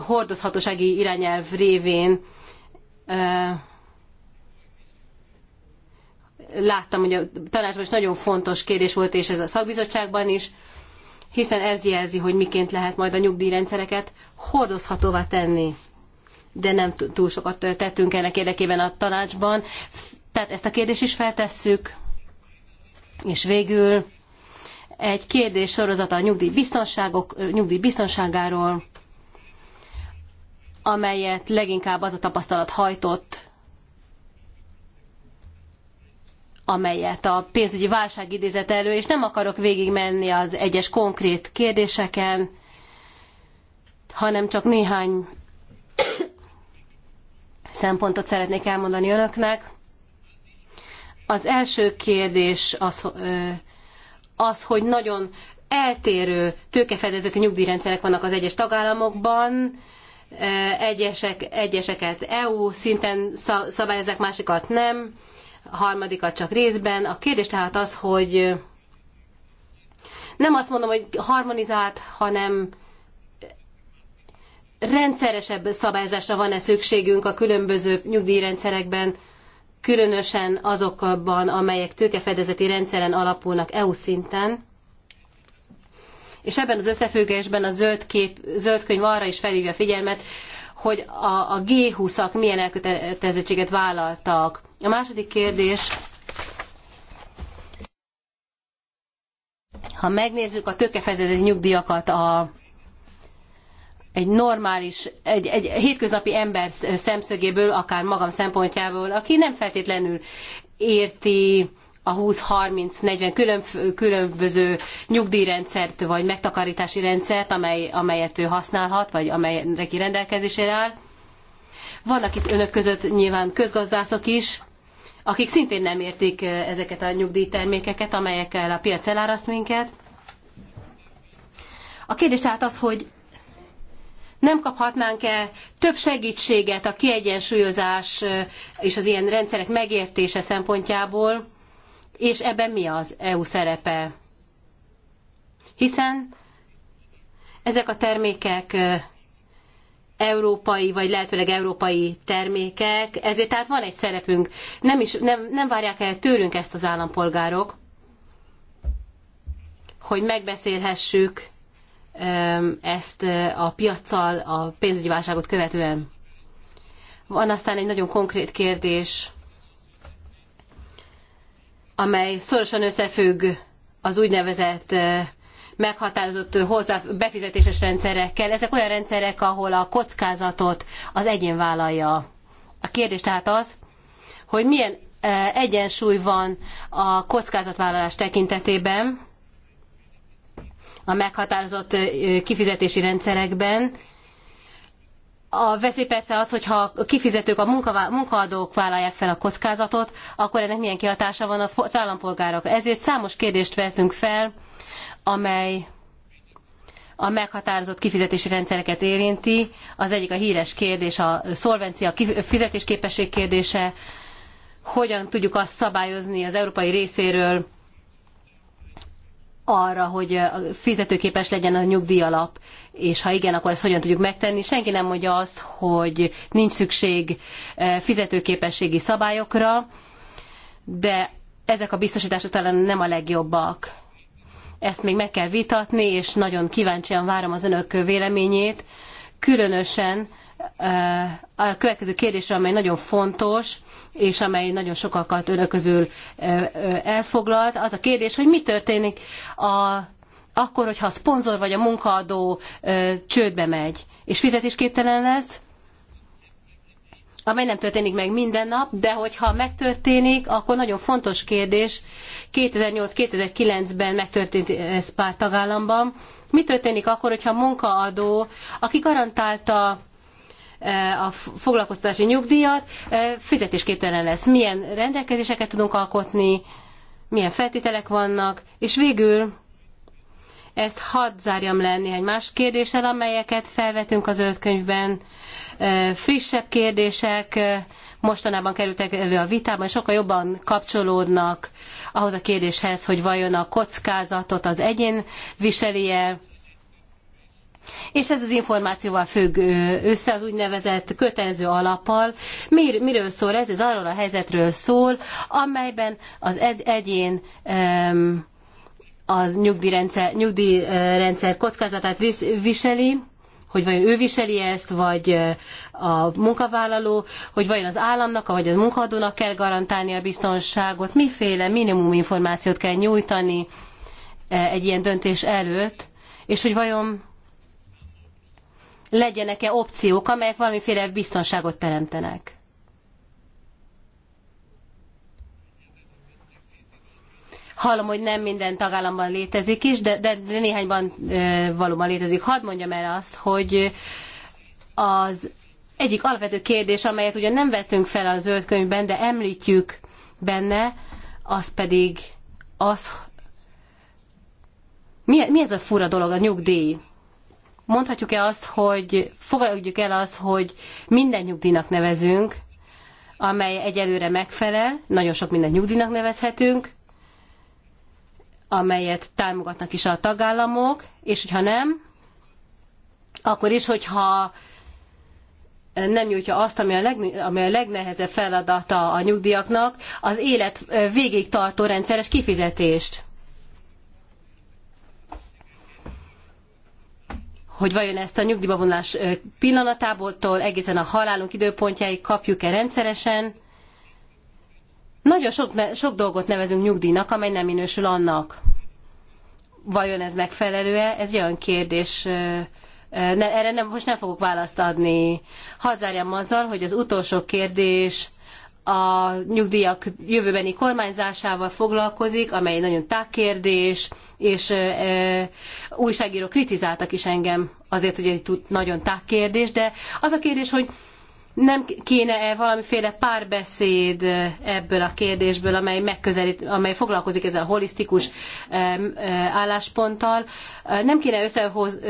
hordozhatósági irányelv révén láttam, hogy a tanácsban is nagyon fontos kérdés volt, és ez a szakbizottságban is, hiszen ez jelzi, hogy miként lehet majd a nyugdíjrendszereket hordozhatóvá tenni. De nem túl sokat tettünk ennek érdekében a tanácsban. Tehát ezt a kérdést is feltesszük. És végül egy kérdés sorozata a nyugdíjbiztonságok, nyugdíjbiztonságáról, amelyet leginkább az a tapasztalat hajtott, amelyet a pénzügyi válság idézett elő, és nem akarok végigmenni az egyes konkrét kérdéseken, hanem csak néhány szempontot szeretnék elmondani önöknek. Az első kérdés az, az hogy nagyon eltérő tőkefedezeti nyugdíjrendszerek vannak az egyes tagállamokban, egyesek, egyeseket EU szinten szabályozzák, másikat nem a harmadikat csak részben. A kérdés tehát az, hogy nem azt mondom, hogy harmonizált, hanem rendszeresebb szabályzásra van-e szükségünk a különböző nyugdíjrendszerekben, különösen azokban, amelyek tőkefedezeti rendszeren alapulnak EU szinten. És ebben az összefüggésben a zöld, kép, zöld könyv arra is felhívja a figyelmet, hogy a, a G20-ak milyen elkötelezettséget vállaltak. A második kérdés, ha megnézzük a tőkefezetett nyugdíjakat a egy normális, egy, egy hétköznapi ember szemszögéből, akár magam szempontjából, aki nem feltétlenül érti a 20-30-40 külön, különböző nyugdíjrendszert vagy megtakarítási rendszert, amely, amelyet ő használhat, vagy amely neki rendelkezésére áll. Vannak itt önök között nyilván közgazdászok is, akik szintén nem értik eh, ezeket a nyugdíjtermékeket, amelyekkel a piac eláraszt minket. A kérdés tehát az, hogy nem kaphatnánk-e több segítséget a kiegyensúlyozás eh, és az ilyen rendszerek megértése szempontjából, és ebben mi az EU szerepe. Hiszen ezek a termékek európai, vagy lehetőleg európai termékek, ezért tehát van egy szerepünk. Nem, is, nem, nem várják el tőlünk ezt az állampolgárok, hogy megbeszélhessük ezt a piaccal a pénzügyi válságot követően. Van aztán egy nagyon konkrét kérdés amely szorosan összefügg az úgynevezett meghatározott hozzá befizetéses rendszerekkel. Ezek olyan rendszerek, ahol a kockázatot az egyén vállalja. A kérdés tehát az, hogy milyen egyensúly van a kockázatvállalás tekintetében a meghatározott kifizetési rendszerekben, a veszély persze az, hogyha a kifizetők, a munkaadók vállalják fel a kockázatot, akkor ennek milyen kihatása van az állampolgárokra. Ezért számos kérdést veszünk fel, amely a meghatározott kifizetési rendszereket érinti. Az egyik a híres kérdés, a szolvencia, a fizetésképesség kérdése, hogyan tudjuk azt szabályozni az európai részéről arra, hogy fizetőképes legyen a nyugdíjalap, és ha igen, akkor ezt hogyan tudjuk megtenni. Senki nem mondja azt, hogy nincs szükség eh, fizetőképességi szabályokra, de ezek a biztosítások talán nem a legjobbak. Ezt még meg kell vitatni, és nagyon kíváncsian várom az önök véleményét, különösen eh, a következő kérdésre, amely nagyon fontos, és amely nagyon sokakat önök közül eh, elfoglalt, az a kérdés, hogy mi történik a akkor, hogyha a szponzor vagy a munkaadó csődbe megy, és fizetésképtelen lesz, amely nem történik meg minden nap, de hogyha megtörténik, akkor nagyon fontos kérdés, 2008-2009-ben megtörtént ez pár tagállamban, mi történik akkor, hogyha a munkaadó, aki garantálta a foglalkoztatási nyugdíjat, fizetésképtelen lesz. Milyen rendelkezéseket tudunk alkotni, milyen feltételek vannak, és végül ezt hadd zárjam le néhány más kérdéssel, amelyeket felvetünk az zöld könyvben. Frissebb kérdések mostanában kerültek elő a vitában, sokkal jobban kapcsolódnak ahhoz a kérdéshez, hogy vajon a kockázatot az egyén viseli-e, és ez az információval függ össze az úgynevezett kötelező alappal. Mir, miről szól ez? Ez arról a helyzetről szól, amelyben az ed- egyén um, az nyugdíjrendszer, nyugdíjrendszer kockázatát viseli, hogy vajon ő viseli ezt, vagy a munkavállaló, hogy vajon az államnak, vagy a munkadónak kell garantálni a biztonságot, miféle minimum információt kell nyújtani egy ilyen döntés előtt, és hogy vajon legyenek-e opciók, amelyek valamiféle biztonságot teremtenek. Hallom, hogy nem minden tagállamban létezik is, de, de, de néhányban e, valóban létezik. Hadd mondjam el azt, hogy az egyik alapvető kérdés, amelyet ugyan nem vettünk fel a zöld könyvben, de említjük benne, az pedig az, mi, mi ez a fura dolog, a nyugdíj? Mondhatjuk-e azt, hogy fogadjuk el azt, hogy minden nyugdíjnak nevezünk, amely egyelőre megfelel, nagyon sok minden nyugdíjnak nevezhetünk, amelyet támogatnak is a tagállamok, és hogyha nem, akkor is, hogyha nem nyújtja azt, ami a, leg, ami a legnehezebb feladata a nyugdíjaknak, az élet végig tartó rendszeres kifizetést. hogy vajon ezt a nyugdíjba vonulás pillanatától egészen a halálunk időpontjáig kapjuk-e rendszeresen, nagyon sok, sok dolgot nevezünk nyugdíjnak, amely nem minősül annak. Vajon ez megfelelő-e? Ez olyan kérdés, ne, erre nem, most nem fogok választ adni. Hadd zárjam azzal, hogy az utolsó kérdés a nyugdíjak jövőbeni kormányzásával foglalkozik, amely nagyon tág kérdés, és e, újságírók kritizáltak is engem azért, hogy egy nagyon tág kérdés, de az a kérdés, hogy nem kéne-e valamiféle párbeszéd ebből a kérdésből, amely, megközelít, amely foglalkozik ezzel a holisztikus állásponttal? Nem kéne összehoz,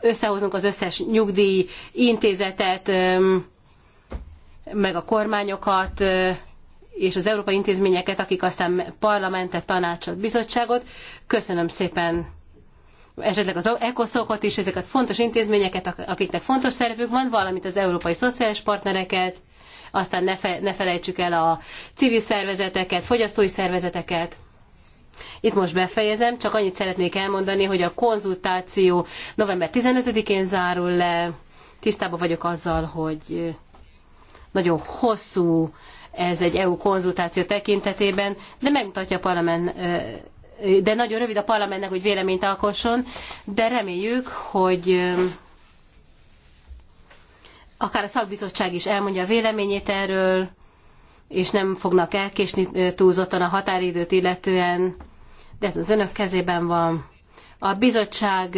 összehoznunk az összes nyugdíj intézetet, meg a kormányokat, és az európai intézményeket, akik aztán parlamentet, tanácsot, bizottságot. Köszönöm szépen! esetleg az ECOSZOKot is, ezeket fontos intézményeket, akiknek fontos szerepük van, valamint az európai szociális partnereket, aztán ne, fe, ne felejtsük el a civil szervezeteket, fogyasztói szervezeteket. Itt most befejezem, csak annyit szeretnék elmondani, hogy a konzultáció november 15-én zárul le. Tisztában vagyok azzal, hogy nagyon hosszú ez egy EU konzultáció tekintetében, de megmutatja a parlament de nagyon rövid a parlamentnek, hogy véleményt alkosson, de reméljük, hogy akár a szakbizottság is elmondja a véleményét erről, és nem fognak elkésni túlzottan a határidőt illetően, de ez az önök kezében van. A bizottság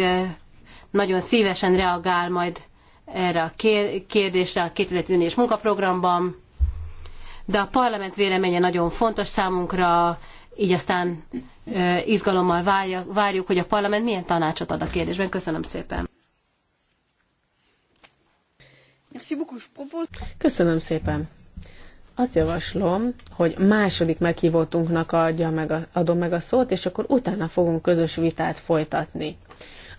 nagyon szívesen reagál majd erre a kérdésre a 2014-es munkaprogramban, de a parlament véleménye nagyon fontos számunkra, így aztán izgalommal várja, várjuk, hogy a parlament milyen tanácsot ad a kérdésben. Köszönöm szépen. Köszönöm szépen. Azt javaslom, hogy második meghívottunknak adja meg a, adom meg a szót, és akkor utána fogunk közös vitát folytatni.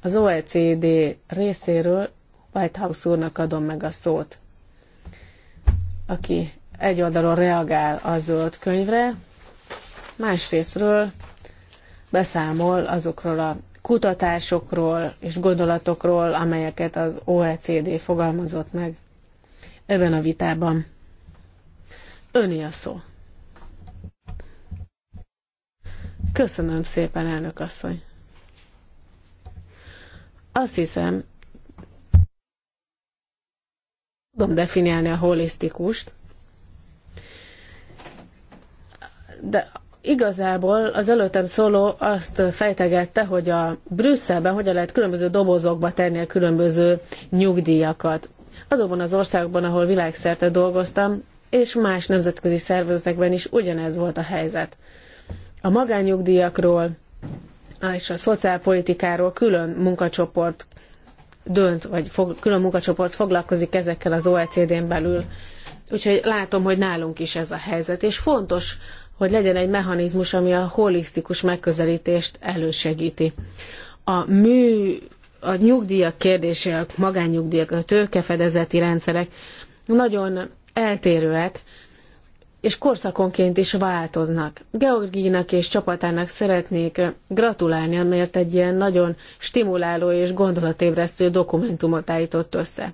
Az OECD részéről Whitehouse úrnak adom meg a szót, aki egy oldalon reagál a zöld könyvre, másrésztről beszámol azokról a kutatásokról és gondolatokról, amelyeket az OECD fogalmazott meg ebben a vitában. Öni a szó. Köszönöm szépen, elnök asszony. Azt hiszem, tudom definiálni a holisztikust, de Igazából az előttem szóló azt fejtegette, hogy a Brüsszelben hogyan lehet különböző dobozokba tenni a különböző nyugdíjakat. Azokban az országokban, ahol világszerte dolgoztam, és más nemzetközi szervezetekben is ugyanez volt a helyzet. A magányugdíjakról és a szociálpolitikáról külön munkacsoport dönt, vagy fog, külön munkacsoport foglalkozik ezekkel az OECD-n belül. Úgyhogy látom, hogy nálunk is ez a helyzet, és fontos hogy legyen egy mechanizmus, ami a holisztikus megközelítést elősegíti. A mű, a nyugdíjak kérdése, a magánnyugdíjak, a tőkefedezeti rendszerek nagyon eltérőek, és korszakonként is változnak. Georginak és csapatának szeretnék gratulálni, mert egy ilyen nagyon stimuláló és gondolatébresztő dokumentumot állított össze.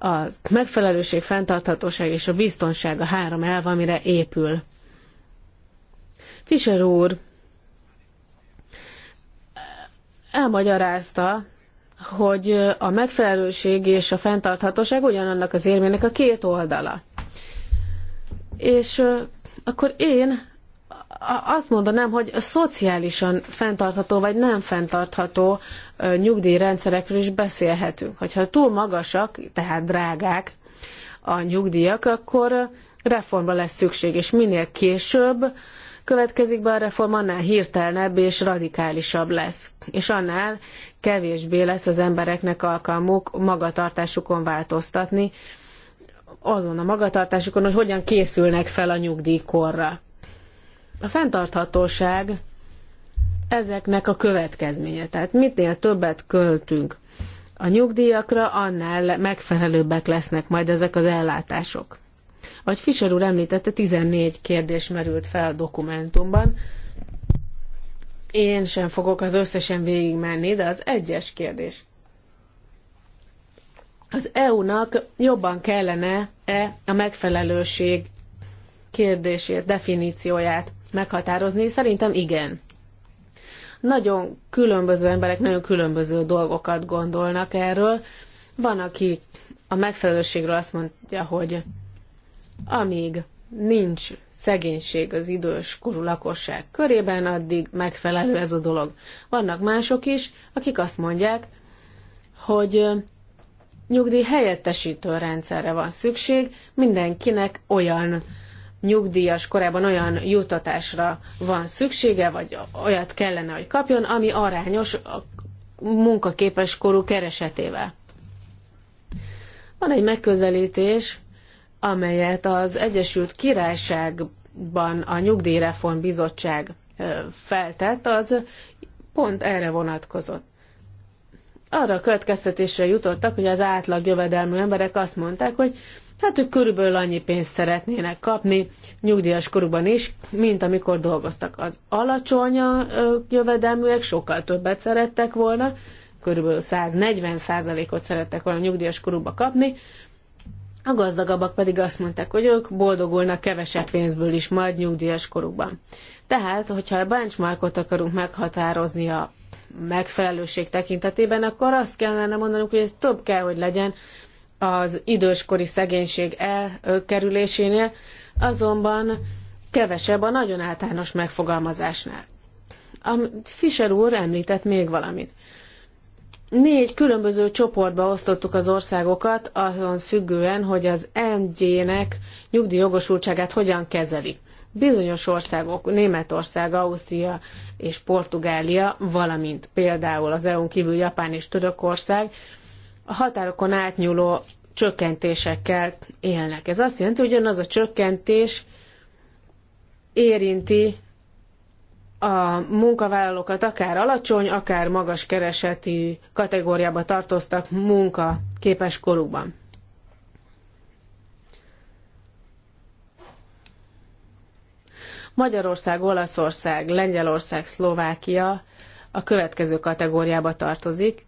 A megfelelőség, fenntarthatóság és a biztonság a három elv, amire épül Fischer úr elmagyarázta, hogy a megfelelőség és a fenntarthatóság ugyanannak az érmének a két oldala. És akkor én azt mondanám, hogy szociálisan fenntartható vagy nem fenntartható nyugdíjrendszerekről is beszélhetünk. Hogyha túl magasak, tehát drágák a nyugdíjak, akkor reformra lesz szükség, és minél később következik be a reform, annál hirtelnebb és radikálisabb lesz, és annál kevésbé lesz az embereknek alkalmuk magatartásukon változtatni, azon a magatartásukon, hogy hogyan készülnek fel a nyugdíjkorra. A fenntarthatóság ezeknek a következménye. Tehát minél többet költünk a nyugdíjakra, annál megfelelőbbek lesznek majd ezek az ellátások. Ahogy Fischer úr említette, 14 kérdés merült fel a dokumentumban. Én sem fogok az összesen végigmenni, de az egyes kérdés. Az EU-nak jobban kellene-e a megfelelőség kérdését, definícióját meghatározni? Szerintem igen. Nagyon különböző emberek nagyon különböző dolgokat gondolnak erről. Van, aki a megfelelőségről azt mondja, hogy amíg nincs szegénység az idős korú lakosság körében, addig megfelelő ez a dolog. Vannak mások is, akik azt mondják, hogy nyugdíj helyettesítő rendszerre van szükség, mindenkinek olyan nyugdíjas korában olyan jutatásra van szüksége, vagy olyat kellene, hogy kapjon, ami arányos a munkaképes korú keresetével. Van egy megközelítés, amelyet az Egyesült Királyságban a Nyugdíjreform Bizottság feltett, az pont erre vonatkozott. Arra a következtetésre jutottak, hogy az átlag jövedelmű emberek azt mondták, hogy hát ők körülbelül annyi pénzt szeretnének kapni nyugdíjas korukban is, mint amikor dolgoztak. Az alacsony jövedelműek sokkal többet szerettek volna, körülbelül 140%-ot szerettek volna nyugdíjas korukba kapni, a gazdagabbak pedig azt mondták, hogy ők boldogulnak kevesebb pénzből is majd nyugdíjas korukban. Tehát, hogyha a benchmarkot akarunk meghatározni a megfelelőség tekintetében, akkor azt kellene mondanunk, hogy ez több kell, hogy legyen az időskori szegénység elkerülésénél, azonban kevesebb a nagyon általános megfogalmazásnál. A Fischer úr említett még valamit. Négy különböző csoportba osztottuk az országokat, azon függően, hogy az ng nek nyugdíjjogosultságát hogyan kezeli. Bizonyos országok, Németország, Ausztria és Portugália, valamint például az EU-n kívül Japán és Törökország a határokon átnyúló csökkentésekkel élnek. Ez azt jelenti, hogy ugyanaz a csökkentés érinti a munkavállalókat akár alacsony, akár magas keresetű kategóriába tartoztak munka képes korukban. Magyarország, Olaszország, Lengyelország, Szlovákia a következő kategóriába tartozik.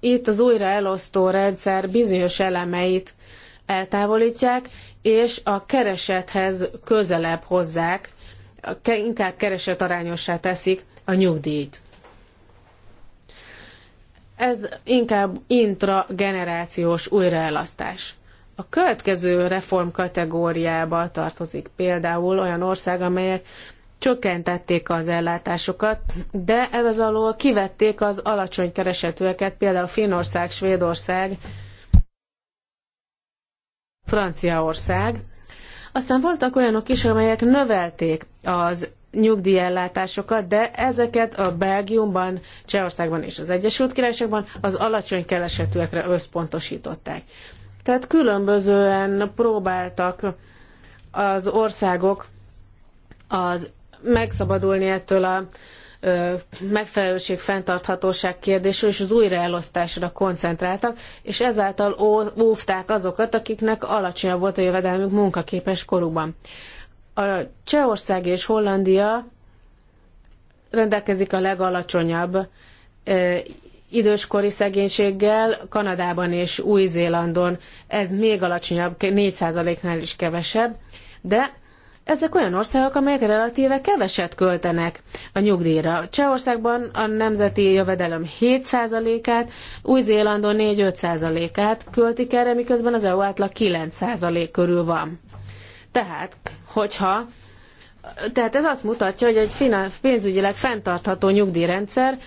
Itt az újra elosztó rendszer bizonyos elemeit eltávolítják, és a keresethez közelebb hozzák, inkább keresetarányossá teszik a nyugdíjt. Ez inkább intragenerációs újraelasztás. A következő reform kategóriába tartozik például olyan ország, amelyek csökkentették az ellátásokat, de ez alól kivették az alacsony keresetűeket, például Finnország, Svédország, Franciaország, aztán voltak olyanok is, amelyek növelték az nyugdíjellátásokat, de ezeket a Belgiumban, Csehországban és az Egyesült Királyságban az alacsony keresetűekre összpontosították. Tehát különbözően próbáltak az országok az megszabadulni ettől a megfelelőség, fenntarthatóság kérdésről és az újraelosztásra koncentráltak, és ezáltal óvták azokat, akiknek alacsonyabb volt a jövedelmük munkaképes korukban. A Csehország és Hollandia rendelkezik a legalacsonyabb időskori szegénységgel, Kanadában és Új-Zélandon ez még alacsonyabb, 4%-nál is kevesebb, de ezek olyan országok, amelyek relatíve keveset költenek a nyugdíjra. Csehországban a nemzeti jövedelem 7%-át, Új-Zélandon 4-5%-át költik erre, miközben az EU átlag 9% körül van. Tehát, hogyha tehát ez azt mutatja, hogy egy pénzügyileg fenntartható nyugdíjrendszer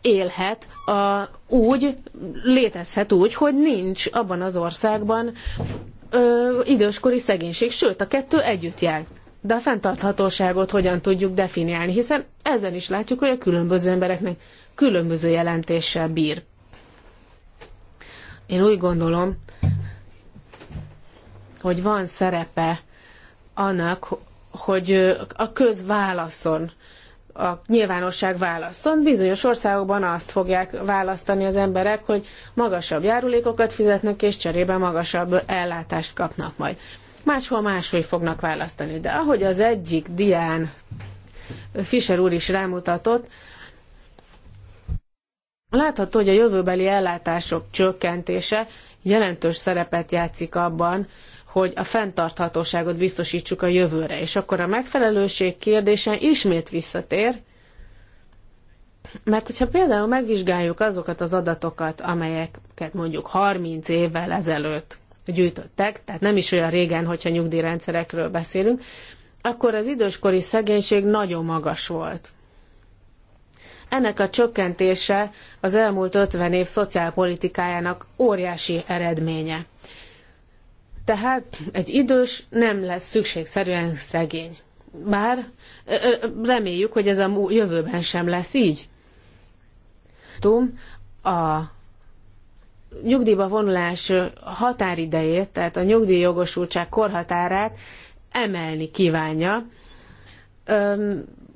élhet a, úgy, létezhet úgy, hogy nincs abban az országban ö, időskori szegénység, sőt a kettő együtt jár. De a fenntarthatóságot hogyan tudjuk definiálni, hiszen ezen is látjuk, hogy a különböző embereknek különböző jelentéssel bír. Én úgy gondolom, hogy van szerepe annak, hogy a közválaszon a nyilvánosság válaszol. Bizonyos országokban azt fogják választani az emberek, hogy magasabb járulékokat fizetnek, és cserébe magasabb ellátást kapnak majd. Máshol máshogy fognak választani. De ahogy az egyik dián Fischer úr is rámutatott, látható, hogy a jövőbeli ellátások csökkentése jelentős szerepet játszik abban, hogy a fenntarthatóságot biztosítsuk a jövőre. És akkor a megfelelőség kérdése ismét visszatér, mert hogyha például megvizsgáljuk azokat az adatokat, amelyeket mondjuk 30 évvel ezelőtt gyűjtöttek, tehát nem is olyan régen, hogyha nyugdíjrendszerekről beszélünk, akkor az időskori szegénység nagyon magas volt. Ennek a csökkentése az elmúlt 50 év szociálpolitikájának óriási eredménye. Tehát egy idős nem lesz szükségszerűen szegény. Bár reméljük, hogy ez a jövőben sem lesz így. Tudom, a nyugdíjba vonulás határidejét, tehát a nyugdíjjogosultság korhatárát emelni kívánja,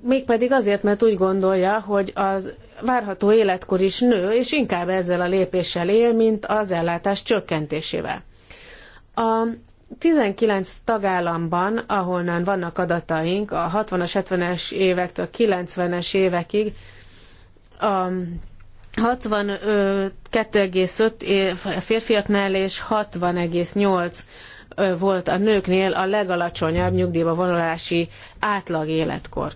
mégpedig azért, mert úgy gondolja, hogy az várható életkor is nő, és inkább ezzel a lépéssel él, mint az ellátás csökkentésével. A 19 tagállamban, ahonnan vannak adataink, a 60-as, 70-es évektől 90-es évekig, a 62,5 férfiaknál és 60,8 volt a nőknél a legalacsonyabb nyugdíjba vonulási átlag életkor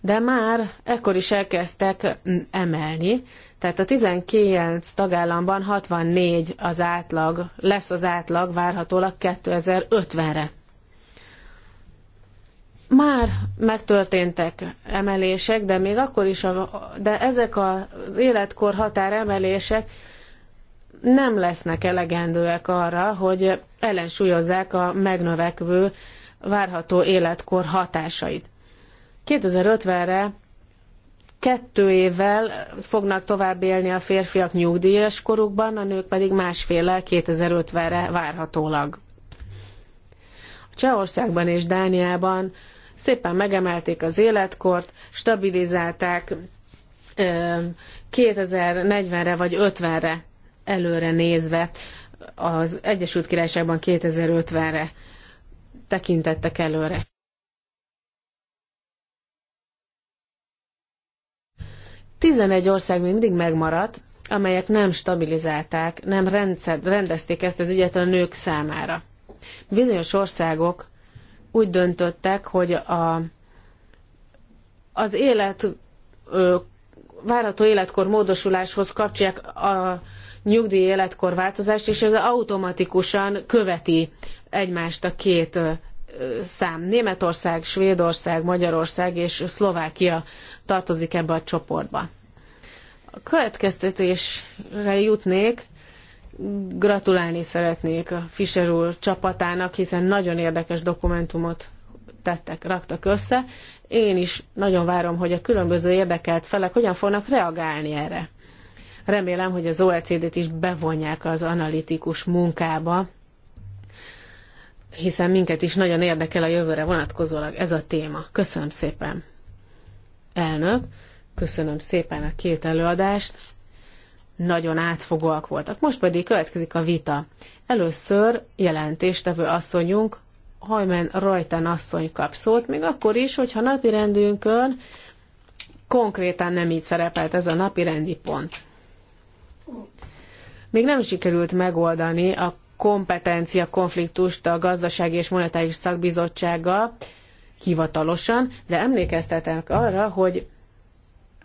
de már ekkor is elkezdtek emelni. Tehát a 19 tagállamban 64 az átlag, lesz az átlag várhatólag 2050-re. Már megtörténtek emelések, de még akkor is, a, de ezek az életkor határ emelések nem lesznek elegendőek arra, hogy ellensúlyozzák a megnövekvő várható életkor hatásait. 2050-re kettő évvel fognak tovább élni a férfiak nyugdíjas korukban, a nők pedig másféllel 2050-re várhatólag. Csehországban és Dániában szépen megemelték az életkort, stabilizálták 2040-re vagy 50-re előre nézve, az Egyesült Királyságban 2050-re tekintettek előre. 11 ország még mindig megmaradt, amelyek nem stabilizálták, nem rendszer, rendezték ezt az ügyet a nők számára. Bizonyos országok úgy döntöttek, hogy a, az élet ö, várható életkor módosuláshoz kapcsolják a nyugdíj életkor változást, és ez automatikusan követi egymást a két szám. Németország, Svédország, Magyarország és Szlovákia tartozik ebbe a csoportba következtetésre jutnék, gratulálni szeretnék a Fischer úr csapatának, hiszen nagyon érdekes dokumentumot tettek, raktak össze. Én is nagyon várom, hogy a különböző érdekelt felek hogyan fognak reagálni erre. Remélem, hogy az OECD-t is bevonják az analitikus munkába, hiszen minket is nagyon érdekel a jövőre vonatkozólag ez a téma. Köszönöm szépen, elnök. Köszönöm szépen a két előadást. Nagyon átfogóak voltak. Most pedig következik a vita. Először jelentéstevő asszonyunk, Hajmen Rajten asszony kap szót, még akkor is, hogyha rendünkön konkrétan nem így szerepelt ez a napirendi pont. Még nem sikerült megoldani a kompetencia konfliktust a Gazdasági és Monetáris Szakbizottsággal hivatalosan, de emlékeztetek arra, hogy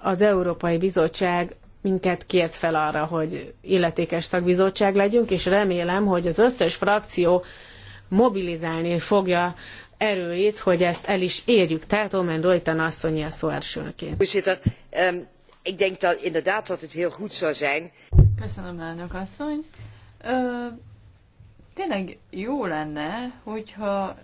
az Európai Bizottság minket kért fel arra, hogy illetékes szakbizottság legyünk, és remélem, hogy az összes frakció mobilizálni fogja erőit, hogy ezt el is érjük. Tehát Omen Rojtan asszony a szó elsőnként. Ehm, Köszönöm, elnök asszony. Ö, tényleg jó lenne, hogyha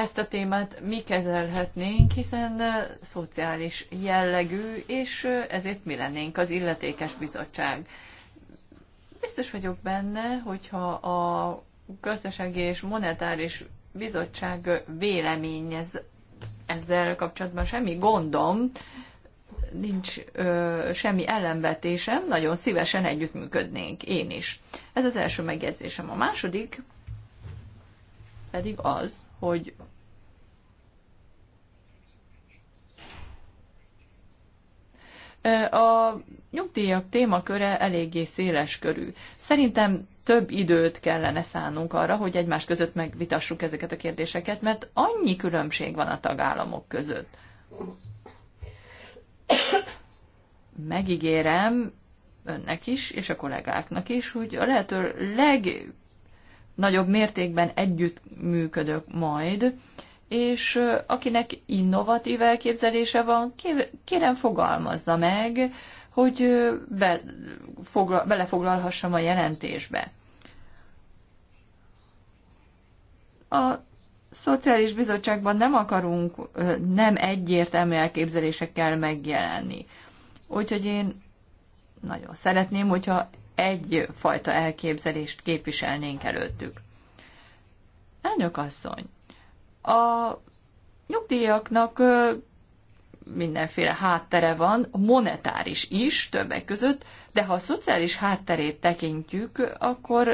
ezt a témát mi kezelhetnénk, hiszen szociális jellegű, és ezért mi lennénk az illetékes bizottság. Biztos vagyok benne, hogyha a gazdasági és monetáris bizottság véleményez ezzel kapcsolatban semmi gondom, nincs ö, semmi ellenvetésem, nagyon szívesen együttműködnénk, én is. Ez az első megjegyzésem. A második pedig az, hogy A nyugdíjak témaköre eléggé széles körű. Szerintem több időt kellene szánnunk arra, hogy egymás között megvitassuk ezeket a kérdéseket, mert annyi különbség van a tagállamok között. Megígérem önnek is, és a kollégáknak is, hogy a lehető legnagyobb mértékben együtt működök majd, és akinek innovatív elképzelése van, kérem fogalmazza meg, hogy be, fogla, belefoglalhassam a jelentésbe. A Szociális Bizottságban nem akarunk nem egyértelmű elképzelésekkel megjelenni. Úgyhogy én nagyon szeretném, hogyha egyfajta elképzelést képviselnénk előttük. Elnök asszony, a nyugdíjaknak mindenféle háttere van, monetáris is többek között, de ha a szociális hátterét tekintjük, akkor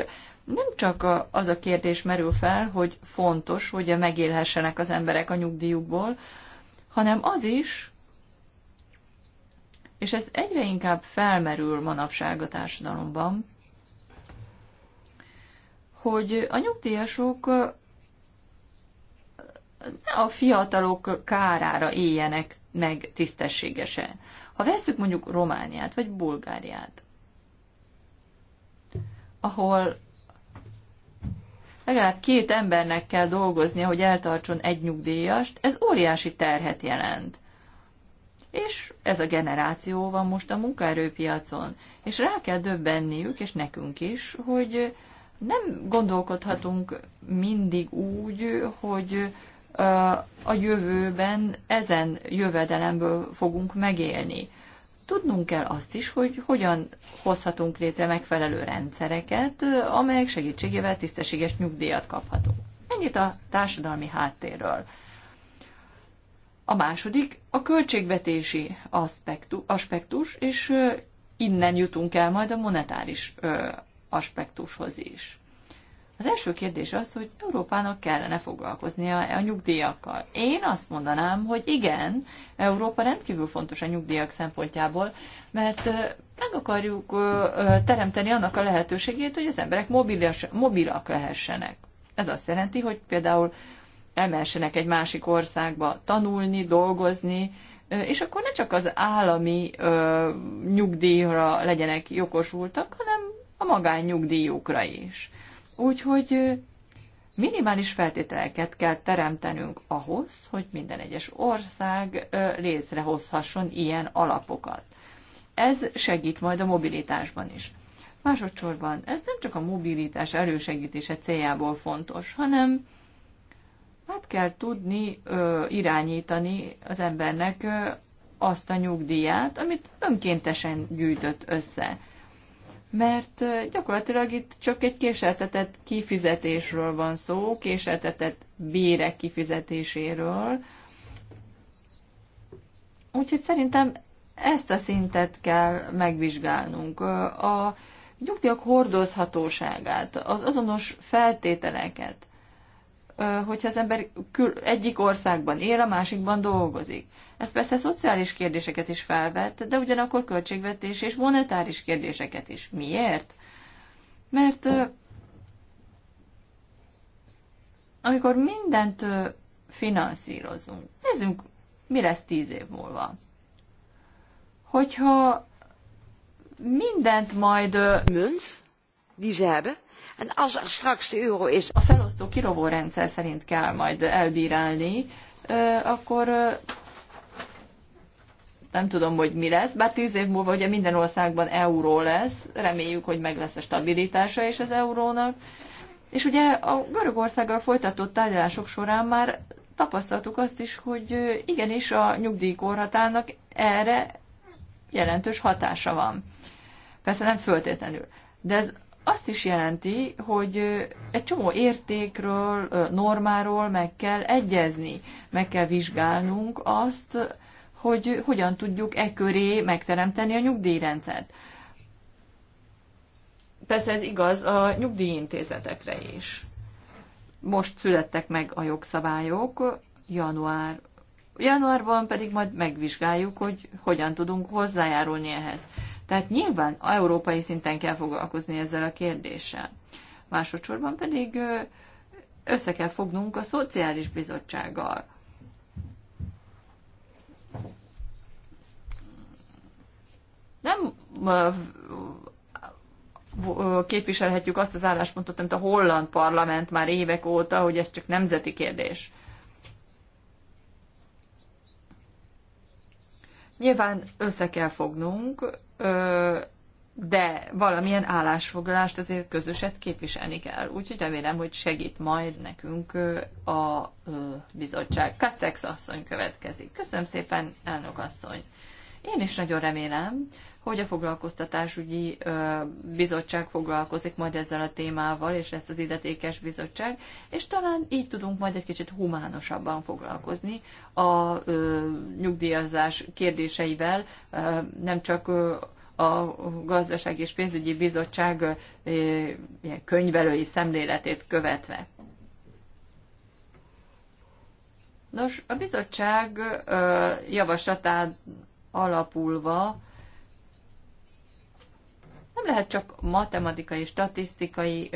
nem csak az a kérdés merül fel, hogy fontos, hogy megélhessenek az emberek a nyugdíjukból, hanem az is, és ez egyre inkább felmerül manapság a társadalomban, hogy a nyugdíjasok a fiatalok kárára éljenek meg tisztességesen. Ha vesszük mondjuk Romániát vagy Bulgáriát, ahol legalább két embernek kell dolgoznia, hogy eltartson egy nyugdíjast, ez óriási terhet jelent. És ez a generáció van most a munkaerőpiacon, és rá kell döbbenniük, és nekünk is, hogy nem gondolkodhatunk mindig úgy, hogy a jövőben ezen jövedelemből fogunk megélni. Tudnunk kell azt is, hogy hogyan hozhatunk létre megfelelő rendszereket, amelyek segítségével tisztességes nyugdíjat kaphatunk. Ennyit a társadalmi háttérről. A második a költségvetési aspektus, és innen jutunk el majd a monetáris aspektushoz is. Az első kérdés az, hogy Európának kellene foglalkoznia a nyugdíjakkal. Én azt mondanám, hogy igen, Európa rendkívül fontos a nyugdíjak szempontjából, mert meg akarjuk teremteni annak a lehetőségét, hogy az emberek mobilis, mobilak lehessenek. Ez azt jelenti, hogy például elmehessenek egy másik országba tanulni, dolgozni, és akkor ne csak az állami nyugdíjra legyenek jogosultak, hanem a nyugdíjukra is. Úgyhogy minimális feltételeket kell teremtenünk ahhoz, hogy minden egyes ország létrehozhasson ilyen alapokat. Ez segít majd a mobilitásban is. Másodszorban ez nem csak a mobilitás elősegítése céljából fontos, hanem hát kell tudni ö, irányítani az embernek ö, azt a nyugdíját, amit önkéntesen gyűjtött össze mert gyakorlatilag itt csak egy késeltetett kifizetésről van szó, késeltetett bérek kifizetéséről. Úgyhogy szerintem ezt a szintet kell megvizsgálnunk. A nyugdíjak hordozhatóságát, az azonos feltételeket, hogyha az ember egyik országban él, a másikban dolgozik. Ez persze szociális kérdéseket is felvet, de ugyanakkor költségvetés és monetáris kérdéseket is. Miért? Mert amikor mindent finanszírozunk, nézzünk, mi lesz tíz év múlva. Hogyha mindent majd... Munt, dizelbe, en az a er straks de euro is... A felosztó kirovó rendszer szerint kell majd elbírálni, akkor nem tudom, hogy mi lesz, bár tíz év múlva ugye minden országban euró lesz, reméljük, hogy meg lesz a stabilitása is az eurónak, és ugye a Görögországgal folytatott tárgyalások során már tapasztaltuk azt is, hogy igenis a nyugdíjkorhatának erre jelentős hatása van. Persze nem föltétlenül. De ez azt is jelenti, hogy egy csomó értékről, normáról meg kell egyezni, meg kell vizsgálnunk azt, hogy hogyan tudjuk e köré megteremteni a nyugdíjrendszert. Persze ez igaz a nyugdíjintézetekre is. Most születtek meg a jogszabályok, január, januárban pedig majd megvizsgáljuk, hogy hogyan tudunk hozzájárulni ehhez. Tehát nyilván európai szinten kell foglalkozni ezzel a kérdéssel. Másodszorban pedig össze kell fognunk a Szociális Bizottsággal, nem képviselhetjük azt az álláspontot, amit a holland parlament már évek óta, hogy ez csak nemzeti kérdés. Nyilván össze kell fognunk, de valamilyen állásfoglalást azért közöset képviselni kell. Úgyhogy remélem, hogy segít majd nekünk a bizottság. Kastex asszony következik. Köszönöm szépen, elnök asszony. Én is nagyon remélem, hogy a foglalkoztatásügyi bizottság foglalkozik majd ezzel a témával, és lesz az illetékes bizottság, és talán így tudunk majd egy kicsit humánosabban foglalkozni a nyugdíjazás kérdéseivel, nem csak a Gazdaság és Pénzügyi Bizottság könyvelői szemléletét követve. Nos, a bizottság javaslatát alapulva nem lehet csak matematikai, statisztikai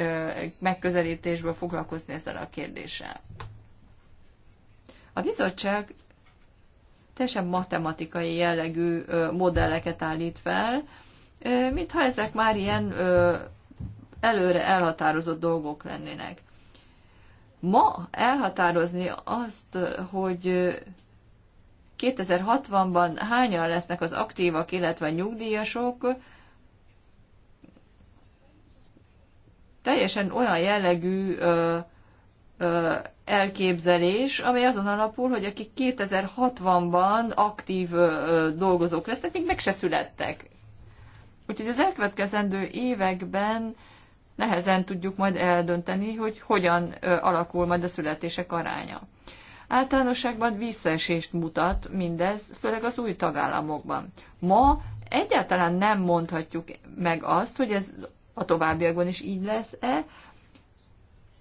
megközelítésből foglalkozni ezzel a kérdéssel. A bizottság teljesen matematikai jellegű modelleket állít fel, mintha ezek már ilyen előre elhatározott dolgok lennének. Ma elhatározni azt, hogy 2060-ban hányan lesznek az aktívak, illetve nyugdíjasok, teljesen olyan jellegű ö, ö, elképzelés, amely azon alapul, hogy akik 2060-ban aktív ö, dolgozók lesznek, még meg se születtek. Úgyhogy az elkövetkezendő években nehezen tudjuk majd eldönteni, hogy hogyan ö, alakul majd a születések aránya. Általánosságban visszaesést mutat mindez, főleg az új tagállamokban. Ma egyáltalán nem mondhatjuk meg azt, hogy ez a továbbiakban is így lesz-e,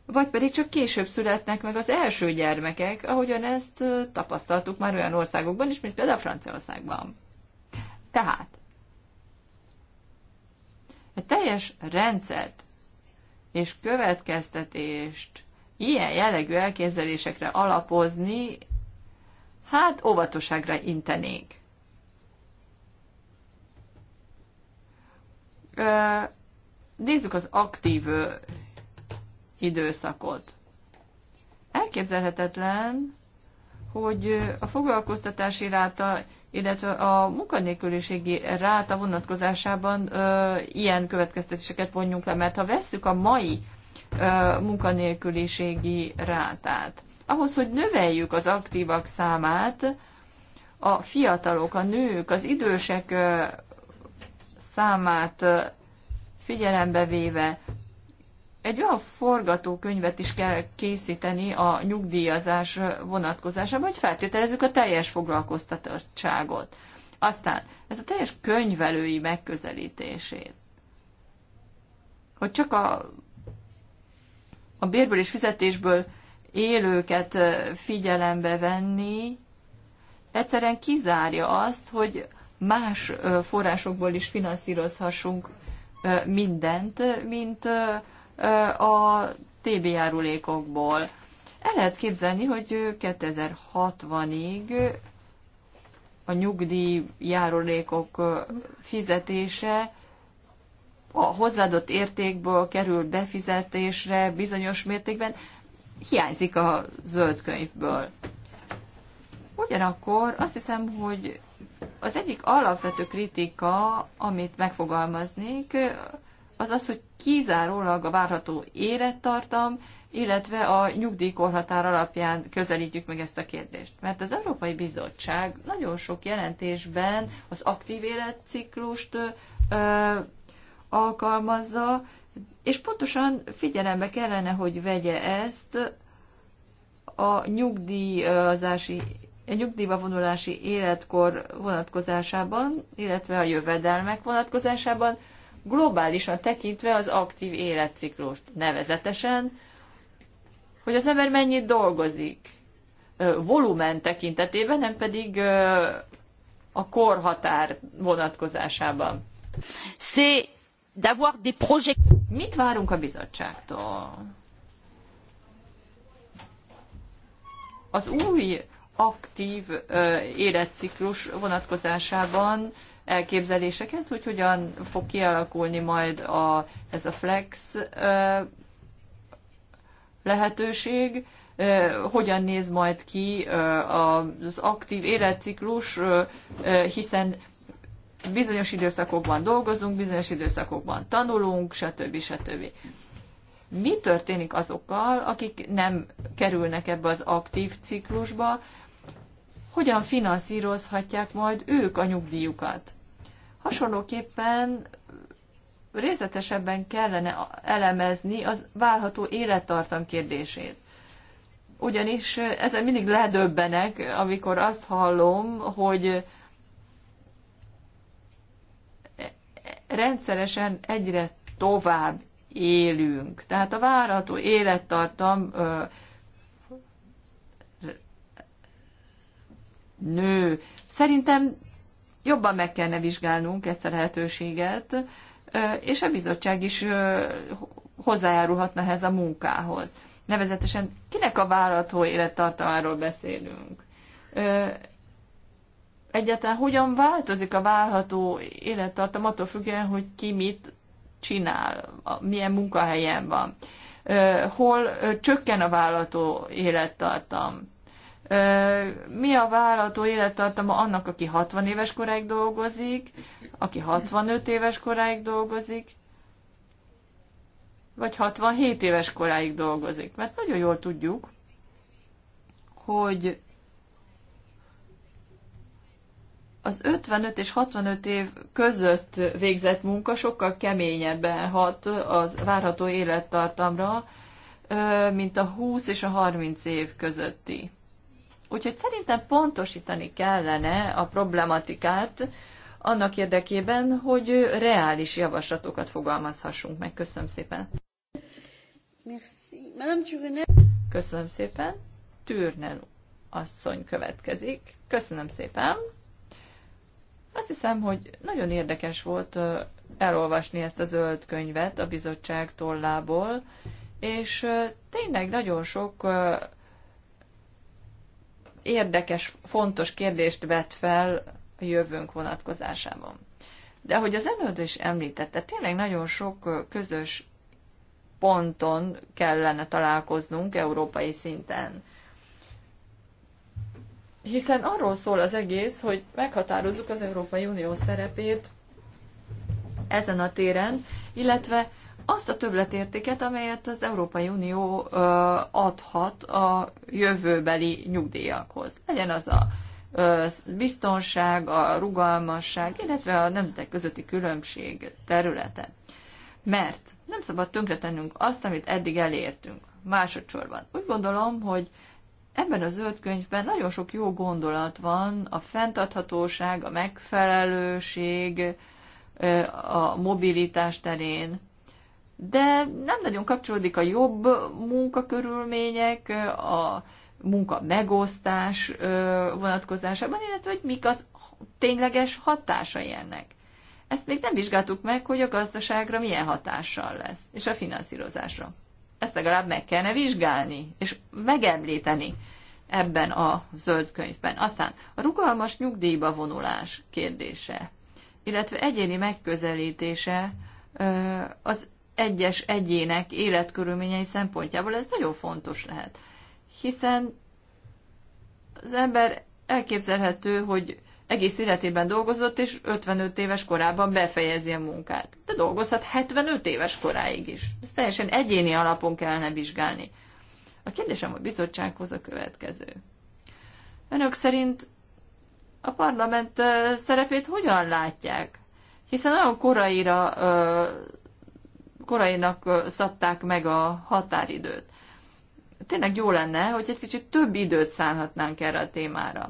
vagy pedig csak később születnek meg az első gyermekek, ahogyan ezt tapasztaltuk már olyan országokban is, mint például Franciaországban. Tehát, egy teljes rendszert és következtetést ilyen jellegű elképzelésekre alapozni, hát óvatosságra intenék. Nézzük az aktív időszakot. Elképzelhetetlen, hogy a foglalkoztatási ráta, illetve a munkanélküliségi ráta vonatkozásában ö, ilyen következtetéseket vonjunk le, mert ha vesszük a mai munkanélküliségi rátát. Ahhoz, hogy növeljük az aktívak számát, a fiatalok, a nők, az idősek számát figyelembe véve egy olyan forgatókönyvet is kell készíteni a nyugdíjazás vonatkozásában, hogy feltételezzük a teljes foglalkoztatottságot. Aztán ez a teljes könyvelői megközelítését, hogy csak a a bérből és fizetésből élőket figyelembe venni, egyszerűen kizárja azt, hogy más forrásokból is finanszírozhassunk mindent, mint a TB járulékokból. El lehet képzelni, hogy 2060-ig a nyugdíj járulékok fizetése a hozzáadott értékből kerül befizetésre bizonyos mértékben, hiányzik a zöld könyvből. Ugyanakkor azt hiszem, hogy az egyik alapvető kritika, amit megfogalmaznék, az az, hogy kizárólag a várható élettartam, illetve a nyugdíjkorhatár alapján közelítjük meg ezt a kérdést. Mert az Európai Bizottság nagyon sok jelentésben az aktív életciklust ö, alkalmazza, és pontosan figyelembe kellene, hogy vegye ezt a nyugdíjazási a nyugdíjba vonulási életkor vonatkozásában, illetve a jövedelmek vonatkozásában, globálisan tekintve az aktív életciklust nevezetesen, hogy az ember mennyit dolgozik volumen tekintetében, nem pedig a korhatár vonatkozásában. Szép d'avoir des projets. Mit várunk a bizottságtól? Az új aktív uh, életciklus vonatkozásában elképzeléseket, hogy hogyan fog kialakulni majd a, ez a flex uh, lehetőség, uh, hogyan néz majd ki uh, az aktív életciklus, uh, uh, hiszen bizonyos időszakokban dolgozunk, bizonyos időszakokban tanulunk, stb. stb. Mi történik azokkal, akik nem kerülnek ebbe az aktív ciklusba, hogyan finanszírozhatják majd ők a nyugdíjukat? Hasonlóképpen részletesebben kellene elemezni az várható élettartam kérdését. Ugyanis ezen mindig ledöbbenek, amikor azt hallom, hogy rendszeresen egyre tovább élünk. Tehát a várható élettartam ö, nő. Szerintem jobban meg kellene vizsgálnunk ezt a lehetőséget, és a bizottság is hozzájárulhatna ehhez a munkához. Nevezetesen kinek a várható élettartamáról beszélünk? egyáltalán hogyan változik a válható élettartam attól függően, hogy ki mit csinál, milyen munkahelyen van, hol csökken a válható élettartam, mi a vállalató élettartama annak, aki 60 éves koráig dolgozik, aki 65 éves koráig dolgozik, vagy 67 éves koráig dolgozik. Mert nagyon jól tudjuk, hogy az 55 és 65 év között végzett munka sokkal keményebben hat az várható élettartamra, mint a 20 és a 30 év közötti. Úgyhogy szerintem pontosítani kellene a problematikát annak érdekében, hogy reális javaslatokat fogalmazhassunk meg. Köszönöm szépen. Köszönöm szépen. Türnel asszony következik. Köszönöm szépen. Azt hiszem, hogy nagyon érdekes volt elolvasni ezt a zöld könyvet a bizottság tollából, és tényleg nagyon sok érdekes, fontos kérdést vett fel a jövőnk vonatkozásában. De ahogy az előadó is említette, tényleg nagyon sok közös ponton kellene találkoznunk európai szinten hiszen arról szól az egész, hogy meghatározzuk az Európai Unió szerepét ezen a téren, illetve azt a többletértéket, amelyet az Európai Unió adhat a jövőbeli nyugdíjakhoz. Legyen az a biztonság, a rugalmasság, illetve a nemzetek közötti különbség területe. Mert nem szabad tönkretennünk azt, amit eddig elértünk. Másodszorban. Úgy gondolom, hogy ebben a zöld könyvben nagyon sok jó gondolat van, a fenntarthatóság, a megfelelőség, a mobilitás terén, de nem nagyon kapcsolódik a jobb munkakörülmények, a munka megosztás vonatkozásában, illetve hogy mik az tényleges hatásai ennek. Ezt még nem vizsgáltuk meg, hogy a gazdaságra milyen hatással lesz, és a finanszírozásra ezt legalább meg kellene vizsgálni, és megemlíteni ebben a zöld könyvben. Aztán a rugalmas nyugdíjba vonulás kérdése, illetve egyéni megközelítése az egyes egyének életkörülményei szempontjából ez nagyon fontos lehet. Hiszen az ember elképzelhető, hogy egész életében dolgozott, és 55 éves korában befejezi a munkát. De dolgozhat 75 éves koráig is. Ezt teljesen egyéni alapon kellene vizsgálni. A kérdésem a bizottsághoz a következő. Önök szerint a parlament szerepét hogyan látják? Hiszen olyan koraira, korainak szabták meg a határidőt. Tényleg jó lenne, hogy egy kicsit több időt szállhatnánk erre a témára.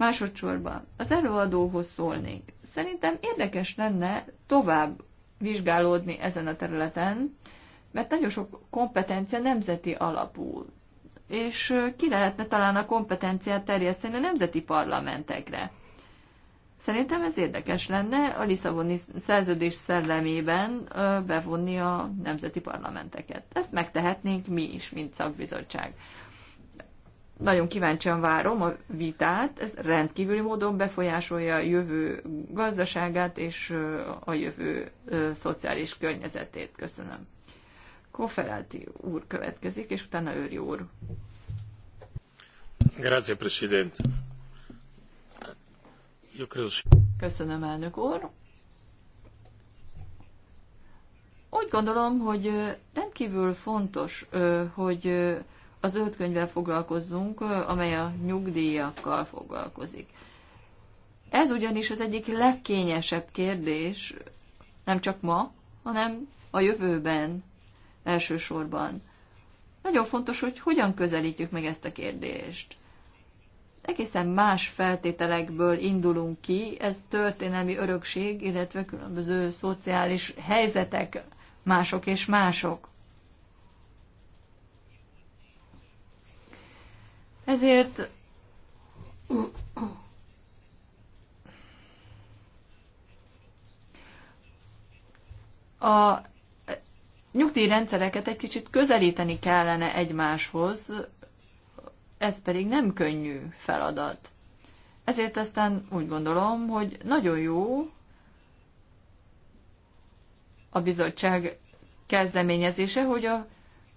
Másodszorban az előadóhoz szólnék. Szerintem érdekes lenne tovább vizsgálódni ezen a területen, mert nagyon sok kompetencia nemzeti alapú, és ki lehetne talán a kompetenciát terjeszteni a nemzeti parlamentekre. Szerintem ez érdekes lenne a Lisszaboni szerződés szellemében bevonni a nemzeti parlamenteket. Ezt megtehetnénk mi is, mint szakbizottság. Nagyon kíváncsian várom a vitát, ez rendkívüli módon befolyásolja a jövő gazdaságát és a jövő szociális környezetét. Köszönöm. Koferáti úr következik, és utána Őri úr. Grazie, Presidente. Köszönöm, elnök úr. Úgy gondolom, hogy rendkívül fontos, hogy a zöld könyvvel foglalkozzunk, amely a nyugdíjakkal foglalkozik. Ez ugyanis az egyik legkényesebb kérdés, nem csak ma, hanem a jövőben elsősorban. Nagyon fontos, hogy hogyan közelítjük meg ezt a kérdést. Egészen más feltételekből indulunk ki, ez történelmi örökség, illetve különböző szociális helyzetek mások és mások. Ezért a nyugdíjrendszereket egy kicsit közelíteni kellene egymáshoz, ez pedig nem könnyű feladat. Ezért aztán úgy gondolom, hogy nagyon jó a bizottság kezdeményezése, hogy a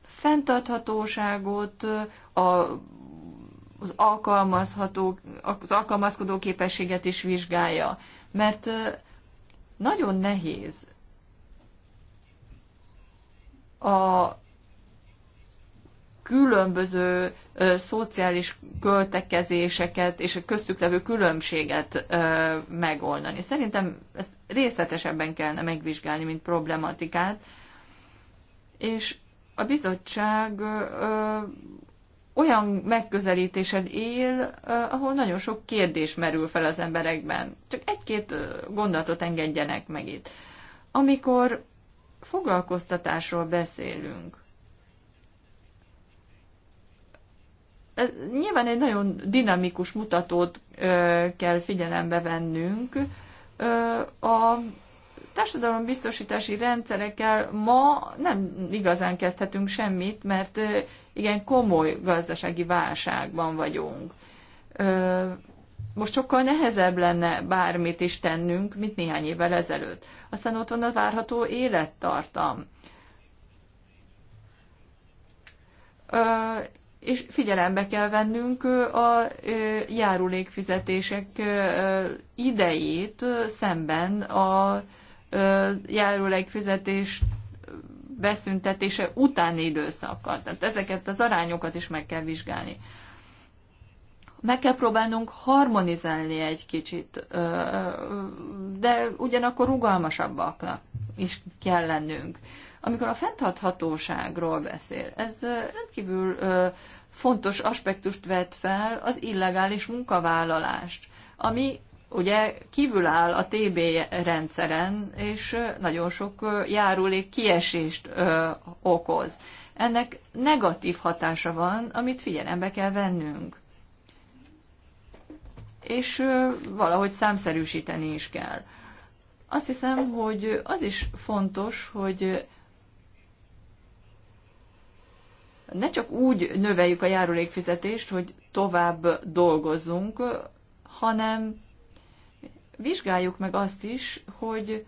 fenntarthatóságot, a az, alkalmazható, az alkalmazkodó képességet is vizsgálja, mert nagyon nehéz a különböző ö, szociális költekezéseket és a köztük levő különbséget ö, megoldani. Szerintem ezt részletesebben kellene megvizsgálni, mint problematikát, és a bizottság ö, olyan megközelítésed él, ahol nagyon sok kérdés merül fel az emberekben. Csak egy-két gondolatot engedjenek meg itt. Amikor foglalkoztatásról beszélünk, ez nyilván egy nagyon dinamikus mutatót ö, kell figyelembe vennünk ö, a társadalombiztosítási rendszerekkel ma nem igazán kezdhetünk semmit, mert igen komoly gazdasági válságban vagyunk. Most sokkal nehezebb lenne bármit is tennünk, mint néhány évvel ezelőtt. Aztán ott van a várható élettartam. És figyelembe kell vennünk a járulékfizetések idejét szemben a járulék fizetés beszüntetése utáni időszakkal. Tehát ezeket az arányokat is meg kell vizsgálni. Meg kell próbálnunk harmonizálni egy kicsit, de ugyanakkor rugalmasabbaknak is kell lennünk. Amikor a fenntarthatóságról beszél, ez rendkívül fontos aspektust vet fel, az illegális munkavállalást, ami ugye kívül áll a TB rendszeren, és nagyon sok járulék kiesést okoz. Ennek negatív hatása van, amit figyelembe kell vennünk. És valahogy számszerűsíteni is kell. Azt hiszem, hogy az is fontos, hogy ne csak úgy növeljük a járulékfizetést, hogy tovább dolgozzunk, hanem vizsgáljuk meg azt is, hogy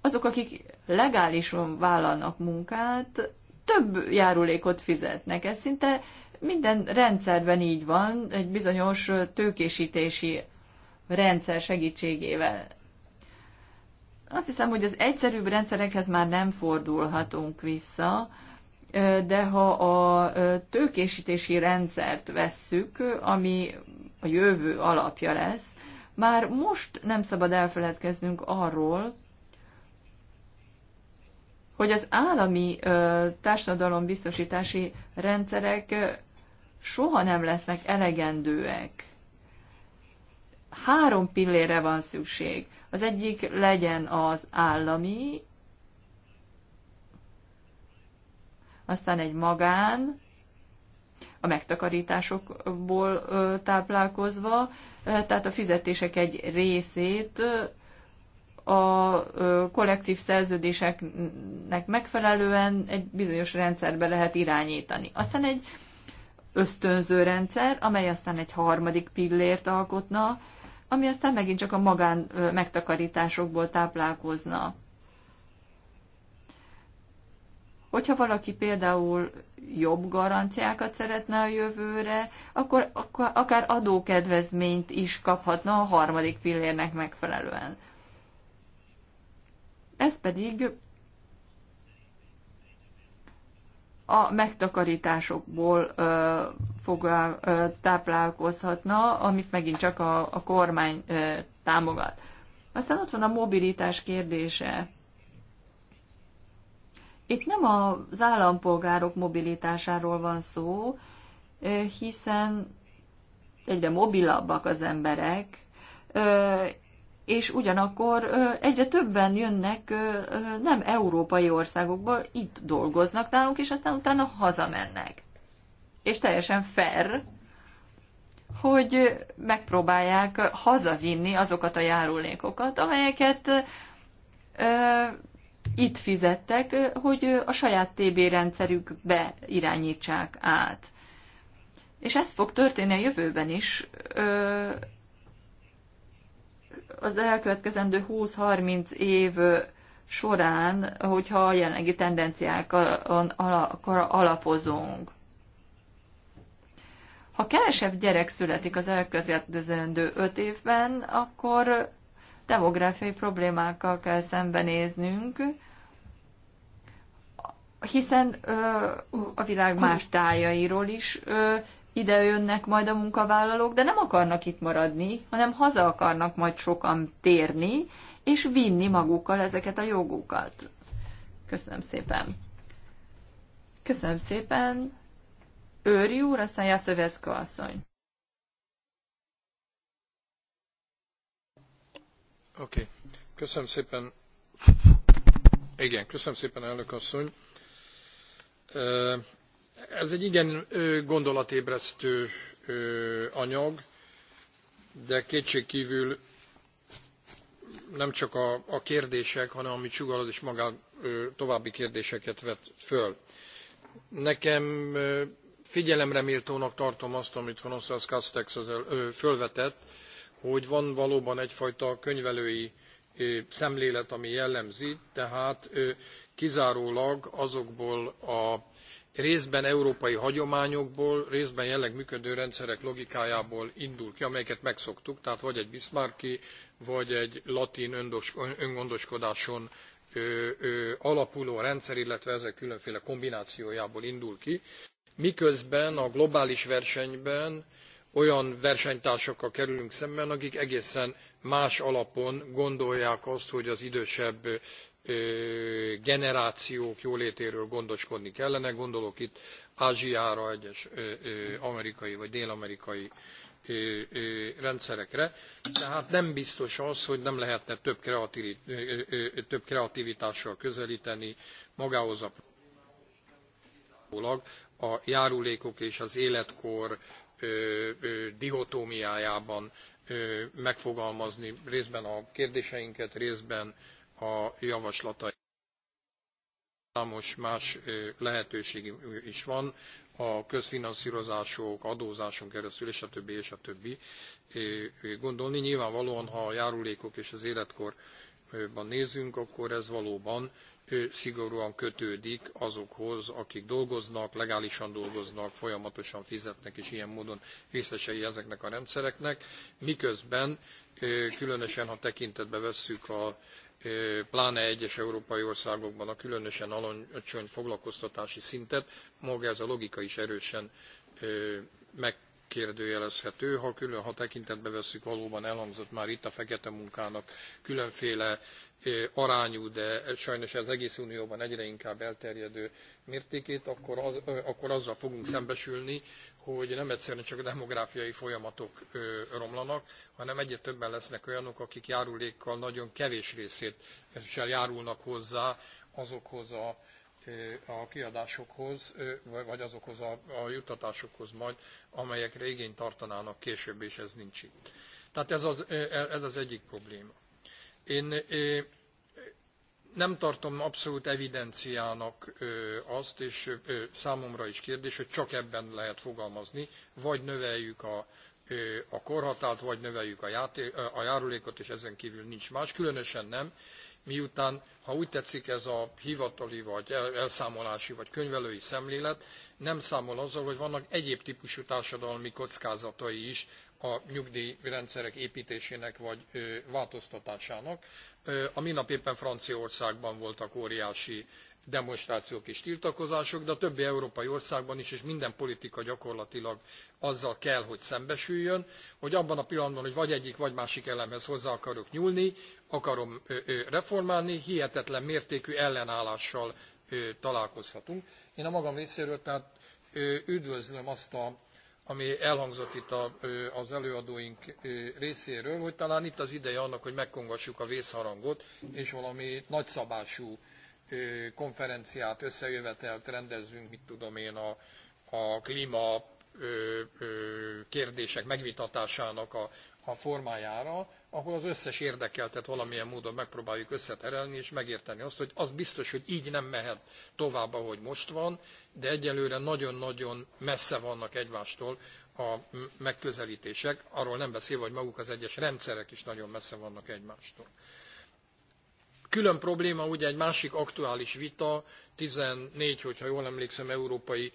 azok, akik legálisan vállalnak munkát, több járulékot fizetnek. Ez szinte minden rendszerben így van, egy bizonyos tőkésítési rendszer segítségével. Azt hiszem, hogy az egyszerűbb rendszerekhez már nem fordulhatunk vissza, de ha a tőkésítési rendszert vesszük, ami a jövő alapja lesz, már most nem szabad elfeledkeznünk arról, hogy az állami ö, társadalombiztosítási rendszerek ö, soha nem lesznek elegendőek. Három pillére van szükség. Az egyik legyen az állami, aztán egy magán, a megtakarításokból táplálkozva, tehát a fizetések egy részét a kollektív szerződéseknek megfelelően egy bizonyos rendszerbe lehet irányítani. Aztán egy ösztönző rendszer, amely aztán egy harmadik pillért alkotna, ami aztán megint csak a magán megtakarításokból táplálkozna. Hogyha valaki például jobb garanciákat szeretne a jövőre, akkor akár adókedvezményt is kaphatna a harmadik pillérnek megfelelően. Ez pedig a megtakarításokból ö, fog, ö, táplálkozhatna, amit megint csak a, a kormány ö, támogat. Aztán ott van a mobilitás kérdése. Itt nem az állampolgárok mobilitásáról van szó, hiszen egyre mobilabbak az emberek, és ugyanakkor egyre többen jönnek nem európai országokból, itt dolgoznak nálunk, és aztán utána hazamennek. És teljesen fair, hogy megpróbálják hazavinni azokat a járulékokat, amelyeket itt fizettek, hogy a saját TB rendszerükbe irányítsák át. És ez fog történni a jövőben is. Az elkövetkezendő 20-30 év során, hogyha a jelenlegi tendenciákon alapozunk. Ha kevesebb gyerek születik az elkövetkezendő 5 évben, akkor demográfiai problémákkal kell szembenéznünk, hiszen ö, a világ más tájairól is ö, ide jönnek majd a munkavállalók, de nem akarnak itt maradni, hanem haza akarnak majd sokan térni, és vinni magukkal ezeket a jogukat. Köszönöm szépen. Köszönöm szépen. Őri úr, aztán Jászövezka asszony. Köszönöm szépen. Igen, köszönöm szépen, Ez egy igen gondolatébresztő anyag, de kétségkívül nem csak a, a kérdések, hanem amit sugalod is magán további kérdéseket vet föl. Nekem figyelemre méltónak tartom azt, amit François Castex fölvetett, hogy van valóban egyfajta könyvelői szemlélet, ami jellemzi, tehát kizárólag azokból a részben európai hagyományokból, részben jelenleg működő rendszerek logikájából indul ki, amelyeket megszoktuk, tehát vagy egy Bismarcki, vagy egy latin öngondoskodáson alapuló rendszer, illetve ezek különféle kombinációjából indul ki, miközben a globális versenyben olyan versenytársakkal kerülünk szemben, akik egészen más alapon gondolják azt, hogy az idősebb generációk jólétéről gondoskodni kellene. Gondolok itt Ázsiára, egyes amerikai vagy dél-amerikai rendszerekre. Tehát nem biztos az, hogy nem lehetne több, kreativitással közelíteni magához a a járulékok és az életkor dihotómiájában megfogalmazni részben a kérdéseinket, részben a javaslatait. Számos más lehetőség is van, a közfinanszírozások, adózáson keresztül, és a többi, és a többi gondolni. Nyilvánvalóan, ha a járulékok és az életkorban nézünk, akkor ez valóban szigorúan kötődik azokhoz, akik dolgoznak, legálisan dolgoznak, folyamatosan fizetnek, és ilyen módon részesei ezeknek a rendszereknek, miközben különösen, ha tekintetbe vesszük a pláne egyes európai országokban a különösen alacsony foglalkoztatási szintet, maga ez a logika is erősen meg megkérdőjelezhető, ha külön, ha tekintetbe vesszük valóban elhangzott már itt a fekete munkának különféle arányú, de sajnos az egész Unióban egyre inkább elterjedő mértékét, akkor, az, akkor azzal fogunk szembesülni, hogy nem egyszerűen csak a demográfiai folyamatok romlanak, hanem egyre többen lesznek olyanok, akik járulékkal nagyon kevés részét járulnak hozzá azokhoz a a kiadásokhoz, vagy azokhoz a, a juttatásokhoz majd, amelyek régén tartanának később, és ez nincs itt. Tehát ez az, e, ez az egyik probléma. Én nem tartom abszolút evidenciának azt, és számomra is kérdés, hogy csak ebben lehet fogalmazni, vagy növeljük a, a korhatát, vagy növeljük a, játé, a járulékot, és ezen kívül nincs más, különösen nem, miután, ha úgy tetszik, ez a hivatali, vagy elszámolási, vagy könyvelői szemlélet nem számol azzal, hogy vannak egyéb típusú társadalmi kockázatai is a nyugdíjrendszerek építésének vagy változtatásának. A minap éppen Franciaországban voltak óriási demonstrációk és tiltakozások, de a többi európai országban is, és minden politika gyakorlatilag azzal kell, hogy szembesüljön, hogy abban a pillanatban, hogy vagy egyik, vagy másik elemhez hozzá akarok nyúlni, akarom reformálni, hihetetlen mértékű ellenállással találkozhatunk. Én a magam részéről tehát üdvözlöm azt a ami elhangzott itt az előadóink részéről, hogy talán itt az ideje annak, hogy megkongassuk a vészharangot, és valami nagyszabású konferenciát, összejövetelt rendezzünk, mit tudom én, a, a klíma kérdések megvitatásának a, a formájára, ahol az összes érdekeltet valamilyen módon megpróbáljuk összeterelni és megérteni azt, hogy az biztos, hogy így nem mehet tovább, ahogy most van, de egyelőre nagyon-nagyon messze vannak egymástól a megközelítések, arról nem beszélve, hogy maguk az egyes rendszerek is nagyon messze vannak egymástól. Külön probléma ugye egy másik aktuális vita, 14, hogyha jól emlékszem, európai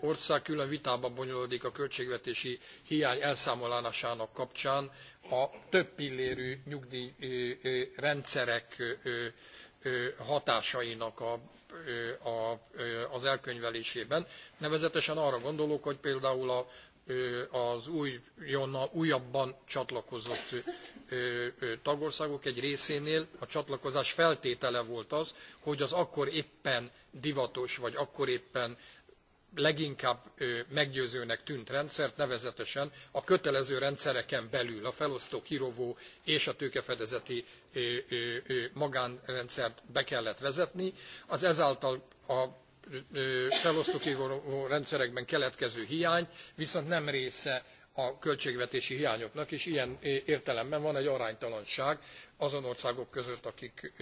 ország külön vitába bonyolódik a költségvetési hiány elszámolásának kapcsán a több pillérű nyugdíjrendszerek hatásainak a, a, az elkönyvelésében. Nevezetesen arra gondolok, hogy például a az új, újabban csatlakozott tagországok egy részénél a csatlakozás feltétele volt az, hogy az akkor éppen divatos, vagy akkor éppen leginkább meggyőzőnek tűnt rendszert, nevezetesen a kötelező rendszereken belül a felosztó kirovó és a tőkefedezeti magánrendszert be kellett vezetni. Az ezáltal a felosztókívó rendszerekben keletkező hiány viszont nem része a költségvetési hiányoknak, és ilyen értelemben van egy aránytalanság azon országok között, akik,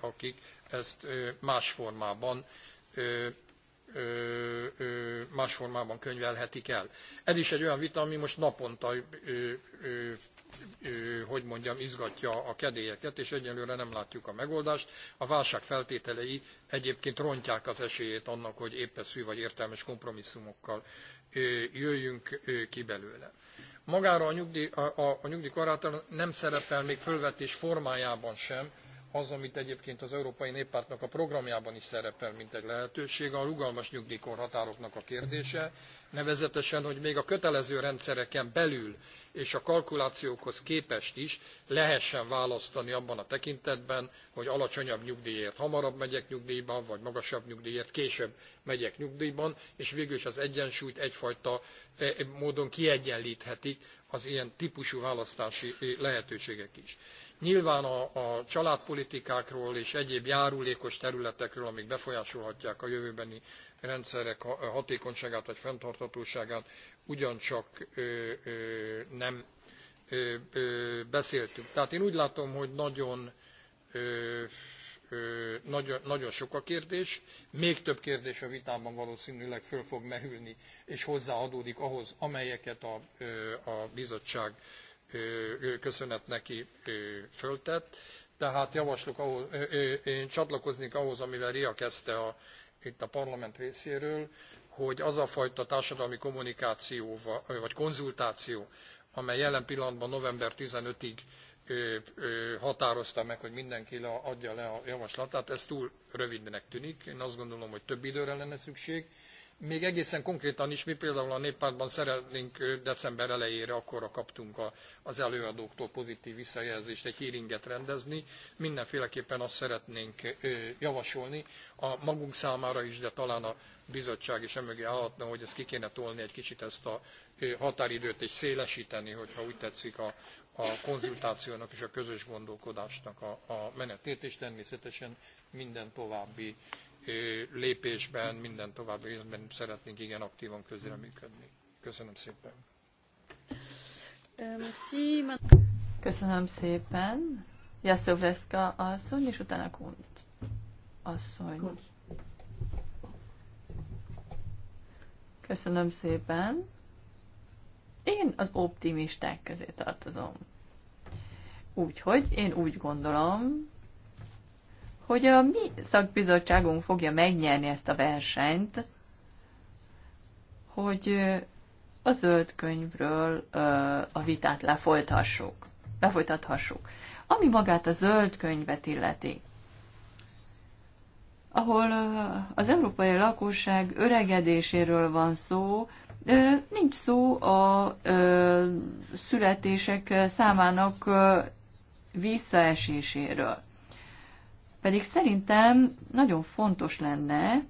akik ezt más formában más formában könyvelhetik el. Ez is egy olyan vita, ami most naponta hogy mondjam, izgatja a kedélyeket, és egyelőre nem látjuk a megoldást. A válság feltételei egyébként rontják az esélyét annak, hogy épeszű vagy értelmes kompromisszumokkal jöjjünk ki belőle. Magára a, nyugdíj, a, a, a nem szerepel még fölvetés formájában sem, az, amit egyébként az Európai Néppártnak a programjában is szerepel, mint egy lehetőség, a rugalmas nyugdíjkorhatároknak a kérdése, nevezetesen, hogy még a kötelező rendszereken belül és a kalkulációkhoz képest is lehessen választani abban a tekintetben, hogy alacsonyabb nyugdíjért hamarabb megyek nyugdíjban, vagy magasabb nyugdíjért később megyek nyugdíjban, és végül is az egyensúlyt egyfajta e, e, módon kiegyenlíthetik az ilyen típusú választási e, lehetőségek is. Nyilván a, a családpolitikákról és egyéb járulékos területekről, amik befolyásolhatják a jövőbeni rendszerek hatékonyságát vagy fenntarthatóságát ugyancsak nem beszéltünk. Tehát én úgy látom, hogy nagyon, nagyon, nagyon sok a kérdés, még több kérdés a vitában valószínűleg föl fog merülni, és hozzáadódik ahhoz, amelyeket a, a bizottság köszönet neki föltett. Tehát javaslok, ahhoz, én csatlakoznék ahhoz, amivel Ria kezdte a itt a parlament részéről, hogy az a fajta társadalmi kommunikáció vagy konzultáció, amely jelen pillanatban november 15-ig határozta meg, hogy mindenki adja le a javaslatát, ez túl rövidnek tűnik. Én azt gondolom, hogy több időre lenne szükség, még egészen konkrétan is, mi például a néppártban szeretnénk december elejére, akkorra kaptunk az előadóktól pozitív visszajelzést, egy hearinget rendezni. Mindenféleképpen azt szeretnénk javasolni a magunk számára is, de talán a bizottság is emögé állhatna, hogy ezt ki kéne tolni egy kicsit ezt a határidőt, és szélesíteni, hogyha úgy tetszik a, a konzultációnak és a közös gondolkodásnak a, a menetét, és természetesen minden további lépésben, minden további részben szeretnénk igen aktívan működni. Köszönöm szépen. Köszönöm szépen. Jaszovleszka asszony, és utána Kunt asszony. Köszönöm szépen. Én az optimisták közé tartozom. Úgyhogy én úgy gondolom, hogy a mi szakbizottságunk fogja megnyerni ezt a versenyt, hogy a zöld könyvről a vitát lefolytassuk. lefolytathassuk. Ami magát a zöld könyvet illeti, ahol az európai lakosság öregedéséről van szó, nincs szó a születések számának visszaeséséről. Pedig szerintem nagyon fontos lenne,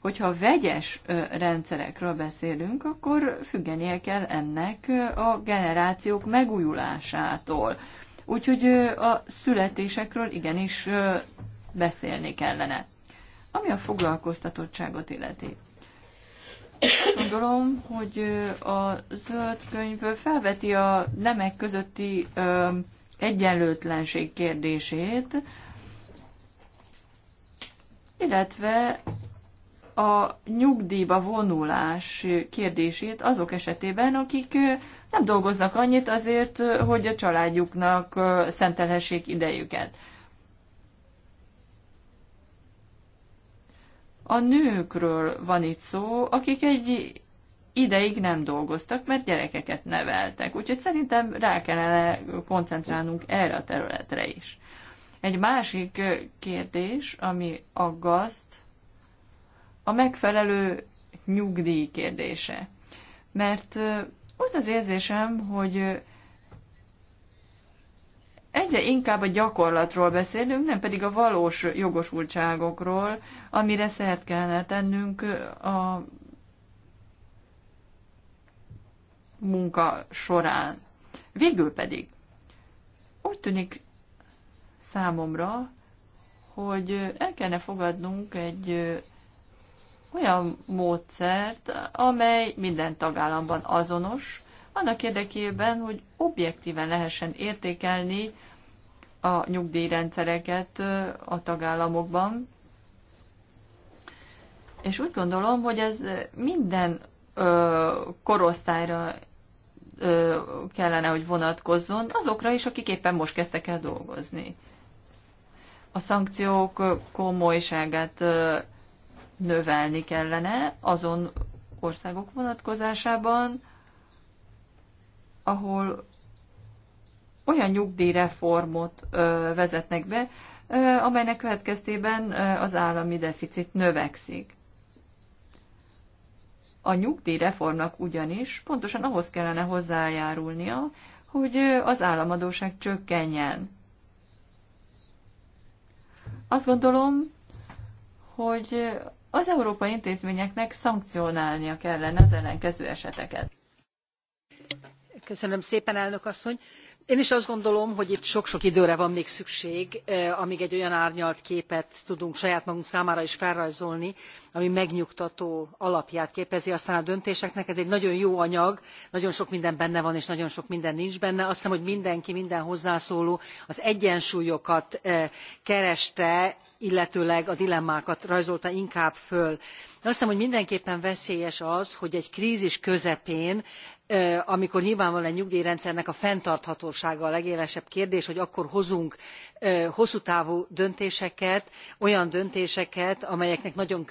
hogyha vegyes rendszerekről beszélünk, akkor függenie kell ennek a generációk megújulásától. Úgyhogy a születésekről igenis beszélni kellene. Ami a foglalkoztatottságot illeti. Gondolom, hogy a zöld könyv felveti a nemek közötti egyenlőtlenség kérdését, illetve a nyugdíjba vonulás kérdését azok esetében, akik nem dolgoznak annyit azért, hogy a családjuknak szentelhessék idejüket. A nőkről van itt szó, akik egy ideig nem dolgoztak, mert gyerekeket neveltek. Úgyhogy szerintem rá kellene koncentrálnunk erre a területre is. Egy másik kérdés, ami aggaszt, a megfelelő nyugdíj kérdése. Mert az az érzésem, hogy egyre inkább a gyakorlatról beszélünk, nem pedig a valós jogosultságokról, amire szert kellene tennünk a munka során. Végül pedig úgy tűnik számomra, hogy el kellene fogadnunk egy olyan módszert, amely minden tagállamban azonos, annak érdekében, hogy objektíven lehessen értékelni a nyugdíjrendszereket a tagállamokban. És úgy gondolom, hogy ez minden ö, korosztályra ö, kellene, hogy vonatkozzon, azokra is, akik éppen most kezdtek el dolgozni a szankciók komolyságát növelni kellene azon országok vonatkozásában, ahol olyan nyugdíjreformot vezetnek be, amelynek következtében az állami deficit növekszik. A nyugdíjreformnak ugyanis pontosan ahhoz kellene hozzájárulnia, hogy az államadóság csökkenjen. Azt gondolom, hogy az európai intézményeknek szankcionálnia kellene az ellenkező eseteket. Köszönöm szépen, elnök asszony! én is azt gondolom hogy itt sok sok időre van még szükség eh, amíg egy olyan árnyalt képet tudunk saját magunk számára is felrajzolni ami megnyugtató alapját képezi aztán a döntéseknek. ez egy nagyon jó anyag nagyon sok minden benne van és nagyon sok minden nincs benne. azt hiszem hogy mindenki minden hozzászóló az egyensúlyokat eh, kereste illetőleg a dilemmákat rajzolta inkább föl. azt hiszem hogy mindenképpen veszélyes az hogy egy krzis közepén amikor nyilvánvalóan egy nyugdjrendszernek a fenntarthatósága a legélesebb kérdés hogy akkor hozunk hosszú távú döntéseket olyan döntéseket amelyeknek nagyon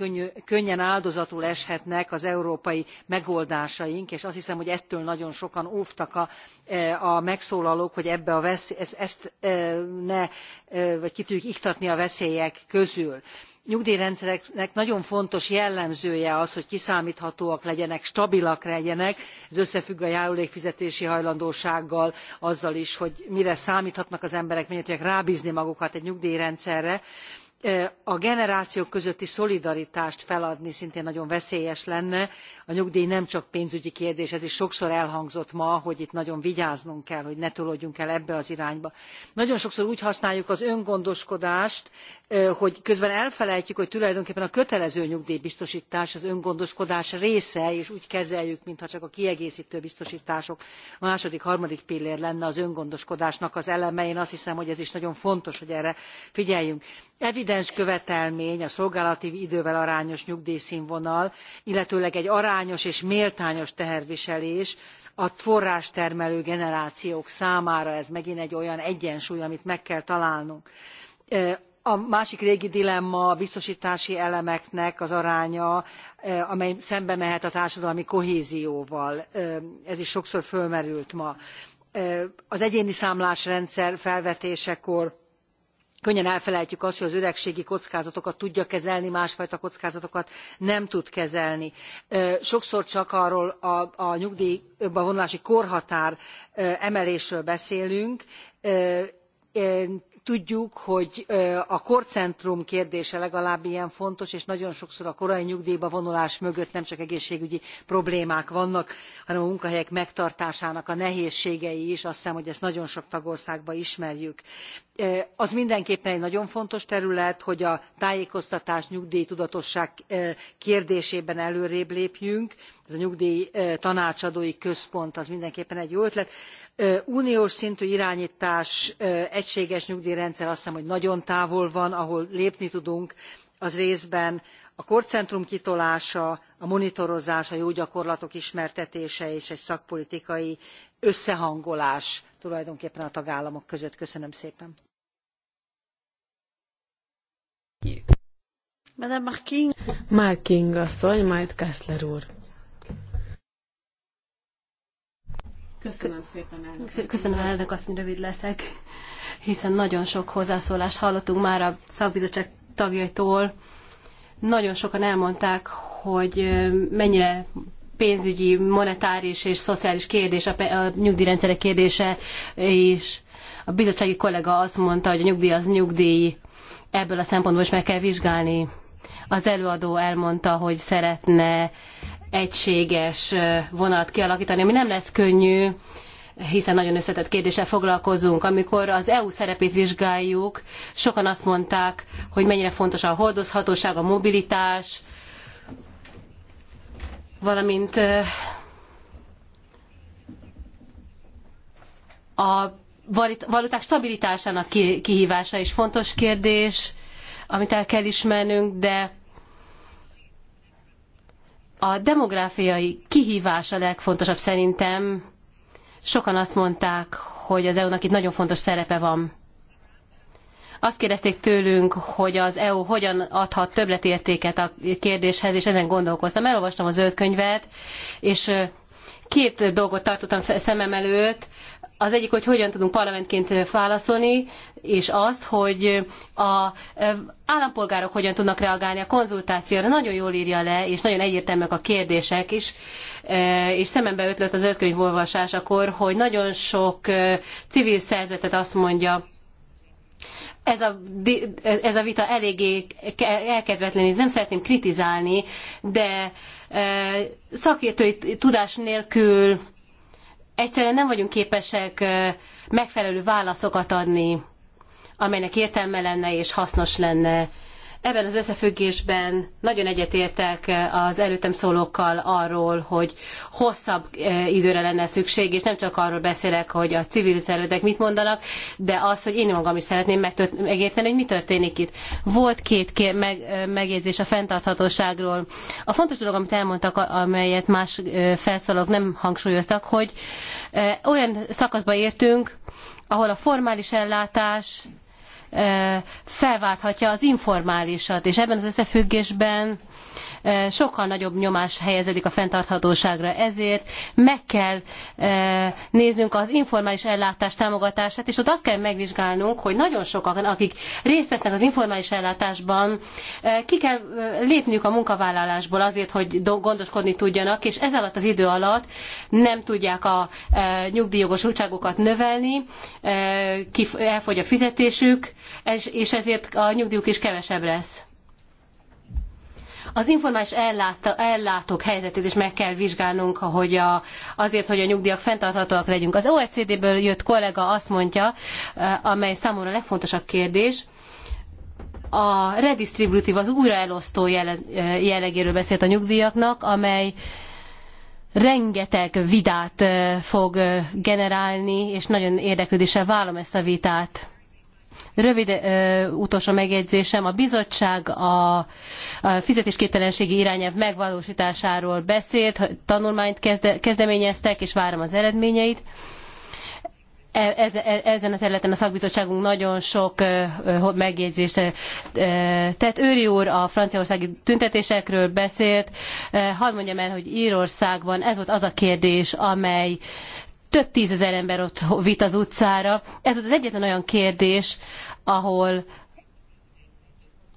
könnyen áldozatul eshetnek az európai megoldásaink és azt hiszem hogy ettől nagyon sokan óvtak a, megszólalók hogy ebbe a vesz, ezt, ezt ne vagy ki tudjuk iktatni a veszélyek közül nyugdjrendszereknek nagyon fontos jellemzője az hogy kiszámthatóak legyenek stabilak legyenek ez összefügg a járulékfizetési hajlandósággal azzal is hogy mire számthatnak az emberek mennyire tudják rábzni magukat egy nyugdjrendszerre a generációk közötti szolidaritást feladni szintén nagyon veszélyes lenne a nyugdj nem csak pénzügyi kérdés ez is sokszor elhangzott ma hogy itt nagyon vigyáznunk kell hogy ne tolódjunk el ebbe az irányba. nagyon sokszor úgy használjuk az öngondoskodást hogy közben elfelejtjük hogy tulajdonképpen a kötelező nyugdjbiztostás az öngondoskodás része és úgy kezeljük mintha csak a kiegésztő biztostások a második harmadik pillér lenne az öngondoskodásnak az eleme. én azt hiszem hogy ez is nagyon fontos hogy erre figyeljünk. evidens evidens követelmény a szolgálati idővel arányos nyugdjszínvonal illetőleg egy arányos és méltányos teherviselés a forrástermelő generációk számára ez megint egy olyan egyensúly amit meg kell találnunk. a másik régi dilemma a biztostási elemeknek az aránya amely szembe mehet a társadalmi kohézióval ez is sokszor fölmerült ma. az egyéni számlás rendszer felvetésekor könnyen elfelejtjük azt hogy az öregségi kockázatokat tudja kezelni másfajta kockázatokat nem tud kezelni. sokszor csak arról a, a nyugdjba vonulási korhatár emelésről beszélünk tudjuk hogy a korcentrum kérdése legalább ilyen fontos és nagyon sokszor a korai nyugdjba vonulás mögött nem csak egészségügyi problémák vannak hanem a munkahelyek megtartásának a nehézségei is azt hiszem hogy ezt nagyon sok tagországban ismerjük az mindenképpen egy nagyon fontos terület hogy a tájékoztatás nyugdjtudatosság kérdésében előrébb lépjünk ez a nyugdjtanácsadói központ az mindenképpen egy jó ötlet. uniós szintű iránytás egységes nyugdjrendszer azt hiszem hogy nagyon távol van ahol lépni tudunk az részben a korcentrum kitolása a monitorozás a jó gyakorlatok ismertetése és egy szakpolitikai összehangolás tulajdonképpen a tagállamok között. köszönöm szépen! Madame Marking. Marking asszony, majd Kessler úr. Köszönöm szépen, elnök Köszönöm, elnök asszony, rövid leszek, hiszen nagyon sok hozzászólást hallottunk már a szakbizottság tagjaitól. Nagyon sokan elmondták, hogy mennyire pénzügyi, monetáris és szociális kérdés, a, a nyugdíjrendszerek kérdése, és a bizottsági kollega azt mondta, hogy a nyugdíj az nyugdíj, ebből a szempontból is meg kell vizsgálni. Az előadó elmondta, hogy szeretne egységes vonalat kialakítani, ami nem lesz könnyű, hiszen nagyon összetett kérdéssel foglalkozunk. Amikor az EU szerepét vizsgáljuk, sokan azt mondták, hogy mennyire fontos a hordozhatóság, a mobilitás, valamint a valuták stabilitásának kihívása is fontos kérdés, amit el kell ismernünk, de a demográfiai kihívás a legfontosabb szerintem. Sokan azt mondták, hogy az EU-nak itt nagyon fontos szerepe van. Azt kérdezték tőlünk, hogy az EU hogyan adhat többletértéket a kérdéshez, és ezen gondolkoztam. Elolvastam a zöld könyvet, és két dolgot tartottam szemem előtt az egyik, hogy hogyan tudunk parlamentként válaszolni, és azt, hogy a állampolgárok hogyan tudnak reagálni a konzultációra. Nagyon jól írja le, és nagyon egyértelműek a kérdések is, és szemembe ötlött az ötkönyv olvasásakor, hogy nagyon sok civil szerzetet azt mondja, ez a, ez a vita eléggé elkedvetlen, nem szeretném kritizálni, de szakértői tudás nélkül egyszerűen nem vagyunk képesek megfelelő válaszokat adni, amelynek értelme lenne és hasznos lenne Ebben az összefüggésben nagyon egyetértek az előttem szólókkal arról, hogy hosszabb eh, időre lenne szükség, és nem csak arról beszélek, hogy a civil szervezetek mit mondanak, de az, hogy én magam is szeretném megérteni, hogy mi történik itt. Volt két meg, eh, megjegyzés a fenntarthatóságról. A fontos dolog, amit elmondtak, amelyet más eh, felszólalók nem hangsúlyoztak, hogy olyan szakaszba értünk, ahol a formális ellátás felválthatja az informálisat, és ebben az összefüggésben sokkal nagyobb nyomás helyeződik a fenntarthatóságra. Ezért meg kell néznünk az informális ellátás támogatását, és ott azt kell megvizsgálnunk, hogy nagyon sokan, akik részt vesznek az informális ellátásban, ki kell lépniük a munkavállalásból azért, hogy gondoskodni tudjanak, és ez alatt az idő alatt nem tudják a nyugdíjjogosultságokat növelni, elfogy a fizetésük, és ezért a nyugdíjuk is kevesebb lesz. Az informális elláta, ellátók helyzetét is meg kell vizsgálnunk, hogy a, azért, hogy a nyugdíjak fenntarthatóak legyünk. Az OECD-ből jött kollega azt mondja, eh, amely számomra a legfontosabb kérdés, a redistributív, az újraelosztó eh, jellegéről beszélt a nyugdíjaknak, amely rengeteg vitát eh, fog generálni, és nagyon érdeklődéssel vállom ezt a vitát. Rövid ö, utolsó megjegyzésem, a bizottság a, a fizetésképtelenségi irányelv megvalósításáról beszélt, tanulmányt kezde, kezdeményeztek, és várom az eredményeit e, e, ezen a területen a szakbizottságunk nagyon sok megjegyzést tett. Őri úr a franciaországi tüntetésekről beszélt. Hadd mondjam el, hogy Írországban ez volt az a kérdés, amely több tízezer ember ott vit az utcára. Ez az egyetlen olyan kérdés, ahol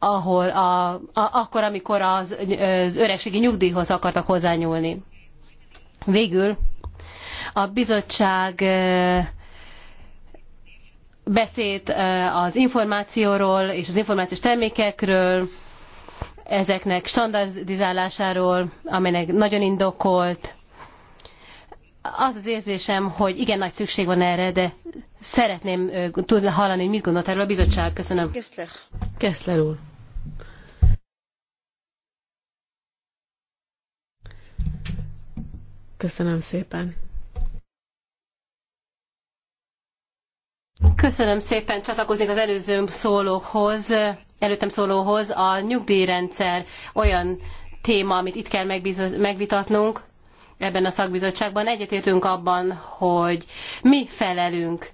ahol a, a, akkor, amikor az, az öregségi nyugdíjhoz akartak hozzányúlni. Végül a bizottság beszélt az információról és az információs termékekről, ezeknek standardizálásáról, amelynek nagyon indokolt, az az érzésem, hogy igen nagy szükség van erre, de szeretném tudni hallani, hogy mit gondolt erről a bizottság. Köszönöm. Kessler. Kessler úr. Köszönöm szépen. Köszönöm szépen, csatlakoznék az előzőm szólókhoz, előttem szólóhoz. A nyugdíjrendszer olyan téma, amit itt kell megvitatnunk ebben a szakbizottságban egyetértünk abban, hogy mi felelünk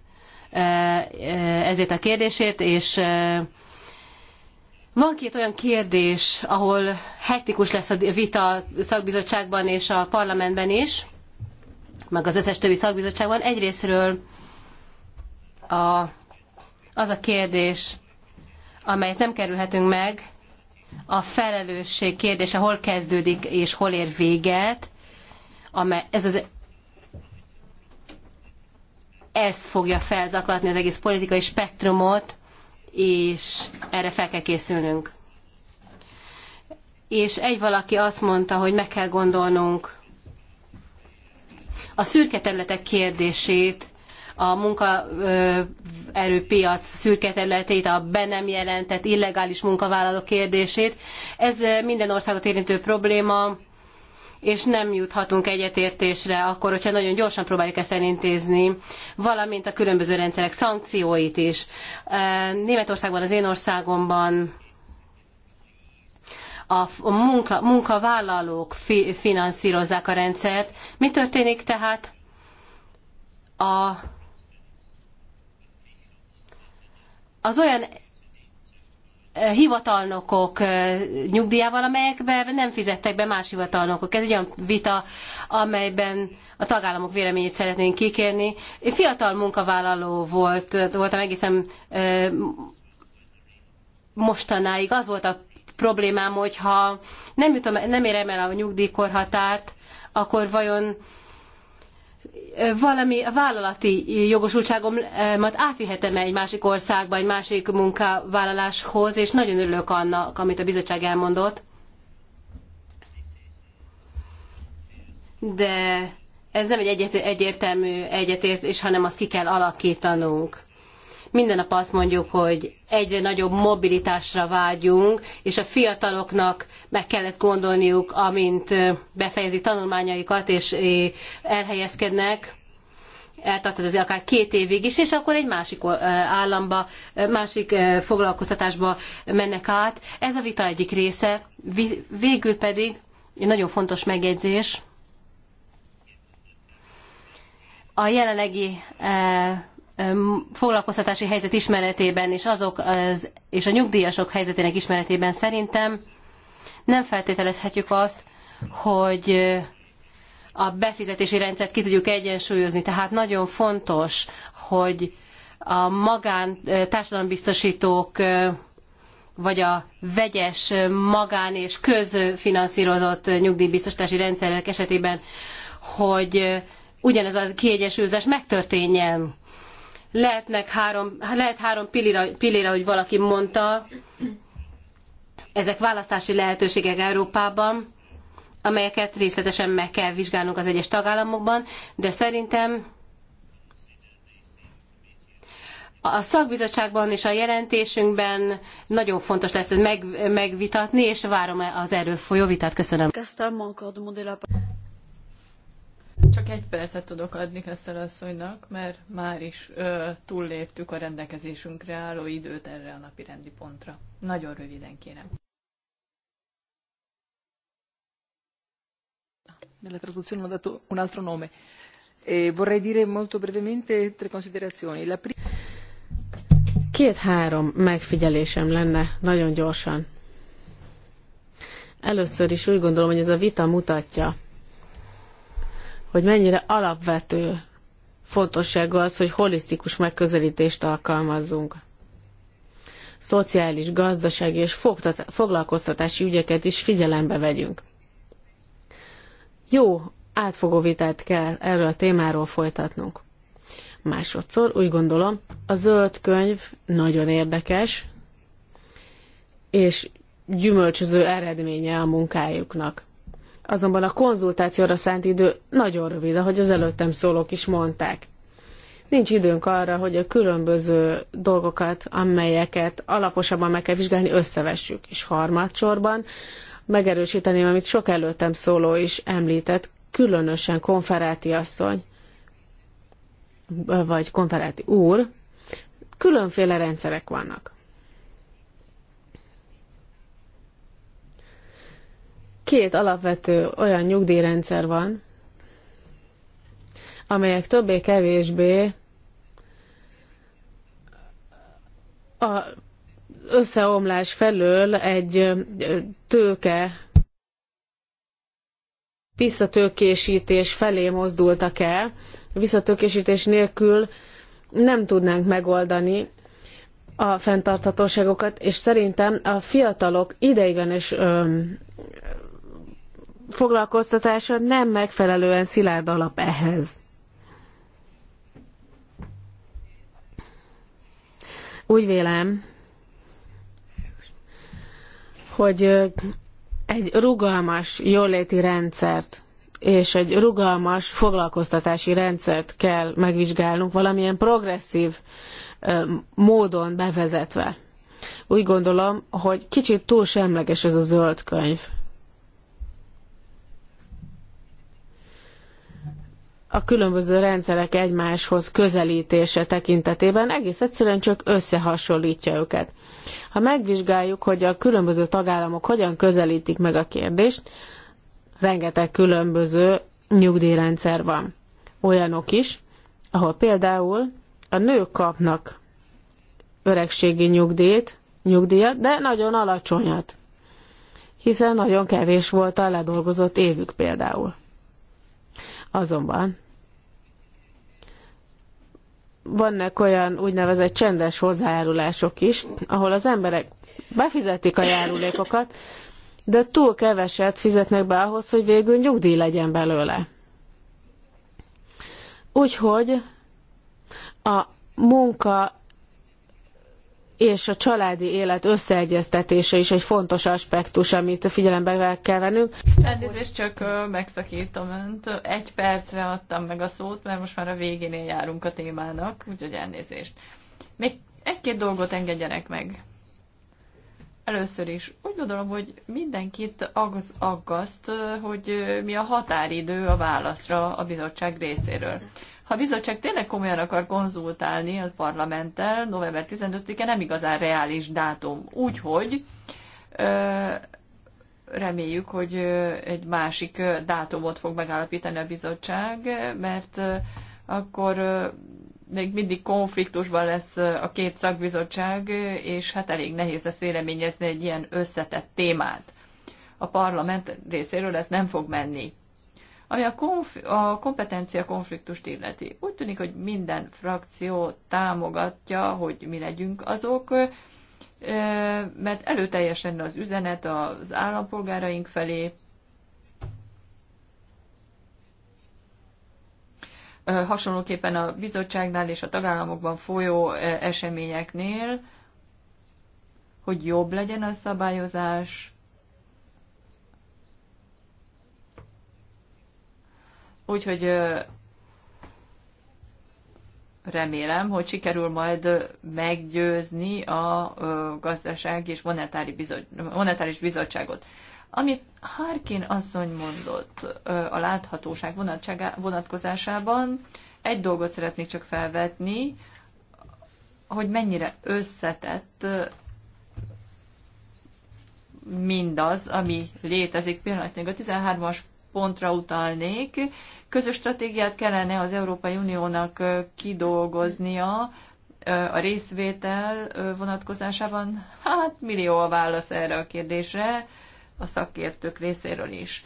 ezért a kérdésért, és van két olyan kérdés, ahol hektikus lesz a vita a szakbizottságban és a parlamentben is, meg az összes többi szakbizottságban. Egyrésztről a, az a kérdés, amelyet nem kerülhetünk meg, a felelősség kérdése hol kezdődik és hol ér véget, amely ez az ez fogja felzaklatni az egész politikai spektrumot, és erre fel kell készülnünk. És egy valaki azt mondta, hogy meg kell gondolnunk a szürke területek kérdését, a munkaerőpiac szürke területét, a be nem jelentett illegális munkavállalók kérdését. Ez minden országot érintő probléma, és nem juthatunk egyetértésre akkor, hogyha nagyon gyorsan próbáljuk ezt elintézni, valamint a különböző rendszerek szankcióit is. Németországban, az én országomban a munka, munkavállalók fi, finanszírozzák a rendszert. Mi történik tehát a az olyan hivatalnokok nyugdíjával, amelyekbe nem fizettek be más hivatalnokok. Ez egy olyan vita, amelyben a tagállamok véleményét szeretnénk kikérni. Én fiatal munkavállaló volt, voltam egészen mostanáig. Az volt a problémám, hogy ha nem, jutom, nem érem el a nyugdíjkorhatárt, akkor vajon valami a vállalati jogosultságomat átvihetem -e egy másik országba, egy másik munkavállaláshoz, és nagyon örülök annak, amit a bizottság elmondott. De ez nem egy egyértelmű egyetértés, hanem azt ki kell alakítanunk. Minden nap azt mondjuk, hogy egyre nagyobb mobilitásra vágyunk, és a fiataloknak meg kellett gondolniuk, amint befejezik tanulmányaikat és elhelyezkednek, eltarthat ez akár két évig is, és akkor egy másik államba, másik foglalkoztatásba mennek át. Ez a vita egyik része. Végül pedig, egy nagyon fontos megjegyzés, a jelenlegi foglalkoztatási helyzet ismeretében és azok az, és a nyugdíjasok helyzetének ismeretében szerintem nem feltételezhetjük azt, hogy a befizetési rendszert ki tudjuk egyensúlyozni. Tehát nagyon fontos, hogy a magán társadalombiztosítók vagy a vegyes magán és közfinanszírozott nyugdíjbiztosítási rendszerek esetében, hogy ugyanez a kiegyensúlyozás megtörténjen lehetnek három, lehet három pillér, pillére, hogy valaki mondta, ezek választási lehetőségek Európában, amelyeket részletesen meg kell vizsgálnunk az egyes tagállamokban, de szerintem a szakbizottságban és a jelentésünkben nagyon fontos lesz ezt meg, megvitatni, és várom az erről folyó vitát. Köszönöm. Csak egy percet tudok adni Kesszel asszonynak, mert már is ö, túlléptük a rendelkezésünkre álló időt erre a napi rendi pontra. Nagyon röviden kérem. Nella traduzione ho dato un altro nome. E vorrei dire molto brevemente tre considerazioni. La prima... Két-három megfigyelésem lenne, nagyon gyorsan. Először is úgy gondolom, hogy ez a vita mutatja, hogy mennyire alapvető fontossága az, hogy holisztikus megközelítést alkalmazzunk. Szociális, gazdasági és foglalkoztatási ügyeket is figyelembe vegyünk. Jó, átfogó vitát kell erről a témáról folytatnunk. Másodszor úgy gondolom, a zöld könyv nagyon érdekes, és gyümölcsöző eredménye a munkájuknak. Azonban a konzultációra szánt idő nagyon rövid, ahogy az előttem szólók is mondták. Nincs időnk arra, hogy a különböző dolgokat, amelyeket alaposabban meg kell vizsgálni, összevessük. És harmadsorban megerősíteném, amit sok előttem szóló is említett, különösen konferáti asszony, vagy konferáti úr, különféle rendszerek vannak. Két alapvető olyan nyugdíjrendszer van, amelyek többé-kevésbé a összeomlás felől egy tőke visszatőkésítés felé mozdultak el. Visszatőkésítés nélkül nem tudnánk megoldani a fenntarthatóságokat, és szerintem a fiatalok ideiglenes foglalkoztatása nem megfelelően szilárd alap ehhez. Úgy vélem, hogy egy rugalmas jóléti rendszert és egy rugalmas foglalkoztatási rendszert kell megvizsgálnunk valamilyen progresszív módon bevezetve. Úgy gondolom, hogy kicsit túl semleges ez a zöld könyv. a különböző rendszerek egymáshoz közelítése tekintetében egész egyszerűen csak összehasonlítja őket. Ha megvizsgáljuk, hogy a különböző tagállamok hogyan közelítik meg a kérdést, rengeteg különböző nyugdíjrendszer van. Olyanok is, ahol például a nők kapnak öregségi nyugdíjat, nyugdíjat, de nagyon alacsonyat, hiszen nagyon kevés volt a ledolgozott évük például. Azonban vannak olyan úgynevezett csendes hozzájárulások is, ahol az emberek befizetik a járulékokat, de túl keveset fizetnek be ahhoz, hogy végül nyugdíj legyen belőle. Úgyhogy a munka és a családi élet összeegyeztetése is egy fontos aspektus, amit figyelembe kell vennünk. Elnézést, csak megszakítom önt. Egy percre adtam meg a szót, mert most már a végénél járunk a témának, úgyhogy elnézést. Még egy-két dolgot engedjenek meg. Először is úgy gondolom, hogy mindenkit az aggaszt, hogy mi a határidő a válaszra a bizottság részéről. Ha a bizottság tényleg komolyan akar konzultálni a parlamenttel, november 15-e nem igazán reális dátum. Úgyhogy reméljük, hogy egy másik dátumot fog megállapítani a bizottság, mert akkor még mindig konfliktusban lesz a két szakbizottság, és hát elég nehéz lesz véleményezni egy ilyen összetett témát. A parlament részéről ez nem fog menni ami a, konf- a kompetencia konfliktust illeti. Úgy tűnik, hogy minden frakció támogatja, hogy mi legyünk azok, mert előteljesen az üzenet az állampolgáraink felé. Hasonlóképpen a bizottságnál és a tagállamokban folyó eseményeknél, hogy jobb legyen a szabályozás, Úgyhogy remélem, hogy sikerül majd meggyőzni a gazdasági és monetári bizot, monetáris bizottságot. Amit Harkin asszony mondott a láthatóság vonatkozásában, egy dolgot szeretnék csak felvetni, hogy mennyire összetett mindaz, ami létezik pillanatnyilag. A 13-as pontra utalnék. Közös stratégiát kellene az Európai Uniónak kidolgoznia a részvétel vonatkozásában. Hát millió a válasz erre a kérdésre a szakértők részéről is.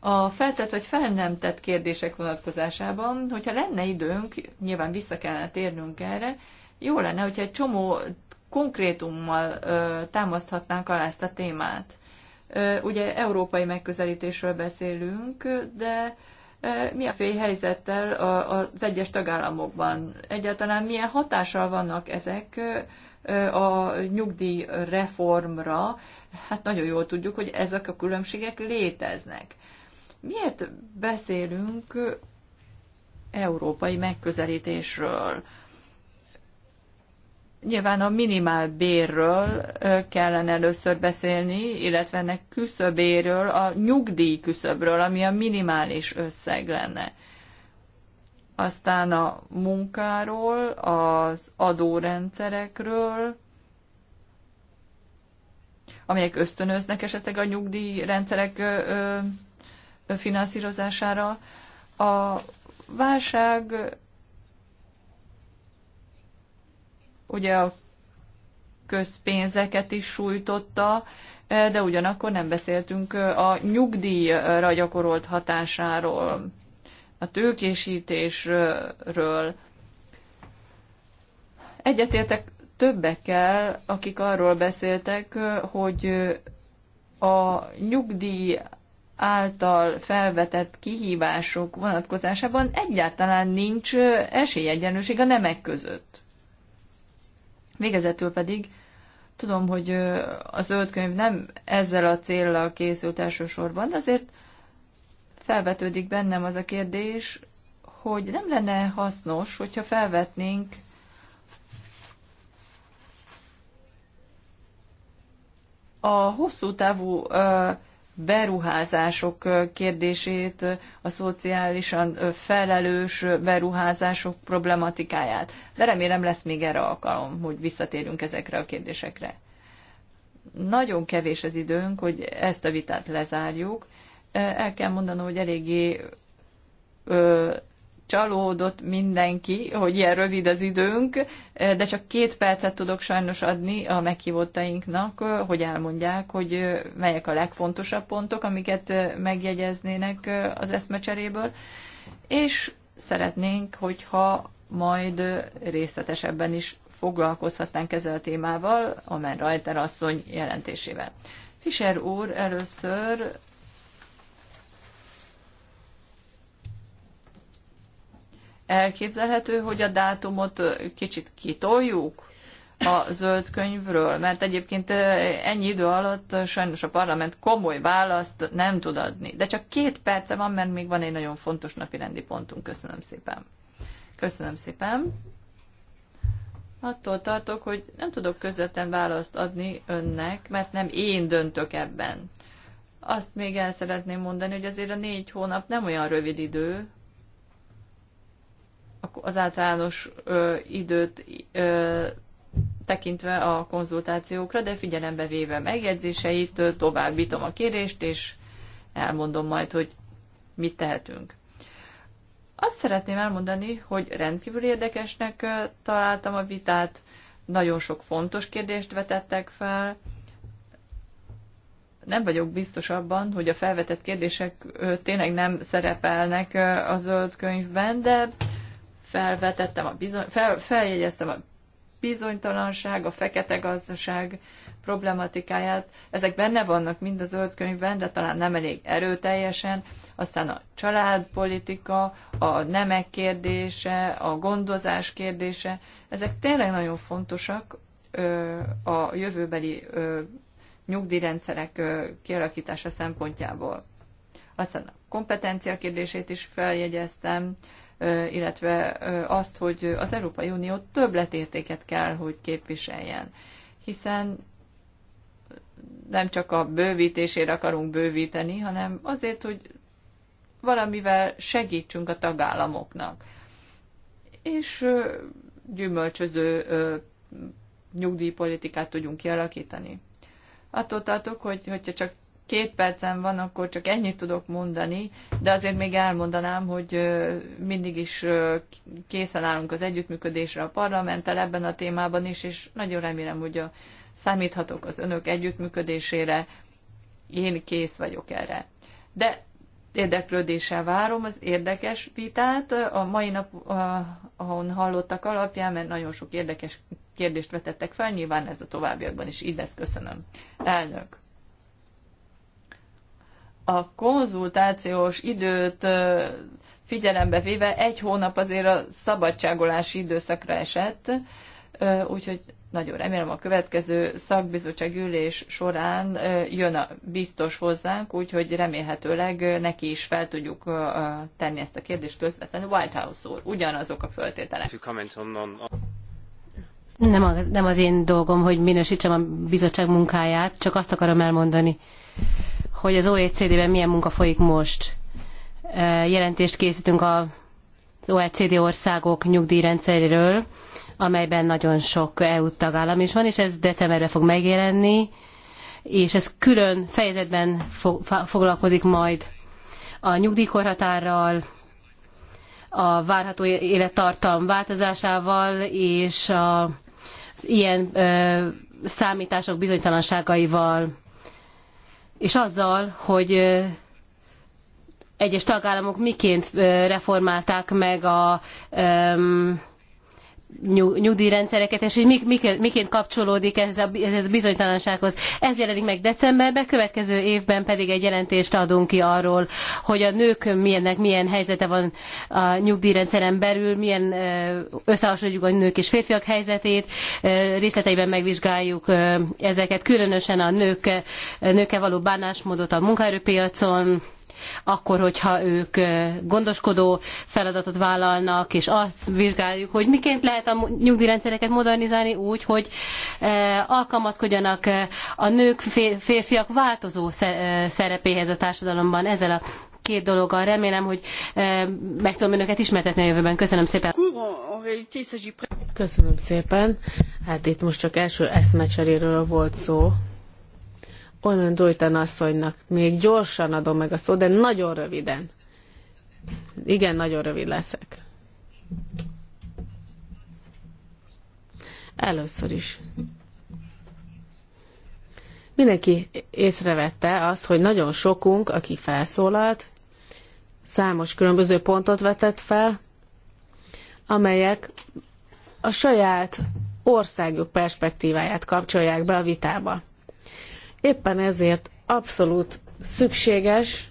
A feltett vagy fel nem tett kérdések vonatkozásában, hogyha lenne időnk, nyilván vissza kellene térnünk erre, jó lenne, hogyha egy csomó konkrétummal ö, támaszthatnánk alá ezt a témát. Ugye európai megközelítésről beszélünk, de mi a fél helyzettel az egyes tagállamokban? Egyáltalán milyen hatással vannak ezek a nyugdíj reformra? Hát nagyon jól tudjuk, hogy ezek a különbségek léteznek. Miért beszélünk európai megközelítésről? Nyilván a minimál bérről kellene először beszélni, illetve ennek küszöbéről, a nyugdíj küszöbről, ami a minimális összeg lenne. Aztán a munkáról, az adórendszerekről, amelyek ösztönöznek esetleg a nyugdíjrendszerek finanszírozására. A válság ugye a közpénzeket is sújtotta, eh, de ugyanakkor nem beszéltünk eh, a nyugdíjra gyakorolt hatásáról, a tőkésítésről. Egyetértek többekkel, akik arról beszéltek, eh, hogy a nyugdíj által felvetett kihívások vonatkozásában egyáltalán nincs esélyegyenlőség a nemek között. Végezetül pedig tudom, hogy a zöld könyv nem ezzel a célral készült elsősorban, de azért felvetődik bennem az a kérdés, hogy nem lenne hasznos, hogyha felvetnénk a hosszú távú uh, beruházások kérdését, a szociálisan felelős beruházások problematikáját. De remélem lesz még erre alkalom, hogy visszatérünk ezekre a kérdésekre. Nagyon kevés az időnk, hogy ezt a vitát lezárjuk. El kell mondanom, hogy eléggé csalódott mindenki, hogy ilyen rövid az időnk, de csak két percet tudok sajnos adni a meghívottainknak, hogy elmondják, hogy melyek a legfontosabb pontok, amiket megjegyeznének az eszmecseréből, és szeretnénk, hogyha majd részletesebben is foglalkozhatnánk ezzel a témával, amely Rajter asszony jelentésével. Fischer úr először elképzelhető, hogy a dátumot kicsit kitoljuk a zöld könyvről, mert egyébként ennyi idő alatt sajnos a parlament komoly választ nem tud adni. De csak két perce van, mert még van egy nagyon fontos napi rendi pontunk. Köszönöm szépen. Köszönöm szépen. Attól tartok, hogy nem tudok közvetlen választ adni önnek, mert nem én döntök ebben. Azt még el szeretném mondani, hogy azért a négy hónap nem olyan rövid idő, az általános ö, időt ö, tekintve a konzultációkra, de figyelembe véve megjegyzéseit, továbbítom a kérést, és elmondom majd, hogy mit tehetünk. Azt szeretném elmondani, hogy rendkívül érdekesnek találtam a vitát, nagyon sok fontos kérdést vetettek fel. Nem vagyok biztos abban, hogy a felvetett kérdések tényleg nem szerepelnek a zöld könyvben, de felvetettem, a bizony, fel, feljegyeztem a bizonytalanság, a fekete gazdaság problematikáját. Ezek benne vannak mind a zöld könyvben, de talán nem elég erőteljesen. Aztán a családpolitika, a nemek kérdése, a gondozás kérdése, ezek tényleg nagyon fontosak ö, a jövőbeli ö, nyugdíjrendszerek ö, kialakítása szempontjából. Aztán a kompetencia kérdését is feljegyeztem, illetve azt, hogy az Európai Unió letértéket kell, hogy képviseljen. Hiszen nem csak a bővítésére akarunk bővíteni, hanem azért, hogy valamivel segítsünk a tagállamoknak. És gyümölcsöző nyugdíjpolitikát tudjunk kialakítani. Attól tartok, hogy hogyha csak két percem van, akkor csak ennyit tudok mondani, de azért még elmondanám, hogy mindig is készen állunk az együttműködésre a parlamenttel ebben a témában is, és nagyon remélem, hogy a, számíthatok az önök együttműködésére, én kész vagyok erre. De érdeklődéssel várom az érdekes vitát a mai nap, ahon hallottak alapján, mert nagyon sok érdekes kérdést vetettek fel, nyilván ez a továbbiakban is így lesz, köszönöm. Elnök a konzultációs időt figyelembe véve egy hónap azért a szabadságolási időszakra esett, úgyhogy nagyon remélem a következő szakbizottság ülés során jön a biztos hozzánk, úgyhogy remélhetőleg neki is fel tudjuk tenni ezt a kérdést közvetlenül. White House úr, ugyanazok a föltételek. Nem, az, nem az én dolgom, hogy minősítsem a bizottság munkáját, csak azt akarom elmondani, hogy az OECD-ben milyen munka folyik most. Jelentést készítünk az OECD országok nyugdíjrendszeréről, amelyben nagyon sok EU tagállam is van, és ez decemberben fog megjelenni, és ez külön fejezetben fo foglalkozik majd a nyugdíjkorhatárral, a várható élettartam változásával és a, az ilyen ö, számítások bizonytalanságaival és azzal, hogy egyes tagállamok miként reformálták meg a nyugdíjrendszereket, és hogy miként kapcsolódik ez a, ez a bizonytalansághoz. Ez jelenik meg decemberben, következő évben pedig egy jelentést adunk ki arról, hogy a nők milyennek milyen helyzete van a nyugdíjrendszeren belül, milyen összehasonlítjuk a nők és férfiak helyzetét, részleteiben megvizsgáljuk ezeket, különösen a nők, nőkkel való bánásmódot a munkaerőpiacon, akkor, hogyha ők gondoskodó feladatot vállalnak, és azt vizsgáljuk, hogy miként lehet a nyugdíjrendszereket modernizálni úgy, hogy alkalmazkodjanak a nők, férfiak változó szerepéhez a társadalomban ezzel a két dologgal. Remélem, hogy meg tudom önöket ismertetni a jövőben. Köszönöm szépen. Köszönöm szépen. Hát itt most csak első eszmecseréről volt szó, olyan Dújtan asszonynak még gyorsan adom meg a szót, de nagyon röviden. Igen, nagyon rövid leszek. Először is. Mindenki észrevette azt, hogy nagyon sokunk, aki felszólalt, számos különböző pontot vetett fel, amelyek a saját országuk perspektíváját kapcsolják be a vitába. Éppen ezért abszolút szükséges,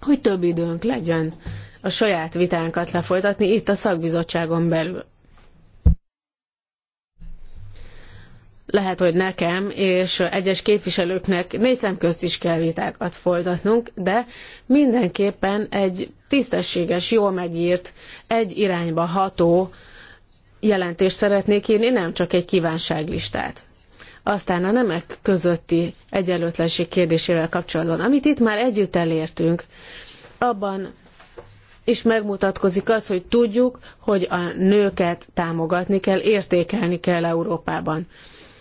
hogy több időnk legyen a saját vitánkat lefolytatni itt a szakbizottságon belül. lehet, hogy nekem és egyes képviselőknek négy szem közt is kell vitákat folytatnunk, de mindenképpen egy tisztességes, jól megírt, egy irányba ható jelentést szeretnék írni, nem csak egy kívánságlistát. Aztán a nemek közötti egyenlőtlenség kérdésével kapcsolatban, amit itt már együtt elértünk, abban is megmutatkozik az, hogy tudjuk, hogy a nőket támogatni kell, értékelni kell Európában.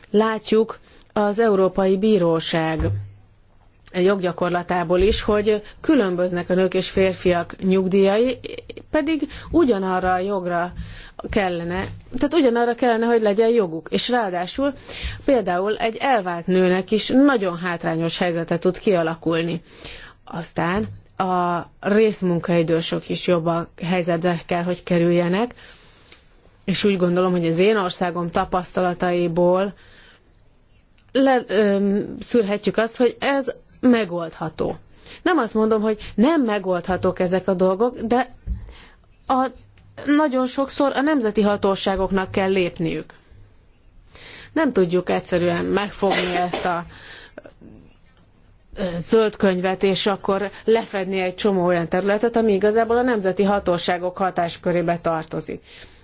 Látjuk az Európai Bíróság joggyakorlatából is, hogy különböznek a nők és férfiak nyugdíjai, pedig ugyanarra a jogra kellene, tehát ugyanarra kellene, hogy legyen joguk. És ráadásul például egy elvált nőnek is nagyon hátrányos helyzete tud kialakulni. Aztán a részmunkaidősök is jobb a helyzetbe kell, hogy kerüljenek, és úgy gondolom, hogy az én országom tapasztalataiból le, ö, szűrhetjük azt, hogy ez megoldható. Nem azt mondom, hogy nem megoldhatók ezek a dolgok, de a, nagyon sokszor a nemzeti hatóságoknak kell lépniük. Nem tudjuk egyszerűen megfogni ezt a zöld könyvet, és akkor lefedni egy csomó olyan területet, ami igazából a nemzeti hatóságok hatáskörébe tartozik.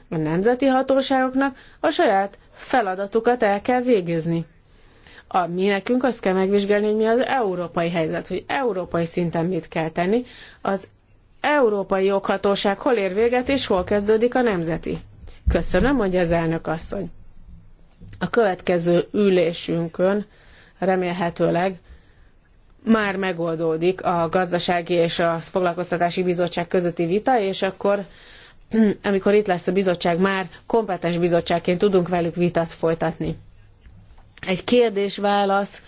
A nemzeti hatóságoknak a saját feladatukat el kell végezni. A, mi nekünk azt kell megvizsgálni, hogy mi az európai helyzet, hogy európai szinten mit kell tenni. Az európai joghatóság hol ér véget és hol kezdődik a nemzeti. Köszönöm, hogy az elnök asszony. A következő ülésünkön remélhetőleg már megoldódik a gazdasági és a foglalkoztatási bizottság közötti vita, és akkor amikor itt lesz a bizottság, már kompetens bizottságként tudunk velük vitat folytatni egy kérdés-válasz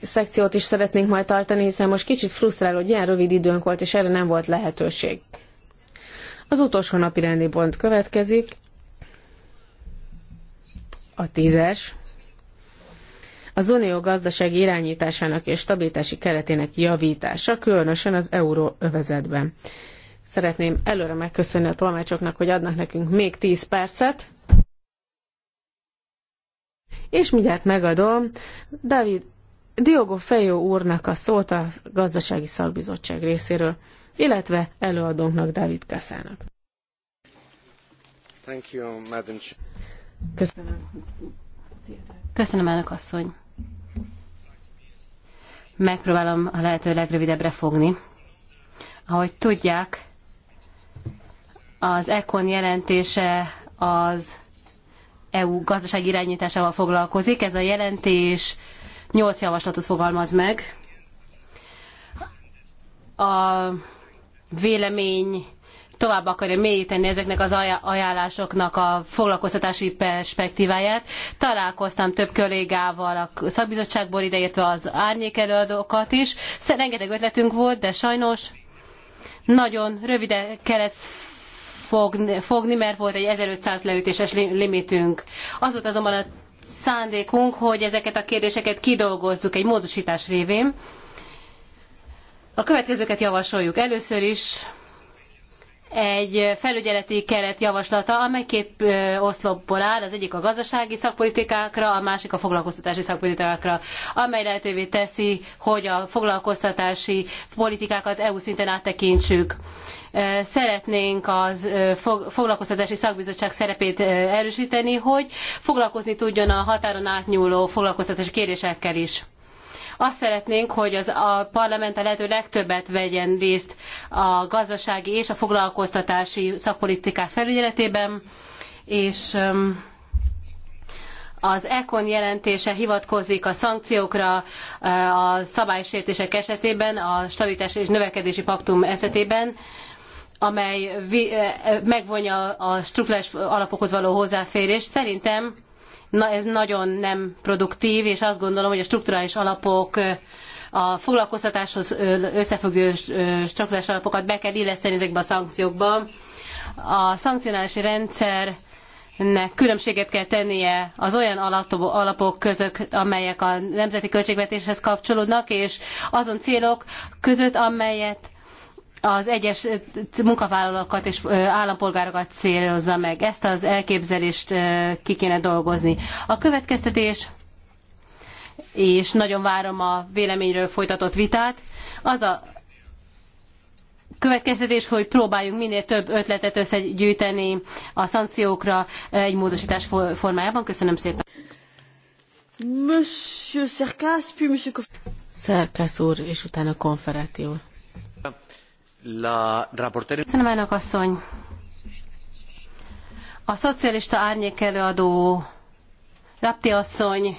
szekciót is szeretnénk majd tartani, hiszen most kicsit frusztráló, hogy ilyen rövid időnk volt, és erre nem volt lehetőség. Az utolsó napi rendi pont következik, a tízes. Az unió gazdasági irányításának és stabilitási keretének javítása, különösen az euróövezetben. Szeretném előre megköszönni a tolmácsoknak, hogy adnak nekünk még 10 percet, és mindjárt megadom David Diogo Fejó úrnak a szót a gazdasági szakbizottság részéről, illetve előadónknak David Kassának. Köszönöm. Köszönöm, elnök asszony. Megpróbálom a lehető legrövidebbre fogni. Ahogy tudják, az ECON jelentése az EU gazdasági irányításával foglalkozik. Ez a jelentés nyolc javaslatot fogalmaz meg. A vélemény tovább akarja mélyíteni ezeknek az ajánlásoknak a foglalkoztatási perspektíváját. Találkoztam több kollégával a szakbizottságból, ideértve az árnyékelőadókat is. Rengeteg ötletünk volt, de sajnos nagyon rövide kellett fogni, fogni mert volt egy 1500 leütéses limitünk. Az volt azonban a szándékunk, hogy ezeket a kérdéseket kidolgozzuk egy módosítás révén. A következőket javasoljuk. Először is egy felügyeleti keret javaslata, amely két oszlopból áll, az egyik a gazdasági szakpolitikákra, a másik a foglalkoztatási szakpolitikákra, amely lehetővé teszi, hogy a foglalkoztatási politikákat EU szinten áttekintsük. Szeretnénk a foglalkoztatási szakbizottság szerepét erősíteni, hogy foglalkozni tudjon a határon átnyúló foglalkoztatási kérésekkel is azt szeretnénk, hogy az, a parlament a lehető legtöbbet vegyen részt a gazdasági és a foglalkoztatási szakpolitikák felügyeletében, és az ECON jelentése hivatkozik a szankciókra a szabálysértések esetében, a stabilitás és növekedési paktum esetében, amely megvonja a struktúrás alapokhoz való hozzáférést. Szerintem Na ez nagyon nem produktív, és azt gondolom, hogy a strukturális alapok a foglalkoztatáshoz összefüggő strukturális alapokat be kell illeszteni ezekbe a szankciókba. A szankcionálási rendszer különbséget kell tennie az olyan alapok között, amelyek a nemzeti költségvetéshez kapcsolódnak, és azon célok között, amelyet az egyes eh, munkavállalókat és eh, állampolgárokat célozza meg. Ezt az elképzelést eh, ki kéne dolgozni. A következtetés, és nagyon várom a véleményről folytatott vitát, az a következtetés, hogy próbáljunk minél több ötletet összegyűjteni a szankciókra egy módosítás formájában. Köszönöm szépen. Monsieur Szerkász, puis Monsieur Szerkász úr, és utána konferáti Köszönöm, elnök asszony. A szocialista árnyék előadó Rapti asszony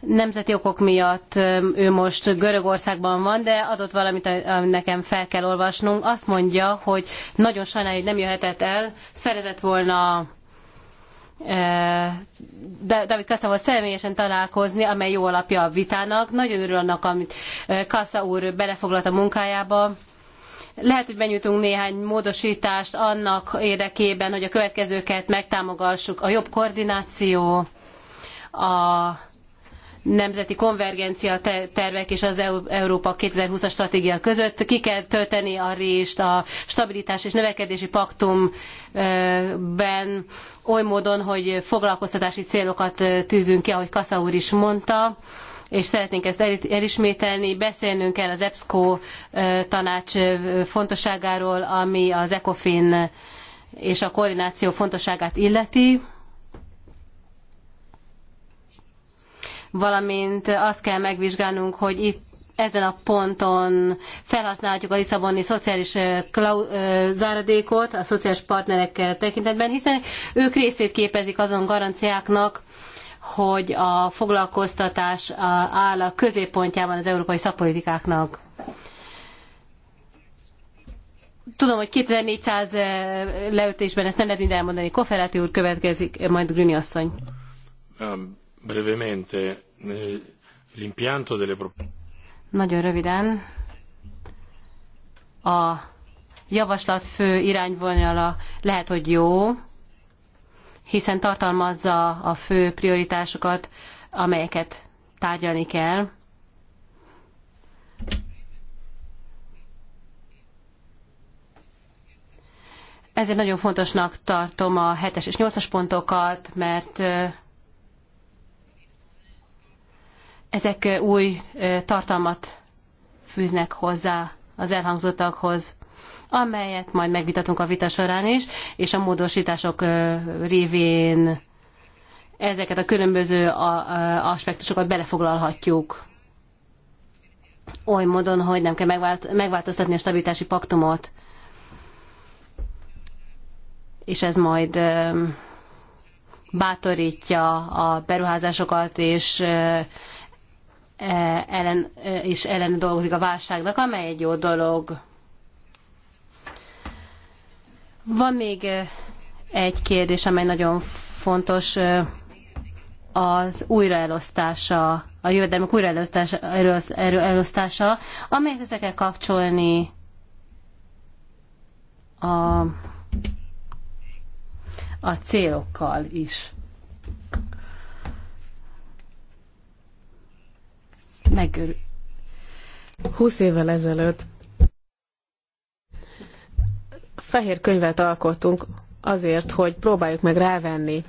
nemzeti okok miatt ő most Görögországban van, de adott valamit, nekem fel kell olvasnunk. Azt mondja, hogy nagyon sajnálja, hogy nem jöhetett el, szeretett volna Eh, David Kasszával személyesen találkozni, amely jó alapja a vitának. Nagyon örül annak, amit eh, Kassa úr belefoglalt a munkájába. Lehet, hogy benyújtunk néhány módosítást annak érdekében, hogy a következőket megtámogassuk. A jobb koordináció, a nemzeti konvergencia tervek és az Európa 2020-as stratégia között. Ki kell tölteni a rést a stabilitás és növekedési paktumben oly módon, hogy foglalkoztatási célokat tűzünk ki, ahogy Kassa úr is mondta és szeretnénk ezt elismételni. Beszélnünk kell az Epsco tanács fontosságáról, ami az ECOFIN és a koordináció fontosságát illeti valamint azt kell megvizsgálnunk, hogy itt ezen a ponton felhasználhatjuk a Lisszaboni szociális záradékot a szociális partnerekkel tekintetben, hiszen ők részét képezik azon garanciáknak, hogy a foglalkoztatás áll a középpontjában az európai szakpolitikáknak. Tudom, hogy 2400 leütésben ezt nem lehet mind elmondani. Koferáti úr következik, majd Grüni asszony. Um, brevemente eh, l'impianto delle proposte. Nagyon röviden. A javaslat fő irányvonala lehet, hogy jó, hiszen tartalmazza a fő prioritásokat, amelyeket tárgyalni kell. Ezért nagyon fontosnak tartom a 7-es és 8-as pontokat, mert eh, ezek új tartalmat fűznek hozzá az elhangzottakhoz, amelyet majd megvitatunk a vita során is, és a módosítások révén ezeket a különböző aspektusokat belefoglalhatjuk oly módon, hogy nem kell megvált, megváltoztatni a stabilitási paktumot. És ez majd bátorítja a beruházásokat, és E, ellen, e, és ellen dolgozik a válságnak, amely egy jó dolog. Van még e, egy kérdés, amely nagyon fontos, az újraelosztása, a jövedelmek újraelosztása, elosztása, amelyek össze kell kapcsolni a, a célokkal is. megörül. Húsz évvel ezelőtt fehér könyvet alkottunk azért, hogy próbáljuk meg rávenni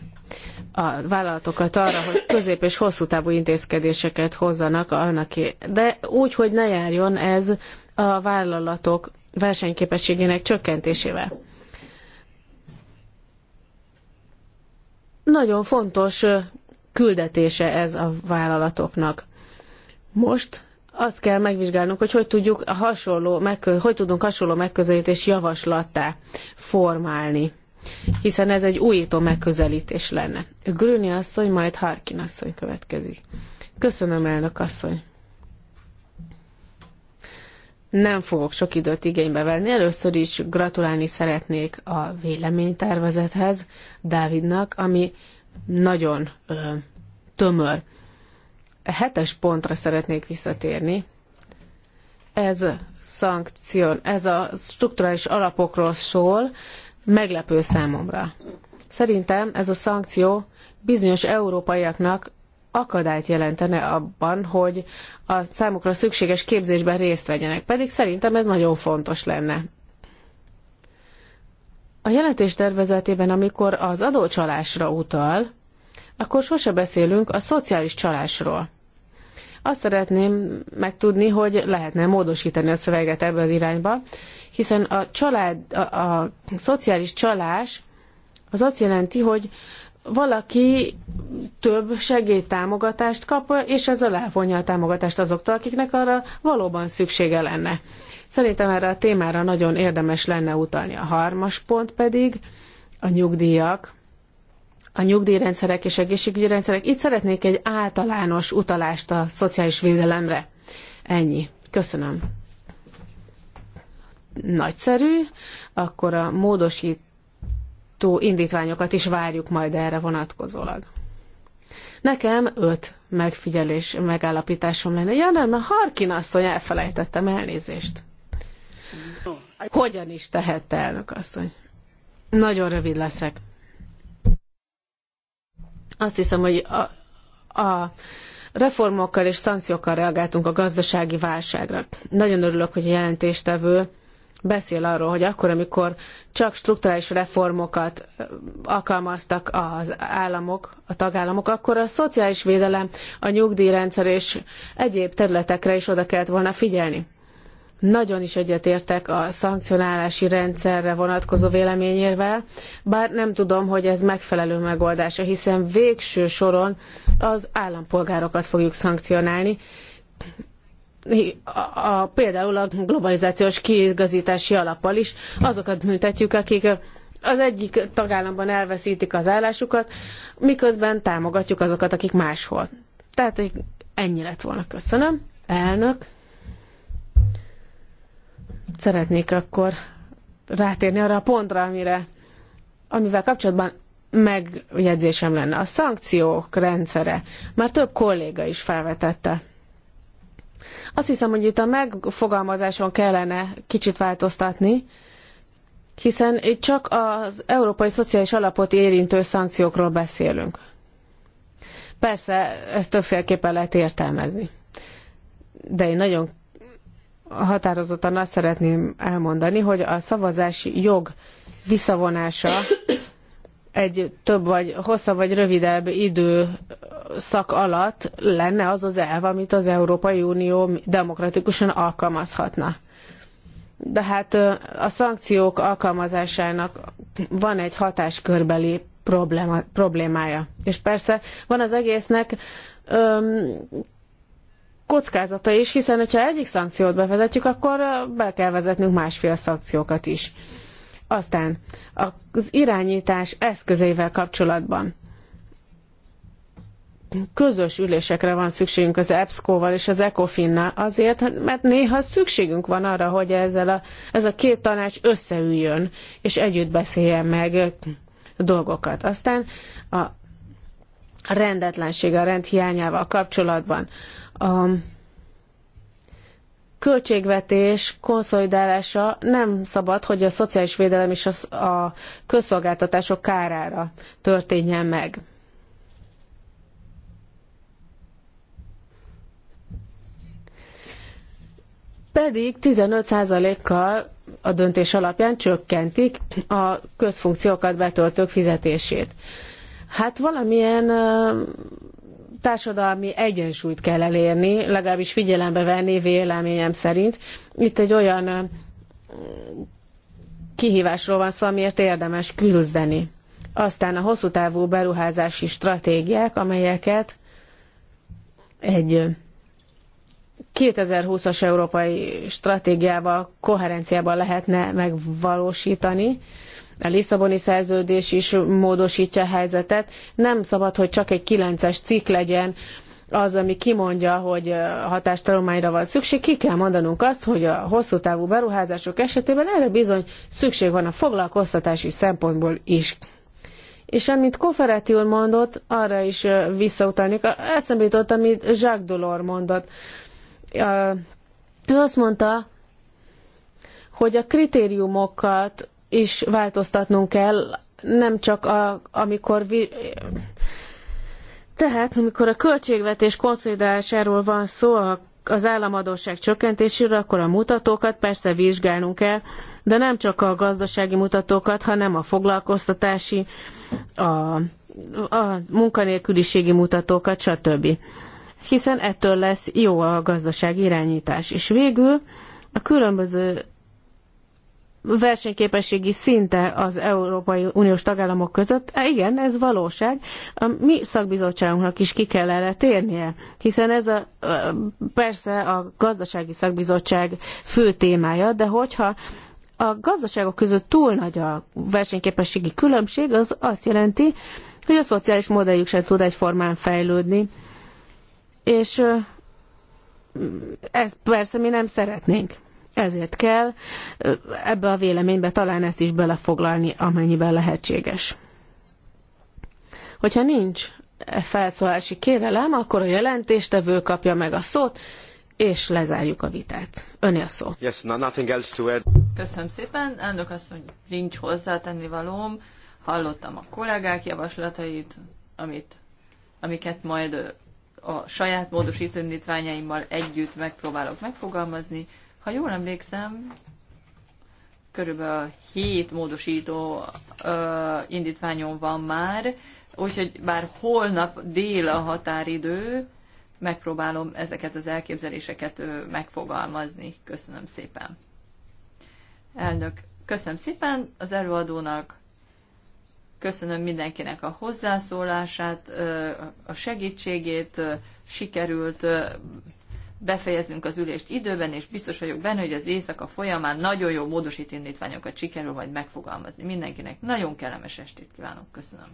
a vállalatokat arra, hogy közép és hosszú távú intézkedéseket hozzanak annak, de úgy, hogy ne járjon ez a vállalatok versenyképességének csökkentésével. Nagyon fontos küldetése ez a vállalatoknak. Most azt kell megvizsgálnunk, hogy hogy, tudjuk a hasonló, hogy tudunk hasonló megközelítés javaslattá formálni. Hiszen ez egy újító megközelítés lenne. Grüni asszony, majd Harkin asszony következik. Köszönöm, elnök asszony. Nem fogok sok időt igénybe venni. Először is gratulálni szeretnék a véleménytervezethez Dávidnak, ami nagyon ö, tömör a hetes pontra szeretnék visszatérni. Ez szankción, ez a strukturális alapokról szól, meglepő számomra. Szerintem ez a szankció bizonyos európaiaknak akadályt jelentene abban, hogy a számukra szükséges képzésben részt vegyenek, pedig szerintem ez nagyon fontos lenne. A jelentés tervezetében, amikor az adócsalásra utal, akkor sose beszélünk a szociális csalásról. Azt szeretném megtudni, hogy lehetne módosítani a szöveget ebbe az irányba, hiszen a, család, a, a szociális csalás az azt jelenti, hogy valaki több segélytámogatást kap, és ez elvonja a támogatást azoktól, akiknek arra valóban szüksége lenne. Szerintem erre a témára nagyon érdemes lenne utalni. A harmas pont pedig a nyugdíjak a nyugdíjrendszerek és egészségügyi rendszerek. Itt szeretnék egy általános utalást a szociális védelemre. Ennyi. Köszönöm. Nagyszerű. Akkor a módosító indítványokat is várjuk majd erre vonatkozólag. Nekem öt megfigyelés, megállapításom lenne. Ja nem, a Harkin asszony elfelejtettem elnézést. Hogyan is tehette elnök asszony? Nagyon rövid leszek. Azt hiszem, hogy a, a reformokkal és szankciókkal reagáltunk a gazdasági válságra. Nagyon örülök, hogy a jelentéstevő beszél arról, hogy akkor, amikor csak strukturális reformokat alkalmaztak az államok, a tagállamok, akkor a szociális védelem, a nyugdíjrendszer és egyéb területekre is oda kellett volna figyelni. Nagyon is egyetértek a szankcionálási rendszerre vonatkozó véleményével, bár nem tudom, hogy ez megfelelő megoldása, hiszen végső soron az állampolgárokat fogjuk szankcionálni. A, a, például a globalizációs kiigazítási alappal is azokat büntetjük, akik az egyik tagállamban elveszítik az állásukat, miközben támogatjuk azokat, akik máshol. Tehát ennyi lett volna. Köszönöm. Elnök. Szeretnék akkor rátérni arra a pontra, amire, amivel kapcsolatban megjegyzésem lenne. A szankciók rendszere. Már több kolléga is felvetette. Azt hiszem, hogy itt a megfogalmazáson kellene kicsit változtatni, hiszen itt csak az Európai Szociális Alapot érintő szankciókról beszélünk. Persze, ezt többféleképpen lehet értelmezni. De én nagyon határozottan azt szeretném elmondani, hogy a szavazási jog visszavonása egy több vagy hosszabb vagy rövidebb időszak alatt lenne az az elv, amit az Európai Unió demokratikusan alkalmazhatna. De hát a szankciók alkalmazásának van egy hatáskörbeli probléma, problémája. És persze van az egésznek öm, kockázata is, hiszen hogyha egyik szankciót bevezetjük, akkor be kell vezetnünk másfél szankciókat is. Aztán az irányítás eszközeivel kapcsolatban közös ülésekre van szükségünk az EBSCO-val és az ECOFIN-nal azért, mert néha szükségünk van arra, hogy ezzel a, ez a két tanács összeüljön, és együtt beszéljen meg dolgokat. Aztán a rendetlensége, a rend hiányával kapcsolatban a költségvetés konszolidálása nem szabad, hogy a szociális védelem és a, a közszolgáltatások kárára történjen meg. Pedig 15%-kal a döntés alapján csökkentik a közfunkciókat betöltők fizetését. Hát valamilyen társadalmi egyensúlyt kell elérni, legalábbis figyelembe venni véleményem szerint. Itt egy olyan kihívásról van szó, amiért érdemes küzdeni. Aztán a hosszú távú beruházási stratégiák, amelyeket egy 2020-as európai stratégiával, koherenciában lehetne megvalósítani a Lisszaboni szerződés is módosítja a helyzetet. Nem szabad, hogy csak egy kilences cikk legyen az, ami kimondja, hogy hatástanulmányra van szükség. Ki kell mondanunk azt, hogy a hosszú távú beruházások esetében erre bizony szükség van a foglalkoztatási szempontból is. És amit Koferáti úr mondott, arra is visszautalnék. Eszembe jutott, amit Jacques Delors mondott. Ő azt mondta, hogy a kritériumokat is változtatnunk kell, nem csak a, amikor vi... tehát, amikor a költségvetés konszolidálásáról van szó, az államadóság csökkentéséről, akkor a mutatókat persze vizsgálnunk kell, de nem csak a gazdasági mutatókat, hanem a foglalkoztatási, a, a munkanélküliségi mutatókat, stb. Hiszen ettől lesz jó a gazdaság irányítás. És végül a különböző versenyképességi szinte az Európai Uniós tagállamok között. hát igen, ez valóság. A mi szakbizottságunknak is ki kell erre térnie, hiszen ez a, persze a gazdasági szakbizottság fő témája, de hogyha a gazdaságok között túl nagy a versenyképességi különbség, az azt jelenti, hogy a szociális modelljük sem tud egyformán fejlődni. És ezt persze mi nem szeretnénk. Ezért kell ebbe a véleménybe talán ezt is belefoglalni, amennyiben lehetséges. Hogyha nincs e felszólási kérelem, akkor a jelentéstevő kapja meg a szót, és lezárjuk a vitát. Öné a szó. Yes, no, nothing else to add. Köszönöm szépen. Elnök hogy nincs hozzátenni valóm. Hallottam a kollégák javaslatait, amit, amiket majd a saját módosító együtt megpróbálok megfogalmazni. Ha jól emlékszem, körülbelül 7 módosító ö, indítványon van már, úgyhogy bár holnap dél a határidő, megpróbálom ezeket az elképzeléseket ö, megfogalmazni. Köszönöm szépen. Elnök, köszönöm szépen az előadónak, köszönöm mindenkinek a hozzászólását, ö, a segítségét, ö, sikerült. Ö, befejezzünk az ülést időben, és biztos vagyok benne, hogy az éjszaka folyamán nagyon jó módosít indítványokat sikerül majd megfogalmazni. Mindenkinek nagyon kellemes estét kívánok. Köszönöm.